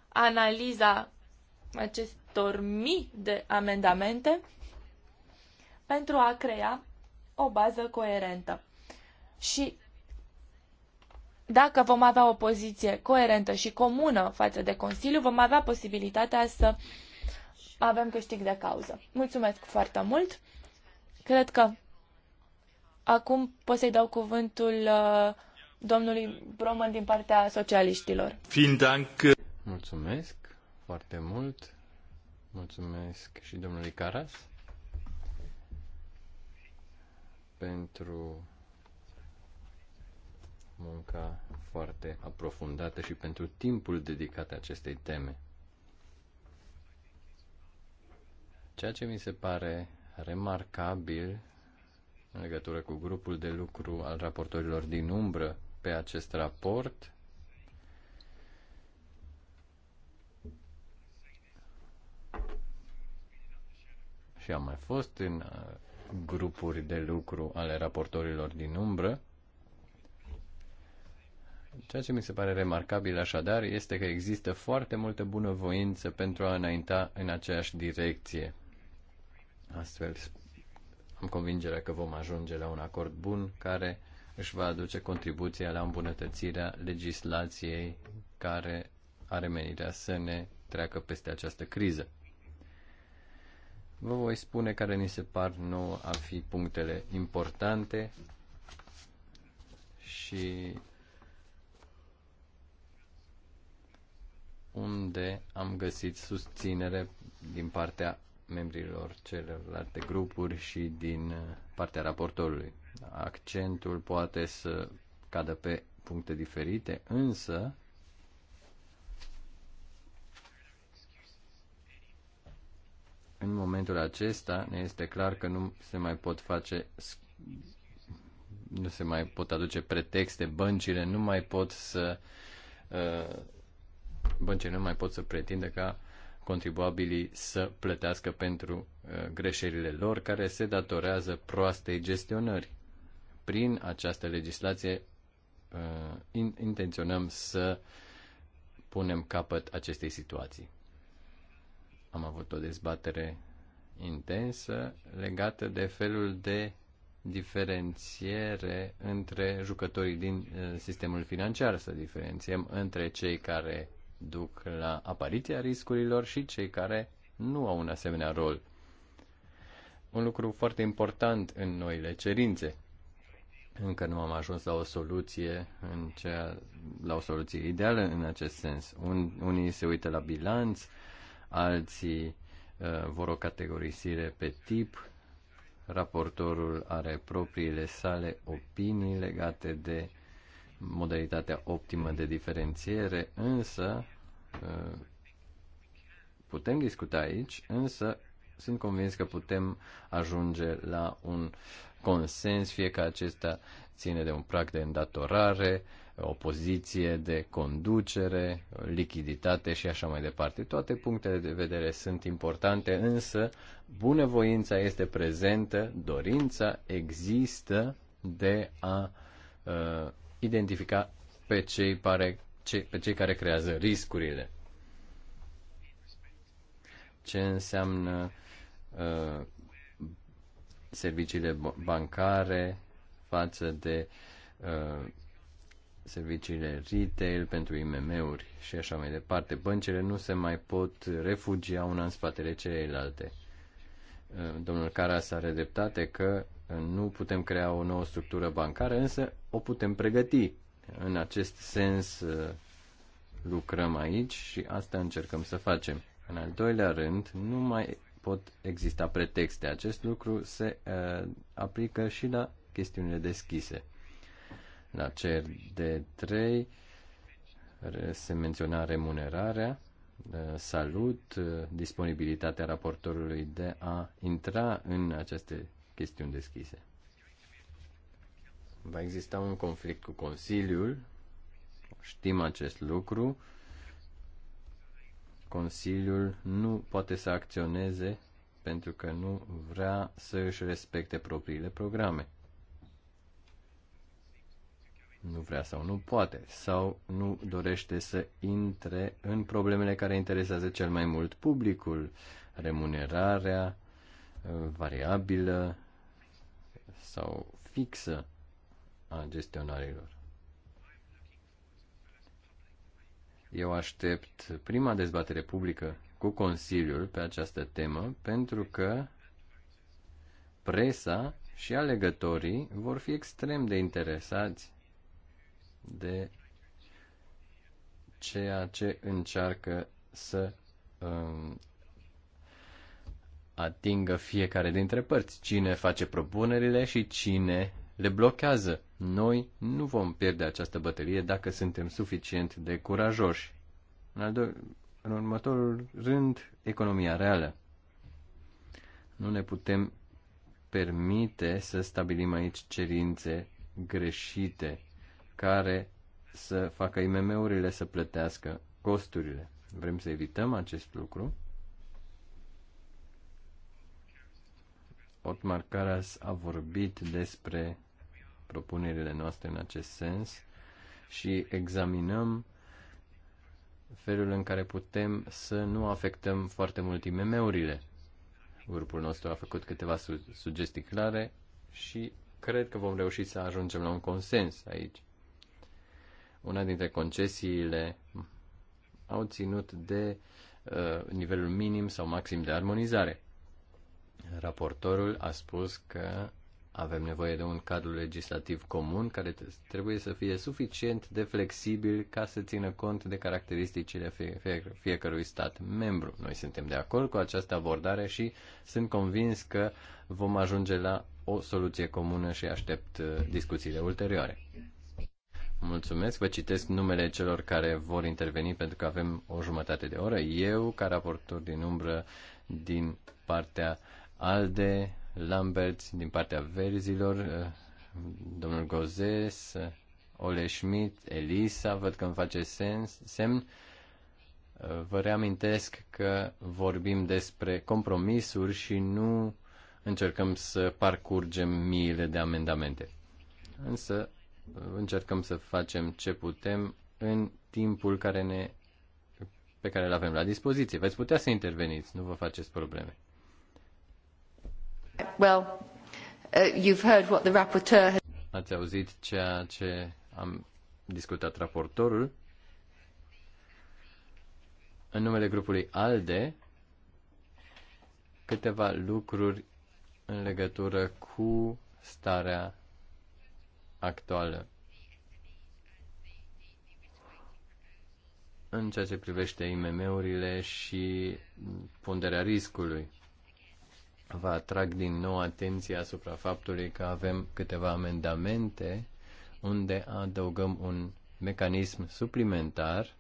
analiza acestor mii de amendamente pentru a crea o bază coerentă. Și dacă vom avea o poziție coerentă și comună față de Consiliu, vom avea posibilitatea să uh, avem câștig de cauză. Mulțumesc foarte mult! Cred că acum pot să-i dau cuvântul uh, domnului Broman din partea socialiștilor. Mulțumesc foarte mult! Mulțumesc și domnului Caras pentru munca foarte aprofundată și pentru timpul dedicat acestei teme. Ceea ce mi se pare remarcabil în legătură cu grupul de lucru al raportorilor din umbră pe acest raport și am mai fost în uh, grupuri de lucru ale raportorilor din umbră. Ceea ce mi se pare remarcabil așadar este că există foarte multă bunăvoință pentru a înainta în aceeași direcție. Astfel, am convingerea că vom ajunge la un acord bun care își va aduce contribuția la îmbunătățirea legislației care are menirea să ne treacă peste această criză. Vă voi spune care ni se par nouă a fi punctele importante și unde am găsit susținere din partea membrilor celorlalte grupuri și din uh, partea raportorului. Accentul poate să cadă pe puncte diferite, însă în momentul acesta ne este clar că nu se mai pot face nu se mai pot aduce pretexte, băncile nu mai pot să uh, băncile nu mai pot să pretindă ca contribuabilii să plătească pentru uh, greșelile lor care se datorează proastei gestionări. Prin această legislație uh, intenționăm să punem capăt acestei situații. Am avut o dezbatere intensă legată de felul de diferențiere între jucătorii din uh, sistemul financiar, să diferențiem între cei care duc la apariția riscurilor și cei care nu au un asemenea rol. Un lucru foarte important în noile cerințe. Încă nu am ajuns la o soluție, în cea, la o soluție ideală în acest sens. Un, unii se uită la bilanț, alții uh, vor o categorisire pe tip, raportorul are propriile sale opinii legate de uh, modalitatea optimă de diferențiere, însă uh, putem discuta aici, însă sunt convins că putem ajunge la un consens, fie că acesta ține de un prag de îndatorare, o poziție de conducere, lichiditate și așa mai departe. Toate punctele de vedere sunt importante, însă bunăvoința este prezentă, dorința există de a uh, identifica pe cei, pare, ce, pe cei care creează riscurile. Ce înseamnă uh, serviciile bancare față de uh, serviciile retail pentru IMM-uri și așa mai departe. Băncile nu se mai pot refugia una în spatele celelalte. Uh, domnul Caras are a că nu putem crea o nouă structură bancară, însă o putem pregăti. În acest sens uh, lucrăm aici și asta încercăm să facem. În al doilea rând, nu mai pot exista pretexte. Acest lucru se uh, aplică și la chestiunile deschise. La cer de 3 se menționa remunerarea, uh, salut uh, disponibilitatea raportorului de a intra în aceste chestiuni deschise. Va exista un conflict cu Consiliul, știm acest lucru. Consiliul nu poate să acționeze pentru că nu vrea să își respecte propriile programe. Nu vrea sau nu poate, sau nu dorește să intre în problemele care interesează cel mai mult publicul, remunerarea uh, variabilă, sau fixă a gestionarilor. Eu aștept prima dezbatere publică cu Consiliul pe această temă pentru că presa și alegătorii vor fi extrem de interesați de ceea ce încearcă să um, atingă fiecare dintre părți, cine face propunerile și cine le blochează. Noi nu vom pierde această bătălie dacă suntem suficient de curajoși. În, al în următorul rând, economia reală. Nu ne putem permite să stabilim aici cerințe greșite care să facă IMM-urile să plătească costurile. Vrem să evităm acest lucru Otmar Caras a vorbit despre propunerile noastre în acest sens și examinăm felul în care putem să nu afectăm foarte mult IMM-urile. Grupul nostru a făcut câteva su- sugestii clare și cred că vom reuși să ajungem la un consens aici. Una dintre concesiile au ținut de uh, nivelul minim sau maxim de armonizare. Raportorul a spus că avem nevoie de un cadru legislativ comun care trebuie să fie suficient de flexibil ca să țină cont de caracteristicile fie, fie, fiecărui stat membru. Noi suntem de acord cu această abordare și sunt convins că vom ajunge la o soluție comună și aștept uh, discuțiile ulterioare. Mulțumesc, vă citesc numele celor care vor interveni pentru că avem o jumătate de oră. Eu, ca raportor din umbră din partea uh, ALDE, Lambert din partea verzilor, eh, domnul Gozes, Ole Schmidt, Elisa, văd că îmi face sens, semn. Eh, vă reamintesc că vorbim despre compromisuri și nu încercăm să parcurgem miile de amendamente. Însă eh, încercăm să facem ce putem în timpul care ne, pe care îl avem la dispoziție. Veți putea să interveniți, nu vă faceți probleme. Well, uh, you've heard what the rapporteur has... Ați auzit ceea ce am discutat raportorul. În numele grupului ALDE, câteva lucruri în legătură cu starea actuală. În ceea ce privește IMM-urile și ponderea riscului vă atrag din nou atenția asupra faptului că avem câteva amendamente unde adăugăm un mecanism suplimentar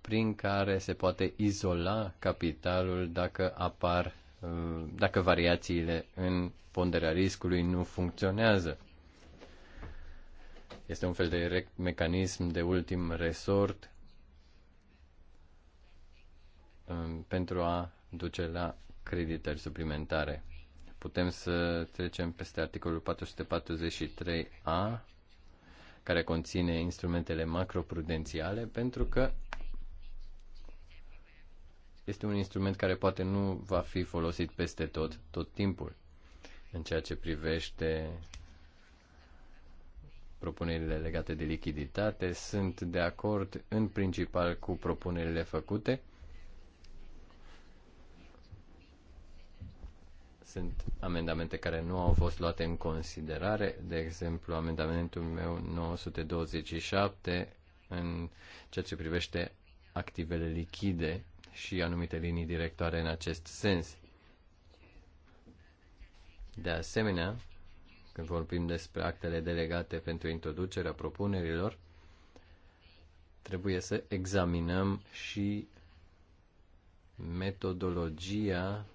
prin care se poate izola capitalul dacă apar dacă variațiile în ponderea riscului nu funcționează. Este un fel de mecanism de ultim resort um, pentru a duce la creditări suplimentare. Putem să trecem peste articolul 443a, care conține instrumentele macroprudențiale, pentru că este un instrument care poate nu va fi folosit peste tot, tot timpul, în ceea ce privește propunerile legate de lichiditate, sunt de acord în principal cu propunerile făcute Sunt amendamente care nu au fost luate în considerare, de exemplu amendamentul meu 927 în ceea ce privește activele lichide și anumite linii directoare în acest sens. De asemenea, când vorbim despre actele delegate pentru introducerea propunerilor, trebuie să examinăm și metodologia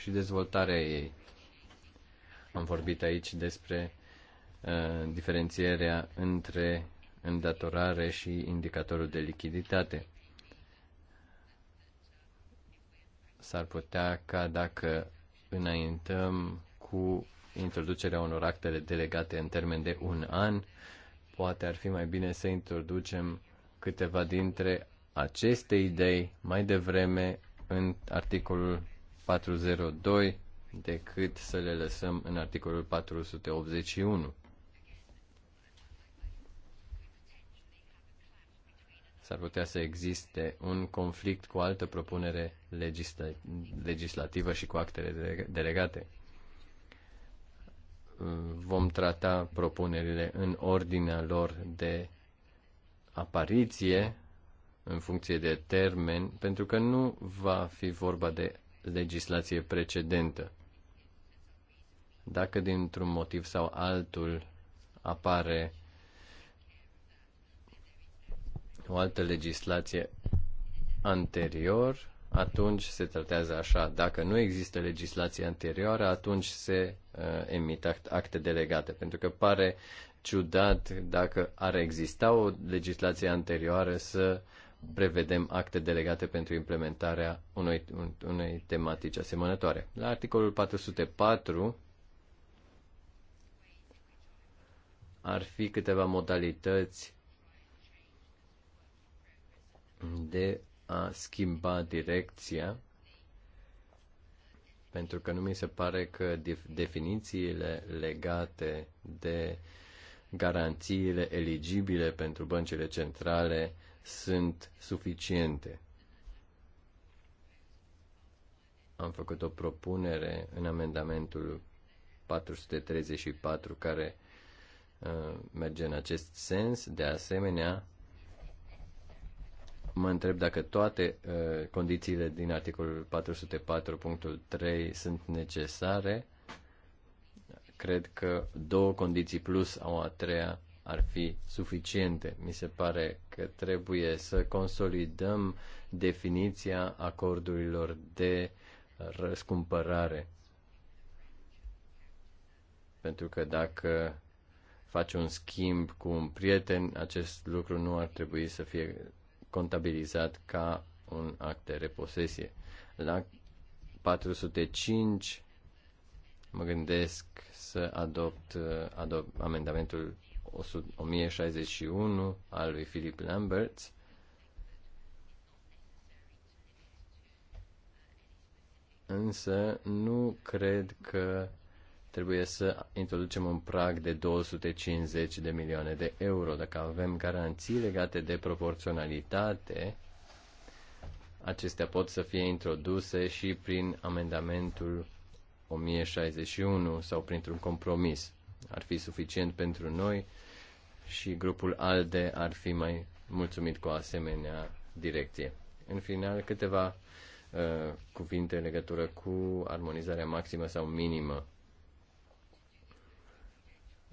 și dezvoltarea ei. Am vorbit aici despre uh, diferențierea între îndatorare și indicatorul de lichiditate. S-ar putea ca dacă înaintăm cu introducerea unor actele delegate în termen de un an, poate ar fi mai bine să introducem câteva dintre aceste idei mai devreme în articolul 402 decât să le lăsăm în articolul 481. S-ar putea să existe un conflict cu altă propunere legisla- legislativă și cu actele delegate. Vom trata propunerile în ordinea lor de apariție, în funcție de termen, pentru că nu va fi vorba de legislație precedentă. Dacă dintr-un motiv sau altul apare o altă legislație anterior, atunci se tratează așa. Dacă nu există legislație anterioară, atunci se uh, emit act, acte delegate. Pentru că pare ciudat dacă ar exista o legislație anterioară să uh, prevedem acte delegate pentru implementarea unei, unei tematici asemănătoare. La articolul 404 ar fi câteva modalități de a schimba direcția, pentru că nu mi se pare că definițiile legate de garanțiile eligibile pentru băncile centrale sunt suficiente. Am făcut o propunere în amendamentul 434 care uh, merge în acest sens. De asemenea, mă întreb dacă toate uh, condițiile din articolul 404.3 sunt necesare. Cred că două condiții plus au a treia ar fi suficiente. Mi se pare că trebuie să consolidăm definiția acordurilor de uh, răscumpărare. Pentru că dacă faci un schimb cu un prieten, acest lucru nu ar trebui să fie contabilizat ca un act de reposesie. La 405 mă gândesc să adopt, uh, adopt amendamentul 1061 al lui Philip Lambert însă nu cred că trebuie să introducem un prag de 250 de milioane de euro. Dacă avem garanții legate de proporționalitate, acestea pot să fie introduse și prin amendamentul 1061 sau printr-un compromis ar fi suficient pentru noi și grupul ALDE ar fi mai mulțumit cu o asemenea direcție. În final, câteva uh, cuvinte în legătură cu armonizarea maximă sau minimă.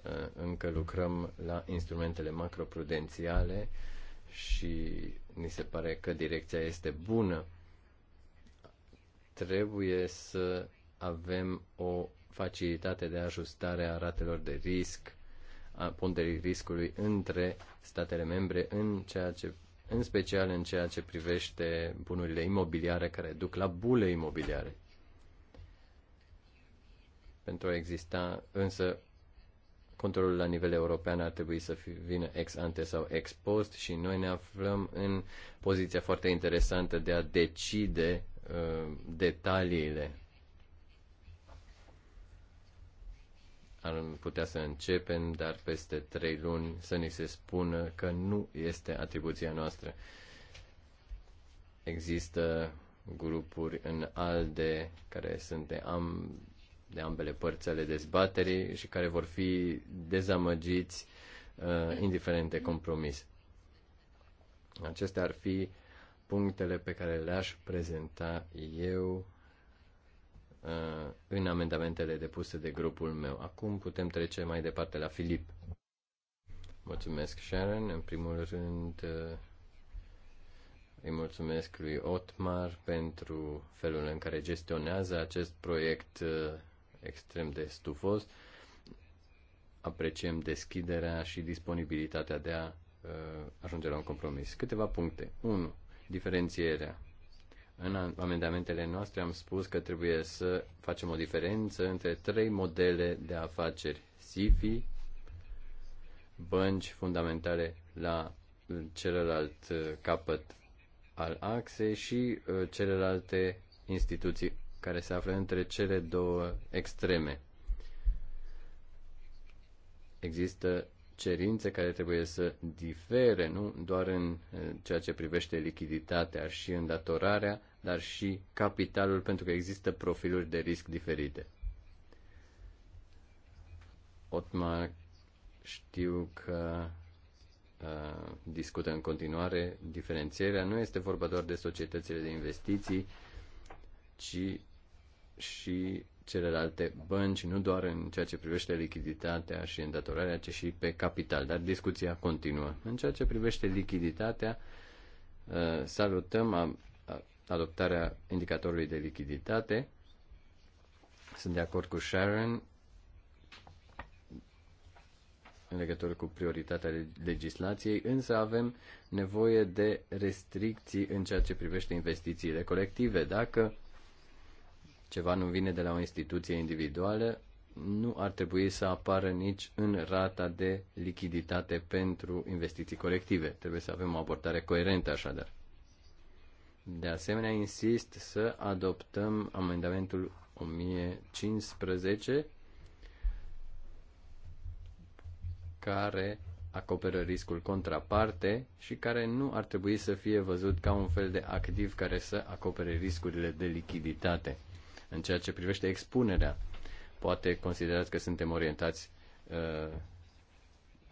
Uh, încă lucrăm la instrumentele macroprudențiale și ni se pare că direcția este bună. Trebuie să avem o facilitate de ajustare a ratelor de risc, a ponderii riscului între statele membre, în, ceea ce, în special în ceea ce privește bunurile imobiliare care duc la bule imobiliare. Pentru a exista, însă, controlul la nivel european ar trebui să fie, vină ex ante sau ex post și noi ne aflăm în poziția foarte interesantă de a decide uh, detaliile ar putea să începem, dar peste trei luni să ni se spună că nu este atribuția noastră. Există grupuri în ALDE care sunt de, am, de ambele părți ale dezbaterii și care vor fi dezamăgiți uh, indiferent de compromis. Acestea ar fi punctele pe care le-aș prezenta eu Uh, în amendamentele depuse de grupul meu. Acum putem trece mai departe la Filip. Mulțumesc, Sharon. În primul rând, uh, îi mulțumesc lui Otmar pentru felul în care gestionează acest proiect uh, extrem de stufos. Apreciem deschiderea și disponibilitatea de a ajunge la un compromis. Câteva puncte. 1. Diferențierea. În amendamentele noastre am spus că trebuie să facem o diferență între trei modele de afaceri. SIFI, bănci fundamentale la celălalt uh, capăt al axei și uh, celelalte instituții care se află între cele două extreme. Există cerințe care trebuie să difere, nu doar în eh, ceea ce privește lichiditatea și îndatorarea, dar și capitalul, pentru că există profiluri de risc diferite. Otmar știu că uh, discută în continuare diferențierea. Nu este vorba doar de societățile de investiții, ci și celelalte bănci, nu doar în ceea ce privește lichiditatea și îndatorarea, ci și pe capital. Dar discuția continuă. În ceea ce privește lichiditatea, uh, salutăm adoptarea indicatorului de lichiditate. Sunt de acord cu Sharon în legătură cu prioritatea legislației, însă avem nevoie de restricții în ceea ce privește investițiile colective. Dacă ceva nu vine de la o instituție individuală, nu ar trebui să apară nici în rata de lichiditate pentru investiții colective. Trebuie să avem o abordare coerentă așadar. De asemenea, insist să adoptăm amendamentul 1015 care acoperă riscul contraparte și care nu ar trebui să fie văzut ca un fel de activ care să acopere riscurile de lichiditate. În ceea ce privește expunerea, poate considerați că suntem orientați uh,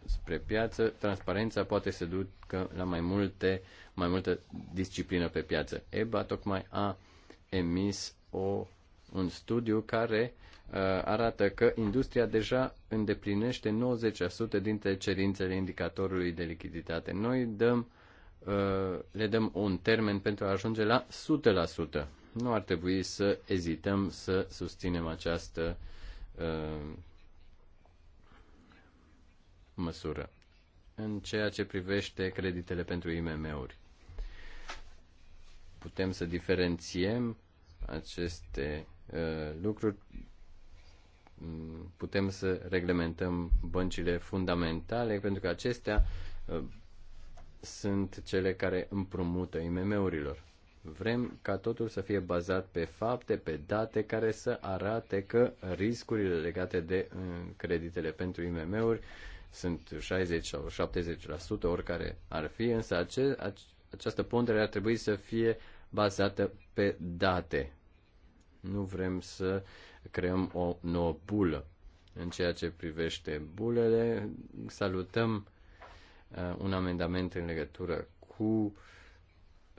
spre piață, transparența poate să ducă la mai multe, mai multă disciplină pe piață. EBA tocmai a emis o, un studiu care uh, arată că industria deja îndeplinește 90% dintre cerințele indicatorului de lichiditate. Noi dăm, uh, le dăm un termen pentru a ajunge la 100% nu ar trebui să ezităm să susținem această uh, măsură. În ceea ce privește creditele pentru IMM-uri, putem să diferențiem aceste uh, lucruri, mm, putem să reglementăm băncile fundamentale, pentru că acestea uh, sunt cele care împrumută IMM-urilor Vrem ca totul să fie bazat pe fapte, pe date care să arate că riscurile legate de uh, creditele pentru IMM-uri sunt 60 sau 70%, oricare ar fi, însă ace- această pondere ar trebui să fie bazată pe date. Nu vrem să creăm o nouă bulă. În ceea ce privește bulele, salutăm uh, un amendament în legătură cu uh,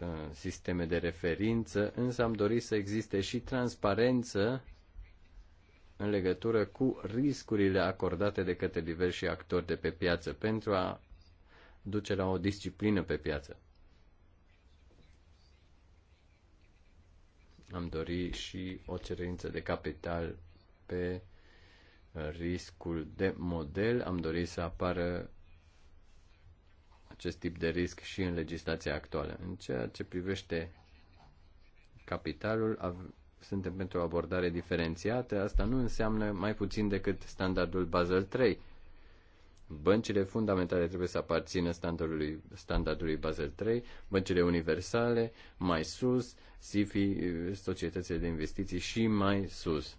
Uh, sisteme de referință, însă am dorit să existe și transparență în legătură cu riscurile acordate de către diversi actori de pe piață pentru a duce la o disciplină pe piață. Am dorit și o cerință de capital pe uh, riscul de model. Am dorit să apară acest tip de risc și în legislația actuală. În ceea ce privește capitalul, suntem pentru o abordare diferențiată. Asta nu înseamnă mai puțin decât standardul Basel 3. Băncile fundamentale trebuie să aparțină standardului, standardului Basel 3, băncile universale, mai sus, SIFI, societățile de investiții și mai sus.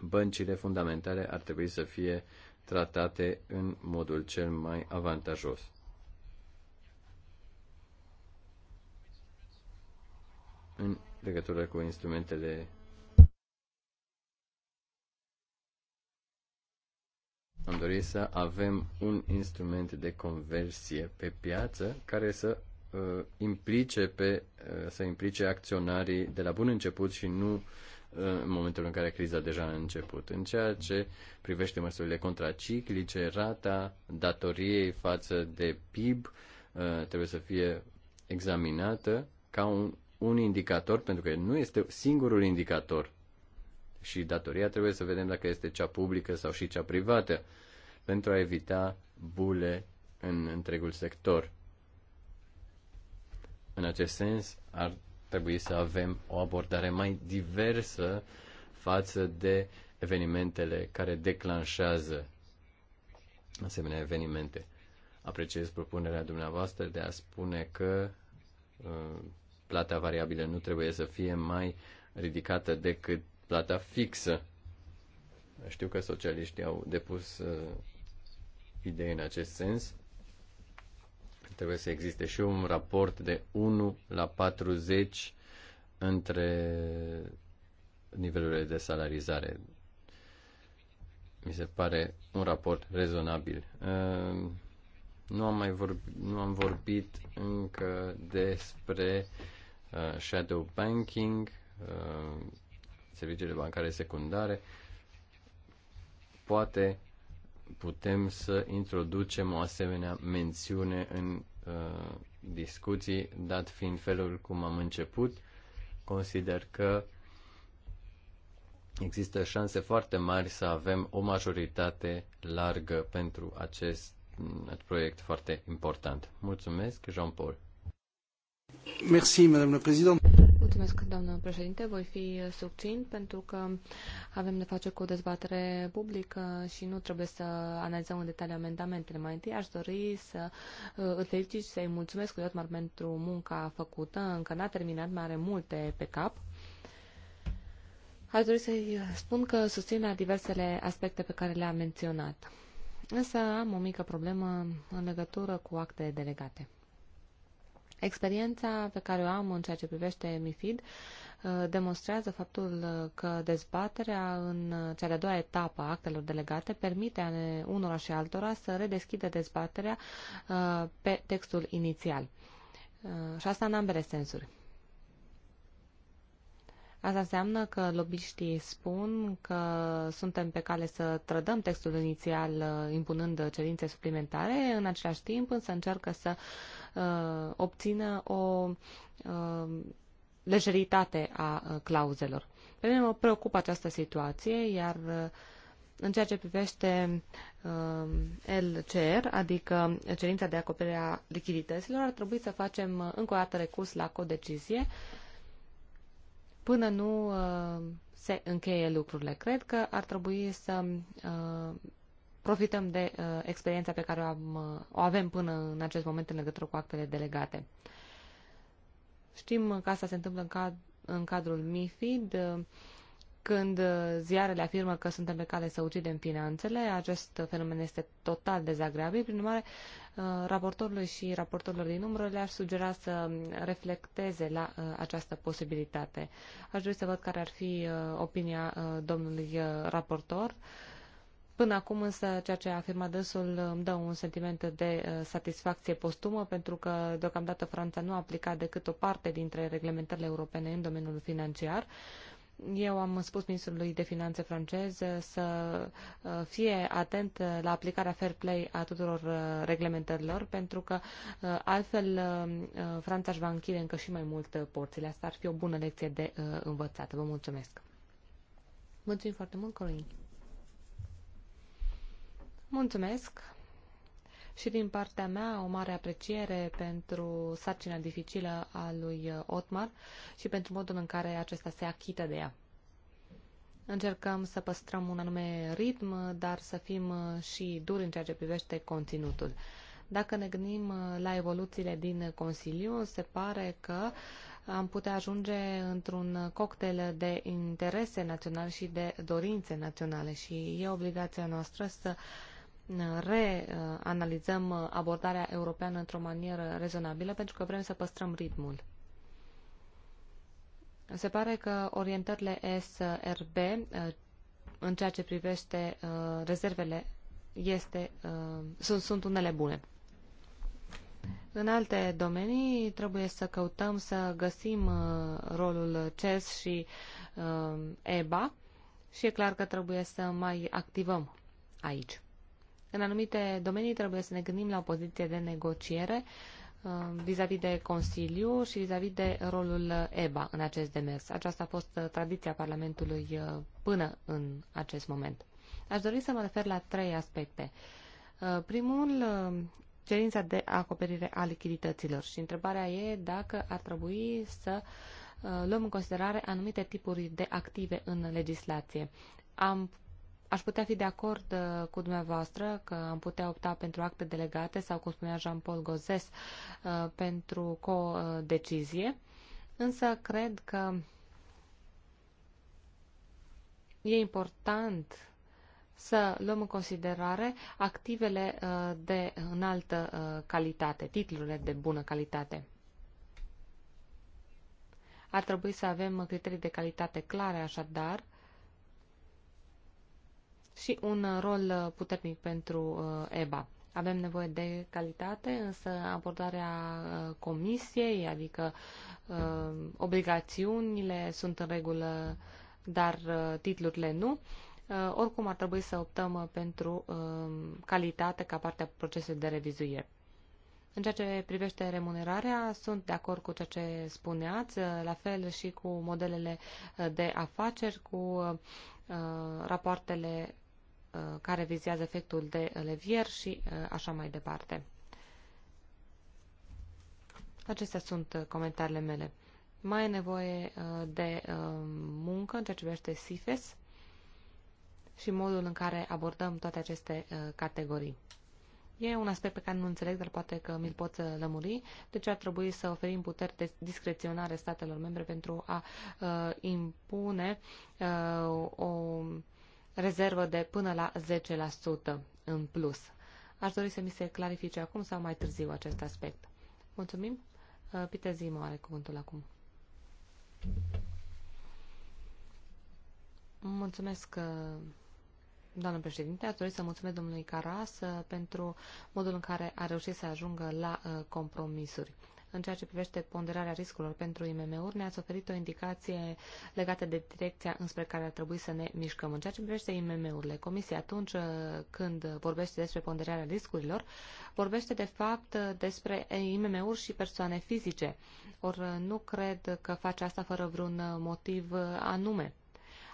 Băncile fundamentale ar trebui să fie uh, tratate în modul cel mai avantajos. În legătură cu instrumentele Am dorit să avem un instrument de conversie pe piață care să uh, implice pe, uh, să implice acționarii de la bun început și nu în momentul în care criza deja a început. În ceea ce privește măsurile contraciclice, rata datoriei față de PIB uh, trebuie să fie examinată ca un, un indicator, pentru că nu este singurul indicator. Și datoria trebuie să vedem dacă este cea publică sau și cea privată, pentru a evita bule în întregul sector. În acest sens, ar trebui să avem o abordare mai diversă față de evenimentele care declanșează asemenea evenimente. Apreciez propunerea dumneavoastră de a spune că uh, plata variabilă nu trebuie să fie mai ridicată decât plata fixă. Știu că socialiștii au depus uh, idei în acest sens trebuie să existe și un raport de 1 la 40 între nivelurile de salarizare. Mi se pare un raport rezonabil. Ehm, nu am mai vorbit, nu am vorbit încă despre eh, shadow banking, ehm, serviciile bancare secundare. Poate putem să introducem o asemenea mențiune în uh, discuții, dat fiind felul cum am început, consider că există șanse foarte mari să avem o majoritate largă pentru acest, acest proiect foarte important. Mulțumesc, Jean-Paul. Merci, Madame la Présidente. Mulțumesc, doamnă președinte. Voi fi uh, succint pentru că avem de face cu o dezbatere publică și nu trebuie să analizăm în detaliu amendamentele. Mai întâi aș dori să uh, îl felicit și să-i mulțumesc cu Iotmar pentru munca făcută. Încă n-a terminat, mai are multe pe cap. Aș dori să-i uh, spun că susțin diversele aspecte pe care le-a menționat. Însă am o mică problemă în legătură cu actele delegate. Experiența pe care o am în ceea ce privește MIFID uh, demonstrează faptul uh, că dezbaterea în uh, cea de-a doua etapă a actelor delegate permite unora și altora să redeschidă dezbaterea pe textul inițial. Și asta în ambele sensuri. Asta înseamnă că lobiștii spun că suntem pe cale să trădăm textul inițial uh, impunând cerințe suplimentare, în același timp însă încearcă să uh, obțină o uh, lejeritate a uh, clauzelor. Pe mine mă preocupă această situație, iar uh, în ceea ce privește uh, LCR, adică cerința de acoperire a lichidităților, ar trebui să facem uh, încă o dată recurs la codecizie uh, până nu uh, se încheie lucrurile. Cred că ar trebui să uh, profităm de uh, experiența pe care o, am, uh, o avem până în acest moment în legătură cu actele delegate. Știm că asta se întâmplă în, cad- în cadrul MIFID, uh, când uh, ziarele afirmă că suntem pe cale să ucidem finanțele. Acest fenomen este total dezagreabil. Prin urmare, Uh, raportorului și raportorilor din umbră le-aș sugera să reflecteze la uh, această posibilitate. Aș dori să văd care ar fi uh, opinia domnului raportor. Până acum însă ceea ce a afirmat dânsul îmi dă un sentiment de satisfacție postumă pentru că deocamdată Franța nu a aplicat decât o parte dintre reglementările europene în domeniul financiar eu am spus ministrului de finanțe francez să uh, fie atent la aplicarea fair play a tuturor uh, reglementărilor, pentru că uh, altfel Franța își va închide încă și mai mult porțile. Asta ar fi o bună lecție de învățat. Vă mulțumesc! Mulțumim foarte mult, Corin! Mulțumesc! și din partea mea o mare apreciere pentru sarcina dificilă a lui uh, Otmar și pentru modul în care acesta se achită de ea. Încercăm să păstrăm un anume ritm, dar să fim uh, și duri în ceea ce privește conținutul. Dacă ne gândim uh, la evoluțiile din Consiliu, se pare că am putea ajunge într-un cocktail de interese naționale și de dorințe naționale și e obligația noastră să uh, reanalizăm uh, abordarea europeană într-o manieră rezonabilă, pentru că vrem să păstrăm ritmul. Se pare că orientările SRB uh, în ceea ce privește uh, rezervele este, sunt, sunt unele bune. În alte domenii trebuie să căutăm să găsim rolul CES și EBA și e clar că trebuie să mai activăm aici. În anumite domenii trebuie să ne gândim la o poziție de negociere uh, vis-a-vis -vis de Consiliu și vis-a-vis -vis de rolul EBA în acest demers. Aceasta a fost uh, tradiția Parlamentului uh, până în acest moment. Aș dori să mă refer la trei aspecte. Primul, cerința de acoperire a lichidităților și întrebarea e dacă ar trebui să luăm în considerare anumite tipuri de active în legislație. Am Aș putea fi de acord uh, cu dumneavoastră că am putea opta pentru acte delegate sau, cum spunea Jean-Paul Gozes, uh, pentru co-decizie, uh, însă cred că e important să luăm în considerare activele de înaltă calitate, titlurile de bună calitate. Ar trebui să avem criterii de calitate clare, așadar, și un rol uh, puternic pentru uh, EBA. Avem nevoie de calitate, însă abordarea uh, comisiei, adică obligațiunile sunt în regulă, dar titlurile nu. Oricum ar trebui să optăm pentru calitate ca parte a procesului de revizuire. În ceea ce privește remunerarea, sunt de acord cu ceea ce spuneați, la fel și cu modelele de afaceri, cu rapoartele Uh, care vizează efectul de levier și uh, așa mai departe. Acestea sunt uh, comentariile mele. Mai e nevoie de muncă în ceea ce privește SIFES și modul în care abordăm toate aceste categorii. E un aspect pe care nu înțeleg, dar poate că mi-l pot lămuri. De ce ar trebui să oferim puteri de discreționare statelor membre pentru a uh, impune uh, o rezervă de până la 10% în plus. Aș dori să mi se clarifice acum sau mai târziu acest aspect. Mulțumim. Uh, Peter Zimo are cuvântul acum. Mulțumesc, uh, doamnă președinte. Aș dori să mulțumesc domnului Caras uh, pentru modul în care a reușit să ajungă la compromisuri în ceea ce privește ponderarea riscurilor pentru IMM-uri, ne-ați oferit o indicație legată de direcția înspre care ar trebui să ne mișcăm. În ceea ce privește IMM-urile, Comisia atunci uh, când vorbește despre ponderarea riscurilor, vorbește de fapt uh, despre IMM-uri și persoane fizice. Ori uh, nu cred că face asta fără vreun motiv anume.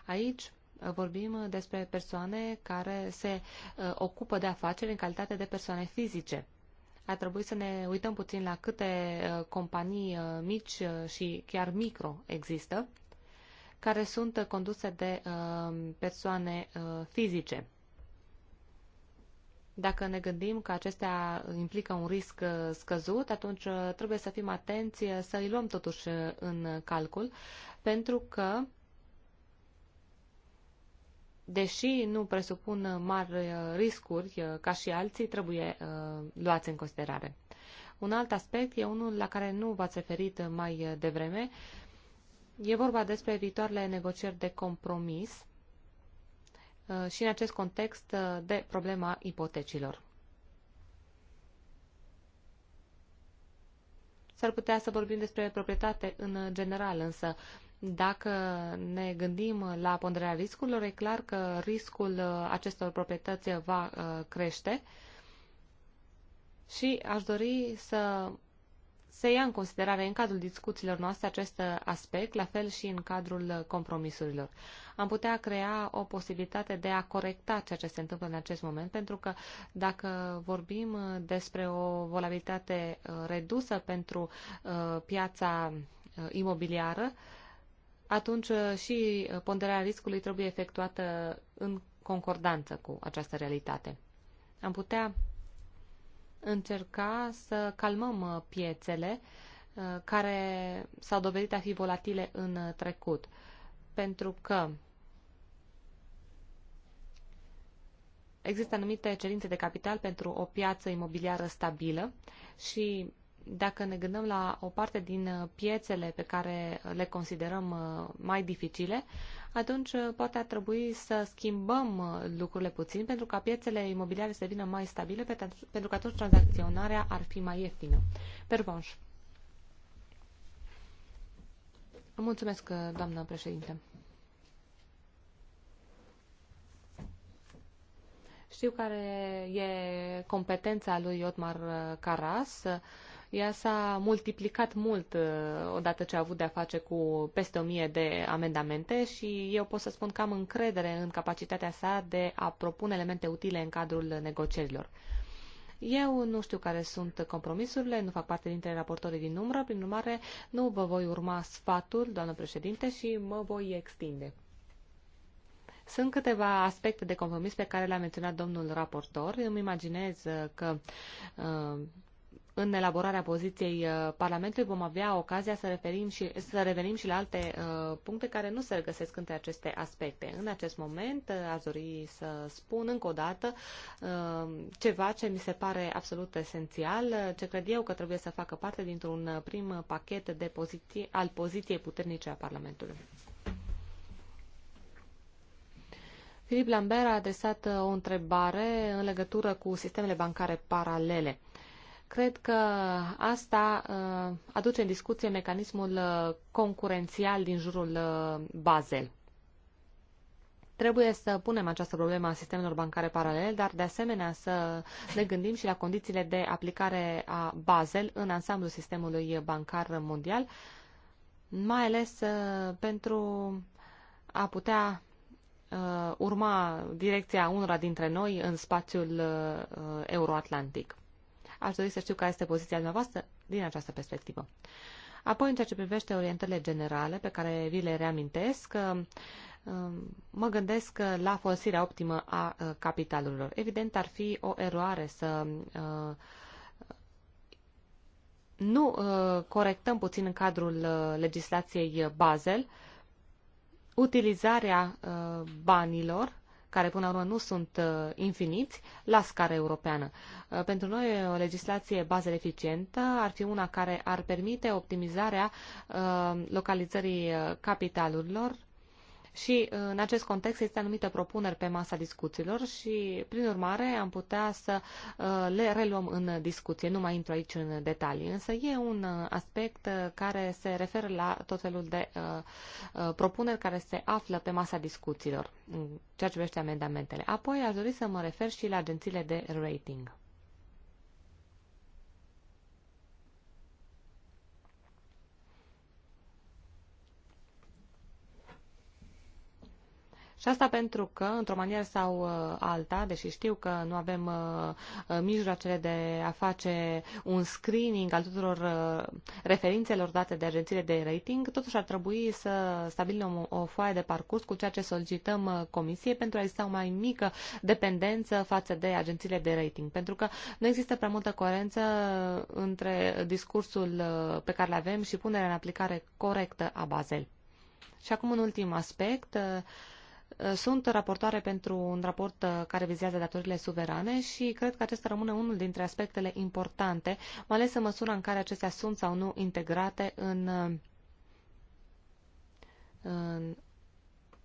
Aici vorbim despre persoane care se ocupă de afaceri în calitate de persoane fizice ar trebui să ne uităm puțin la câte uh, companii uh, mici uh, și chiar micro există, care sunt conduse de persoane fizice. Dacă ne gândim că acestea implică un risc scăzut, atunci trebuie să fim atenți să îi luăm totuși în calcul, pentru că deși nu presupun mari uh, riscuri uh, ca și alții, trebuie uh, luați în considerare. Un alt aspect e unul la care nu v-ați referit mai devreme. E vorba despre viitoarele negocieri de compromis și în acest context de problema ipotecilor. S-ar putea să vorbim despre proprietate în general, însă dacă ne gândim la ponderea riscurilor, e clar că riscul uh, acestor proprietăți va uh, crește și aș dori să se ia în considerare în cadrul discuțiilor noastre acest uh, aspect, la fel și în cadrul compromisurilor. Am putea crea o posibilitate de a corecta ceea ce se întâmplă în acest moment, pentru că dacă vorbim despre o volabilitate redusă pentru piața imobiliară, atunci uh, și uh, ponderarea riscului trebuie efectuată în concordanță cu această realitate. Am putea încerca să calmăm uh, piețele care s-au dovedit a fi volatile în trecut, pentru că există anumite cerințe de capital pentru o piață imobiliară stabilă și dacă ne gândim la o parte din uh, piețele pe care uh, le considerăm uh, mai dificile, atunci poate ar trebui să schimbăm lucrurile puțin pentru ca piețele imobiliare să devină mai stabile, pentru că atunci tranzacționarea ar fi mai ieftină. Pervonș. Mulțumesc, doamnă președinte. Știu care e competența lui Otmar Caras ea s-a multiplicat mult uh, odată ce a avut de-a face cu peste 1000 de amendamente și eu pot să spun că am încredere în capacitatea sa de a propune elemente utile în cadrul negocierilor. Eu nu știu care sunt compromisurile, nu fac parte dintre raportorii din umbră, prin urmare nu vă voi urma sfatul, doamnă președinte, și mă voi extinde. Sunt câteva aspecte de compromis pe care le-a menționat domnul raportor. Eu îmi imaginez că uh, în elaborarea poziției uh, Parlamentului vom avea ocazia să, referim și, să revenim și la alte uh, puncte care nu se regăsesc între aceste aspecte. În acest moment uh, aș dori să spun încă o dată uh, ceva ce mi se pare absolut esențial, uh, ce cred eu că trebuie să facă parte dintr-un uh, prim pachet de poziție, al poziției puternice a Parlamentului. Filip Lambert a adresat o întrebare în legătură cu sistemele bancare paralele. Cred că asta uh, aduce în discuție mecanismul uh, concurențial din jurul uh, Basel. Trebuie să punem această problemă a sistemelor bancare paralele, dar de asemenea să ne gândim și la condițiile de aplicare a Basel în ansamblul sistemului bancar mondial, mai ales pentru a putea urma direcția unora dintre noi în spațiul euroatlantic. Aș dori să știu care este poziția dumneavoastră din această perspectivă. Apoi, în ceea ce privește orientările generale, pe care vi le reamintesc, uh, uh, mă gândesc la folosirea optimă a uh, capitalurilor. Evident, ar fi o eroare să nu corectăm puțin în cadrul legislației Basel utilizarea banilor care până la urmă nu sunt uh, infiniți, la scară europeană. Uh, pentru noi, o legislație bază eficientă ar fi una care ar permite optimizarea uh, localizării capitalurilor și uh, în acest context este anumite propuneri pe masa discuțiilor și, prin urmare, am putea să uh, le reluăm în discuție. Nu mai intru aici în detalii, însă e un uh, aspect care se referă la tot felul de propuneri care se află pe masa discuțiilor, ceea ce privește amendamentele. Apoi aș dori să mă refer și la agențiile de rating. Și asta pentru că, într-o manieră sau uh, alta, deși știu că nu avem uh, uh, mijloacele de a face un screening al tuturor referințelor date de agențiile de rating, totuși ar trebui să stabilim o, foaie de parcurs cu ceea ce solicităm comisiei pentru a exista o mai mică dependență față de agențiile de rating. Pentru că nu există prea multă coerență între discursul pe care le avem și punerea în aplicare corectă a Basel. Și acum un ultim aspect. Uh, Uh, sunt raportoare pentru un raport uh, care vizează datorile suverane și cred că acesta rămâne unul dintre aspectele importante, mai ales în măsura în care acestea sunt sau nu integrate în, uh, în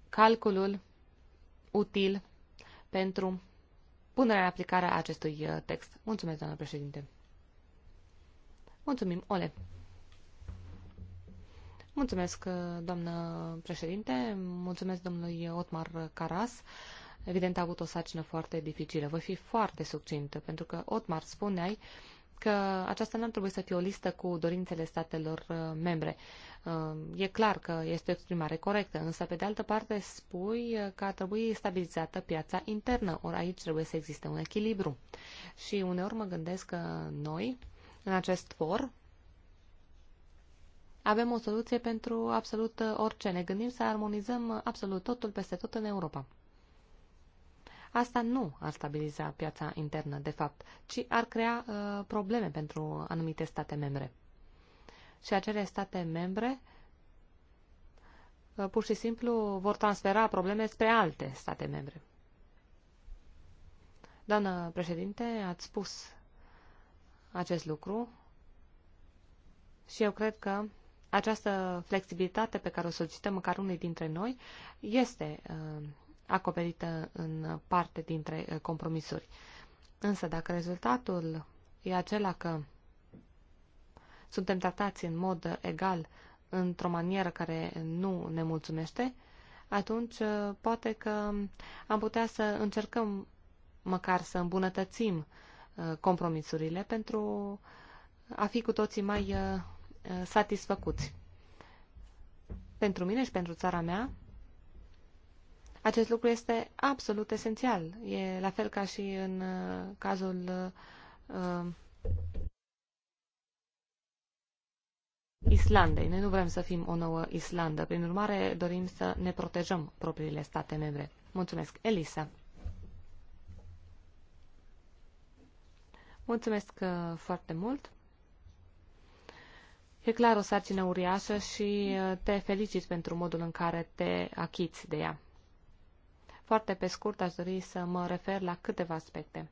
calculul util pentru punerea în aplicare a acestui text. Mulțumesc, doamnă președinte. Mulțumim, Ole. Mulțumesc, uh, doamnă președinte, mulțumesc domnului Otmar Caras. Evident, a avut o sarcină foarte dificilă. Voi fi foarte succintă, pentru că, Otmar, spuneai că aceasta nu ar trebui să fie o listă cu dorințele statelor uh, membre. Uh, e clar că este o exprimare corectă, însă, pe de altă parte, spui că ar trebui stabilizată piața internă, ori aici trebuie să existe un echilibru. Și uneori mă gândesc că noi, în acest for, avem o soluție pentru absolut uh, orice. Ne gândim să armonizăm absolut totul peste tot în Europa. Asta nu ar stabiliza piața internă, de fapt, ci ar crea uh, probleme pentru anumite state membre. Și acele state membre uh, pur și simplu vor transfera probleme spre alte state membre. Doamnă președinte, ați spus acest lucru și eu cred că această flexibilitate pe care o solicităm, măcar unei dintre noi este uh, acoperită în parte dintre uh, compromisuri. Însă dacă rezultatul e acela că suntem tratați în mod egal într-o manieră care nu ne mulțumește, atunci uh, poate că am putea să încercăm măcar să îmbunătățim compromisurile pentru a fi cu toții mai Uh, satisfăcuți. Pentru mine și pentru țara mea, acest lucru este absolut esențial. E la fel ca și în uh, cazul uh, Islandei. Noi nu vrem să fim o nouă Islandă. Prin urmare, dorim să ne protejăm propriile state membre. Mulțumesc, Elisa. Mulțumesc uh, foarte mult. E clar o sarcină uriașă și uh, te felicit pentru modul în care te achiți de ea. Foarte pe scurt aș dori să mă refer la câteva aspecte.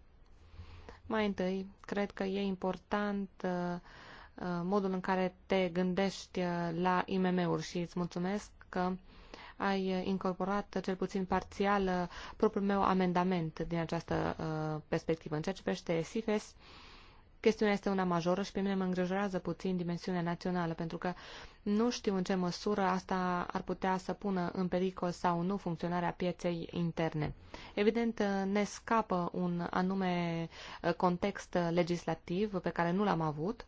Mai întâi, cred că e important uh, uh, modul în care te gândești la IMM-uri și îți mulțumesc că ai incorporat cel puțin parțial propriul meu amendament din această perspectivă. În ceea ce privește SIFES, Chestiunea este una majoră și pe mine mă îngrijorează puțin dimensiunea națională, pentru că nu știu în ce măsură asta ar putea să pună în pericol sau nu funcționarea pieței interne. Evident, ne scapă un anume context legislativ pe care nu l-am avut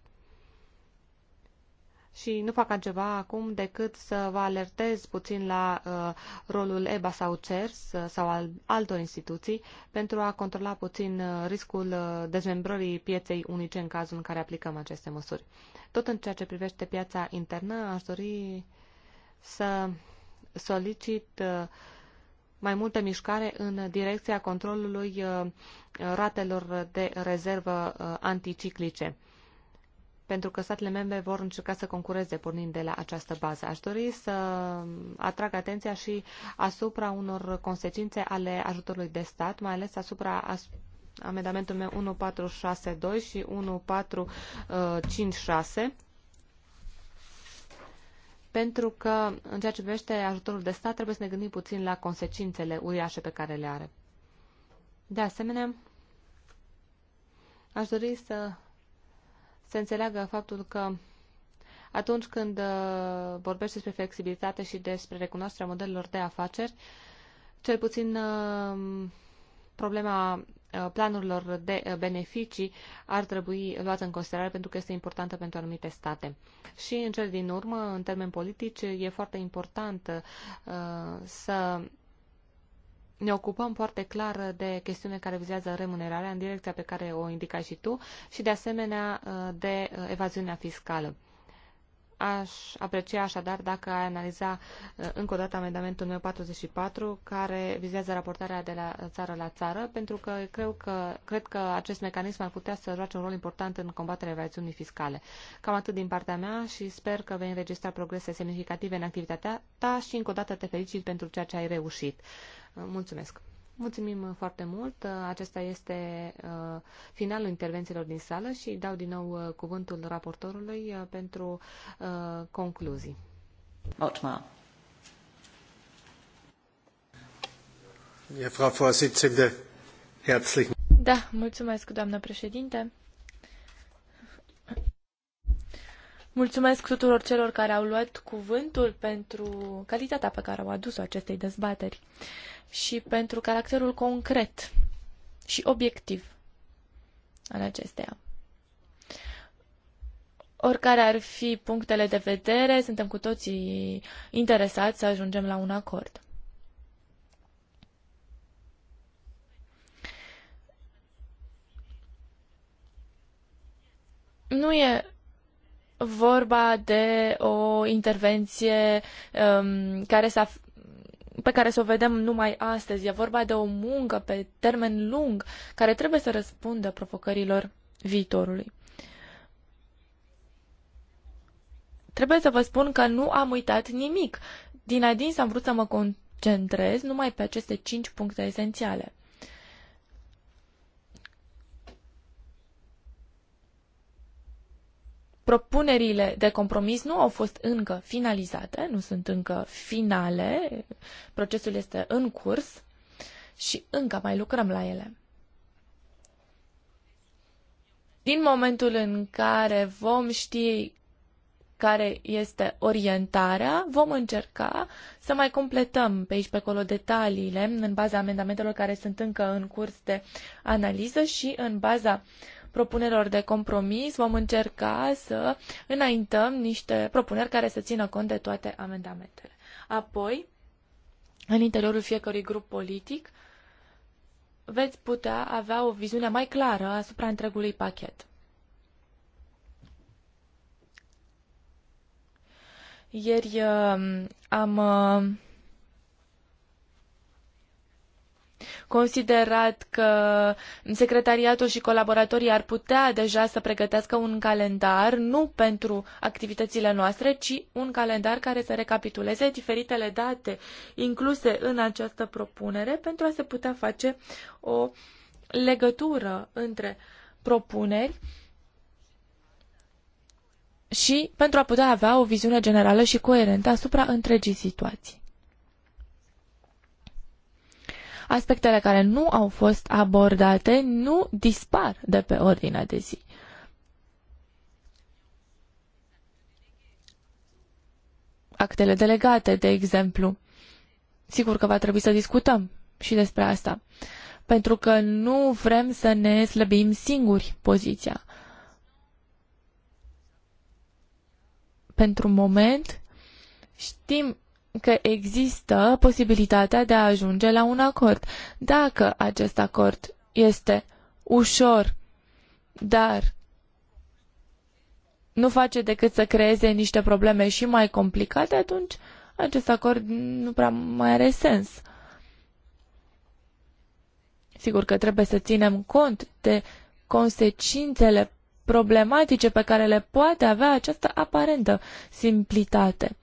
și nu fac altceva acum decât să vă alertez puțin la uh, rolul EBA sau CERS uh, sau al altor instituții pentru a controla puțin uh, riscul uh, dezmembrării pieței unice în cazul în care aplicăm aceste măsuri. Tot în ceea ce privește piața internă, aș dori să solicit uh, mai multă mișcare în direcția controlului uh, ratelor de rezervă anticiclice pentru că statele membre vor încerca să concureze pornind de la această bază. Aș dori să atrag atenția și asupra unor consecințe ale ajutorului de stat, mai ales asupra as amendamentului meu 1462 și 1456 uh, pentru că în ceea ce privește ajutorul de stat trebuie să ne gândim puțin la consecințele uriașe pe care le are. De asemenea, aș dori să se înțeleagă faptul că atunci când uh, vorbești despre flexibilitate și despre recunoașterea modelelor de afaceri, cel puțin uh, problema uh, planurilor de beneficii ar trebui luată în considerare pentru că este importantă pentru anumite state. Și în cel din urmă, în termeni politici, e foarte important să ne ocupăm foarte clar de chestiune care vizează remunerarea în direcția pe care o indicai și tu și de asemenea de evaziunea fiscală. Aș aprecia așadar dacă ai analiza încă o dată amendamentul meu 44 care vizează raportarea de la țară la țară pentru că cred că, cred că acest mecanism ar putea să joace un rol important în combaterea evaziunii fiscale. Cam atât din partea mea și sper că vei înregistra progrese semnificative în activitatea ta și încă o dată te felicit pentru ceea ce ai reușit. Mulțumesc! Mulțumim uh, foarte mult. Uh, acesta este uh, finalul intervențiilor din sală și dau din nou cuvântul raportorului pentru concluzii. Otmar. Da, mulțumesc, doamnă președinte. Mulțumesc tuturor celor care au luat cuvântul pentru calitatea pe care au adus-o acestei dezbateri și pentru caracterul concret și obiectiv al acesteia. Oricare ar fi punctele de vedere, suntem cu toții interesați să ajungem la un acord. Nu e vorba de o intervenție um, care s-a pe care să o vedem numai astăzi. E vorba de o muncă pe termen lung care trebuie să răspundă provocărilor viitorului. Trebuie să vă spun că nu am uitat nimic. Din adins am vrut să mă concentrez numai pe aceste cinci puncte esențiale. propunerile de compromis nu au fost încă finalizate, nu sunt încă finale, procesul este în curs și încă mai lucrăm la ele. Din momentul în care vom ști care este orientarea, vom încerca să mai completăm pe aici pe acolo detaliile în baza amendamentelor care sunt încă în curs de analiză și în baza uh, propunerilor de compromis vom încerca să înaintăm niște propuneri care să țină cont de toate amendamentele. Apoi, în interiorul fiecărui grup politic, veți putea avea o viziune mai clară asupra întregului pachet. Ieri uh, am uh, considerat că secretariatul și colaboratorii ar putea deja să pregătească un calendar, nu pentru activitățile noastre, ci un calendar care să recapituleze diferitele date incluse în această propunere pentru a se putea face o legătură între propuneri și pentru a putea avea o viziune generală și coerentă asupra întregii situații. aspectele care nu au fost abordate nu dispar de pe ordinea de zi. Actele delegate, de exemplu. Sigur că va trebui să discutăm și despre asta, pentru că nu vrem să ne slăbim singuri poziția. Pentru moment, știm că există posibilitatea de a ajunge la un acord. Dacă acest acord este ușor, dar nu face decât să creeze niște probleme și mai complicate, atunci acest acord nu prea mai are sens. Sigur că trebuie să ținem cont de consecințele problematice pe care le poate avea această aparentă simplitate.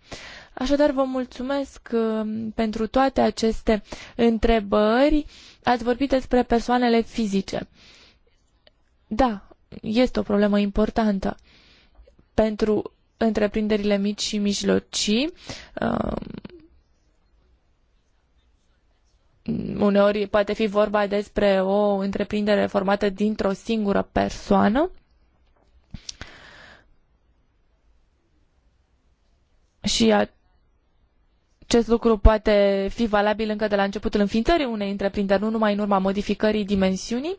Așadar, vă mulțumesc um, pentru toate aceste întrebări. Ați vorbit despre persoanele fizice. Da, este o problemă importantă pentru întreprinderile mici și mijlocii. Um, uneori poate fi vorba despre o întreprindere formată dintr-o singură persoană. Și a acest lucru poate fi valabil încă de la începutul înființării unei întreprinderi, nu numai în urma modificării dimensiunii.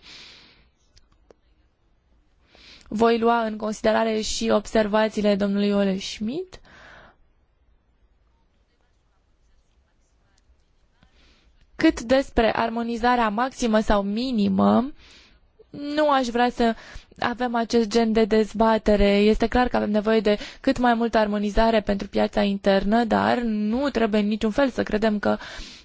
Voi lua în considerare și observațiile domnului Ole Schmidt. Cât despre armonizarea maximă sau minimă, uh, nu aș vrea să avem acest gen de dezbatere. Este clar că avem nevoie de cât mai multă armonizare pentru piața internă, dar nu trebuie în niciun fel să credem că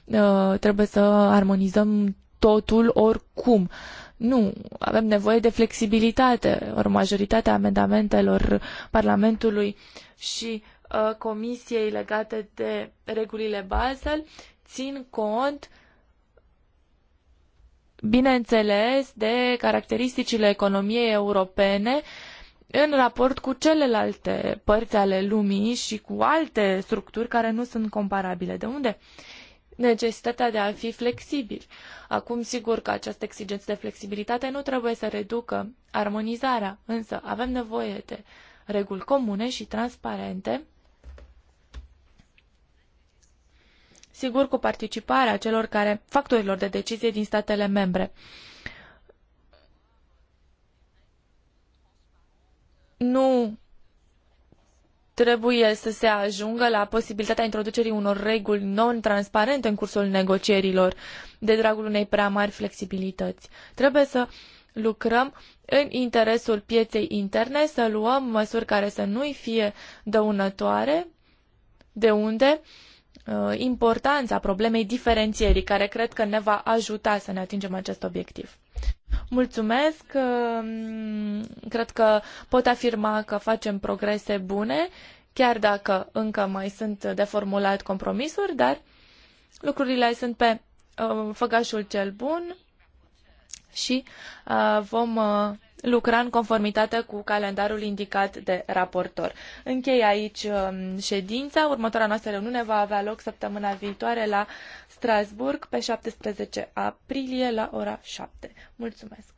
uh, trebuie să armonizăm totul oricum. Nu, avem nevoie de flexibilitate. Ori majoritatea amendamentelor Parlamentului și uh, Comisiei legate de regulile Basel țin cont uh, bineînțeles, de caracteristicile economiei europene în raport cu celelalte părți ale lumii și cu alte structuri care nu sunt comparabile. De unde? Necesitatea de a fi flexibil Acum, sigur că această exigență de flexibilitate nu trebuie să reducă armonizarea, însă avem nevoie de reguli comune și transparente sigur cu participarea celor care, factorilor de decizie din statele membre. Nu trebuie să se ajungă la posibilitatea introducerii unor reguli non-transparente în cursul negocierilor de dragul unei prea mari flexibilități. Trebuie să lucrăm în interesul pieței interne, să luăm măsuri care să nu-i fie dăunătoare, de unde uh, Uh, importanța problemei diferențierii, care cred că ne va ajuta să ne atingem acest obiectiv. Mulțumesc, um, cred că pot afirma că facem progrese bune, chiar dacă încă mai sunt de formulat compromisuri, dar lucrurile sunt pe uh, făgașul cel bun și uh, vom lucra în conformitate cu calendarul indicat de raportor. Închei aici um, ședința. Următoarea noastră reuniune va avea loc săptămâna viitoare la Strasburg pe 17 aprilie la ora 7. Mulțumesc!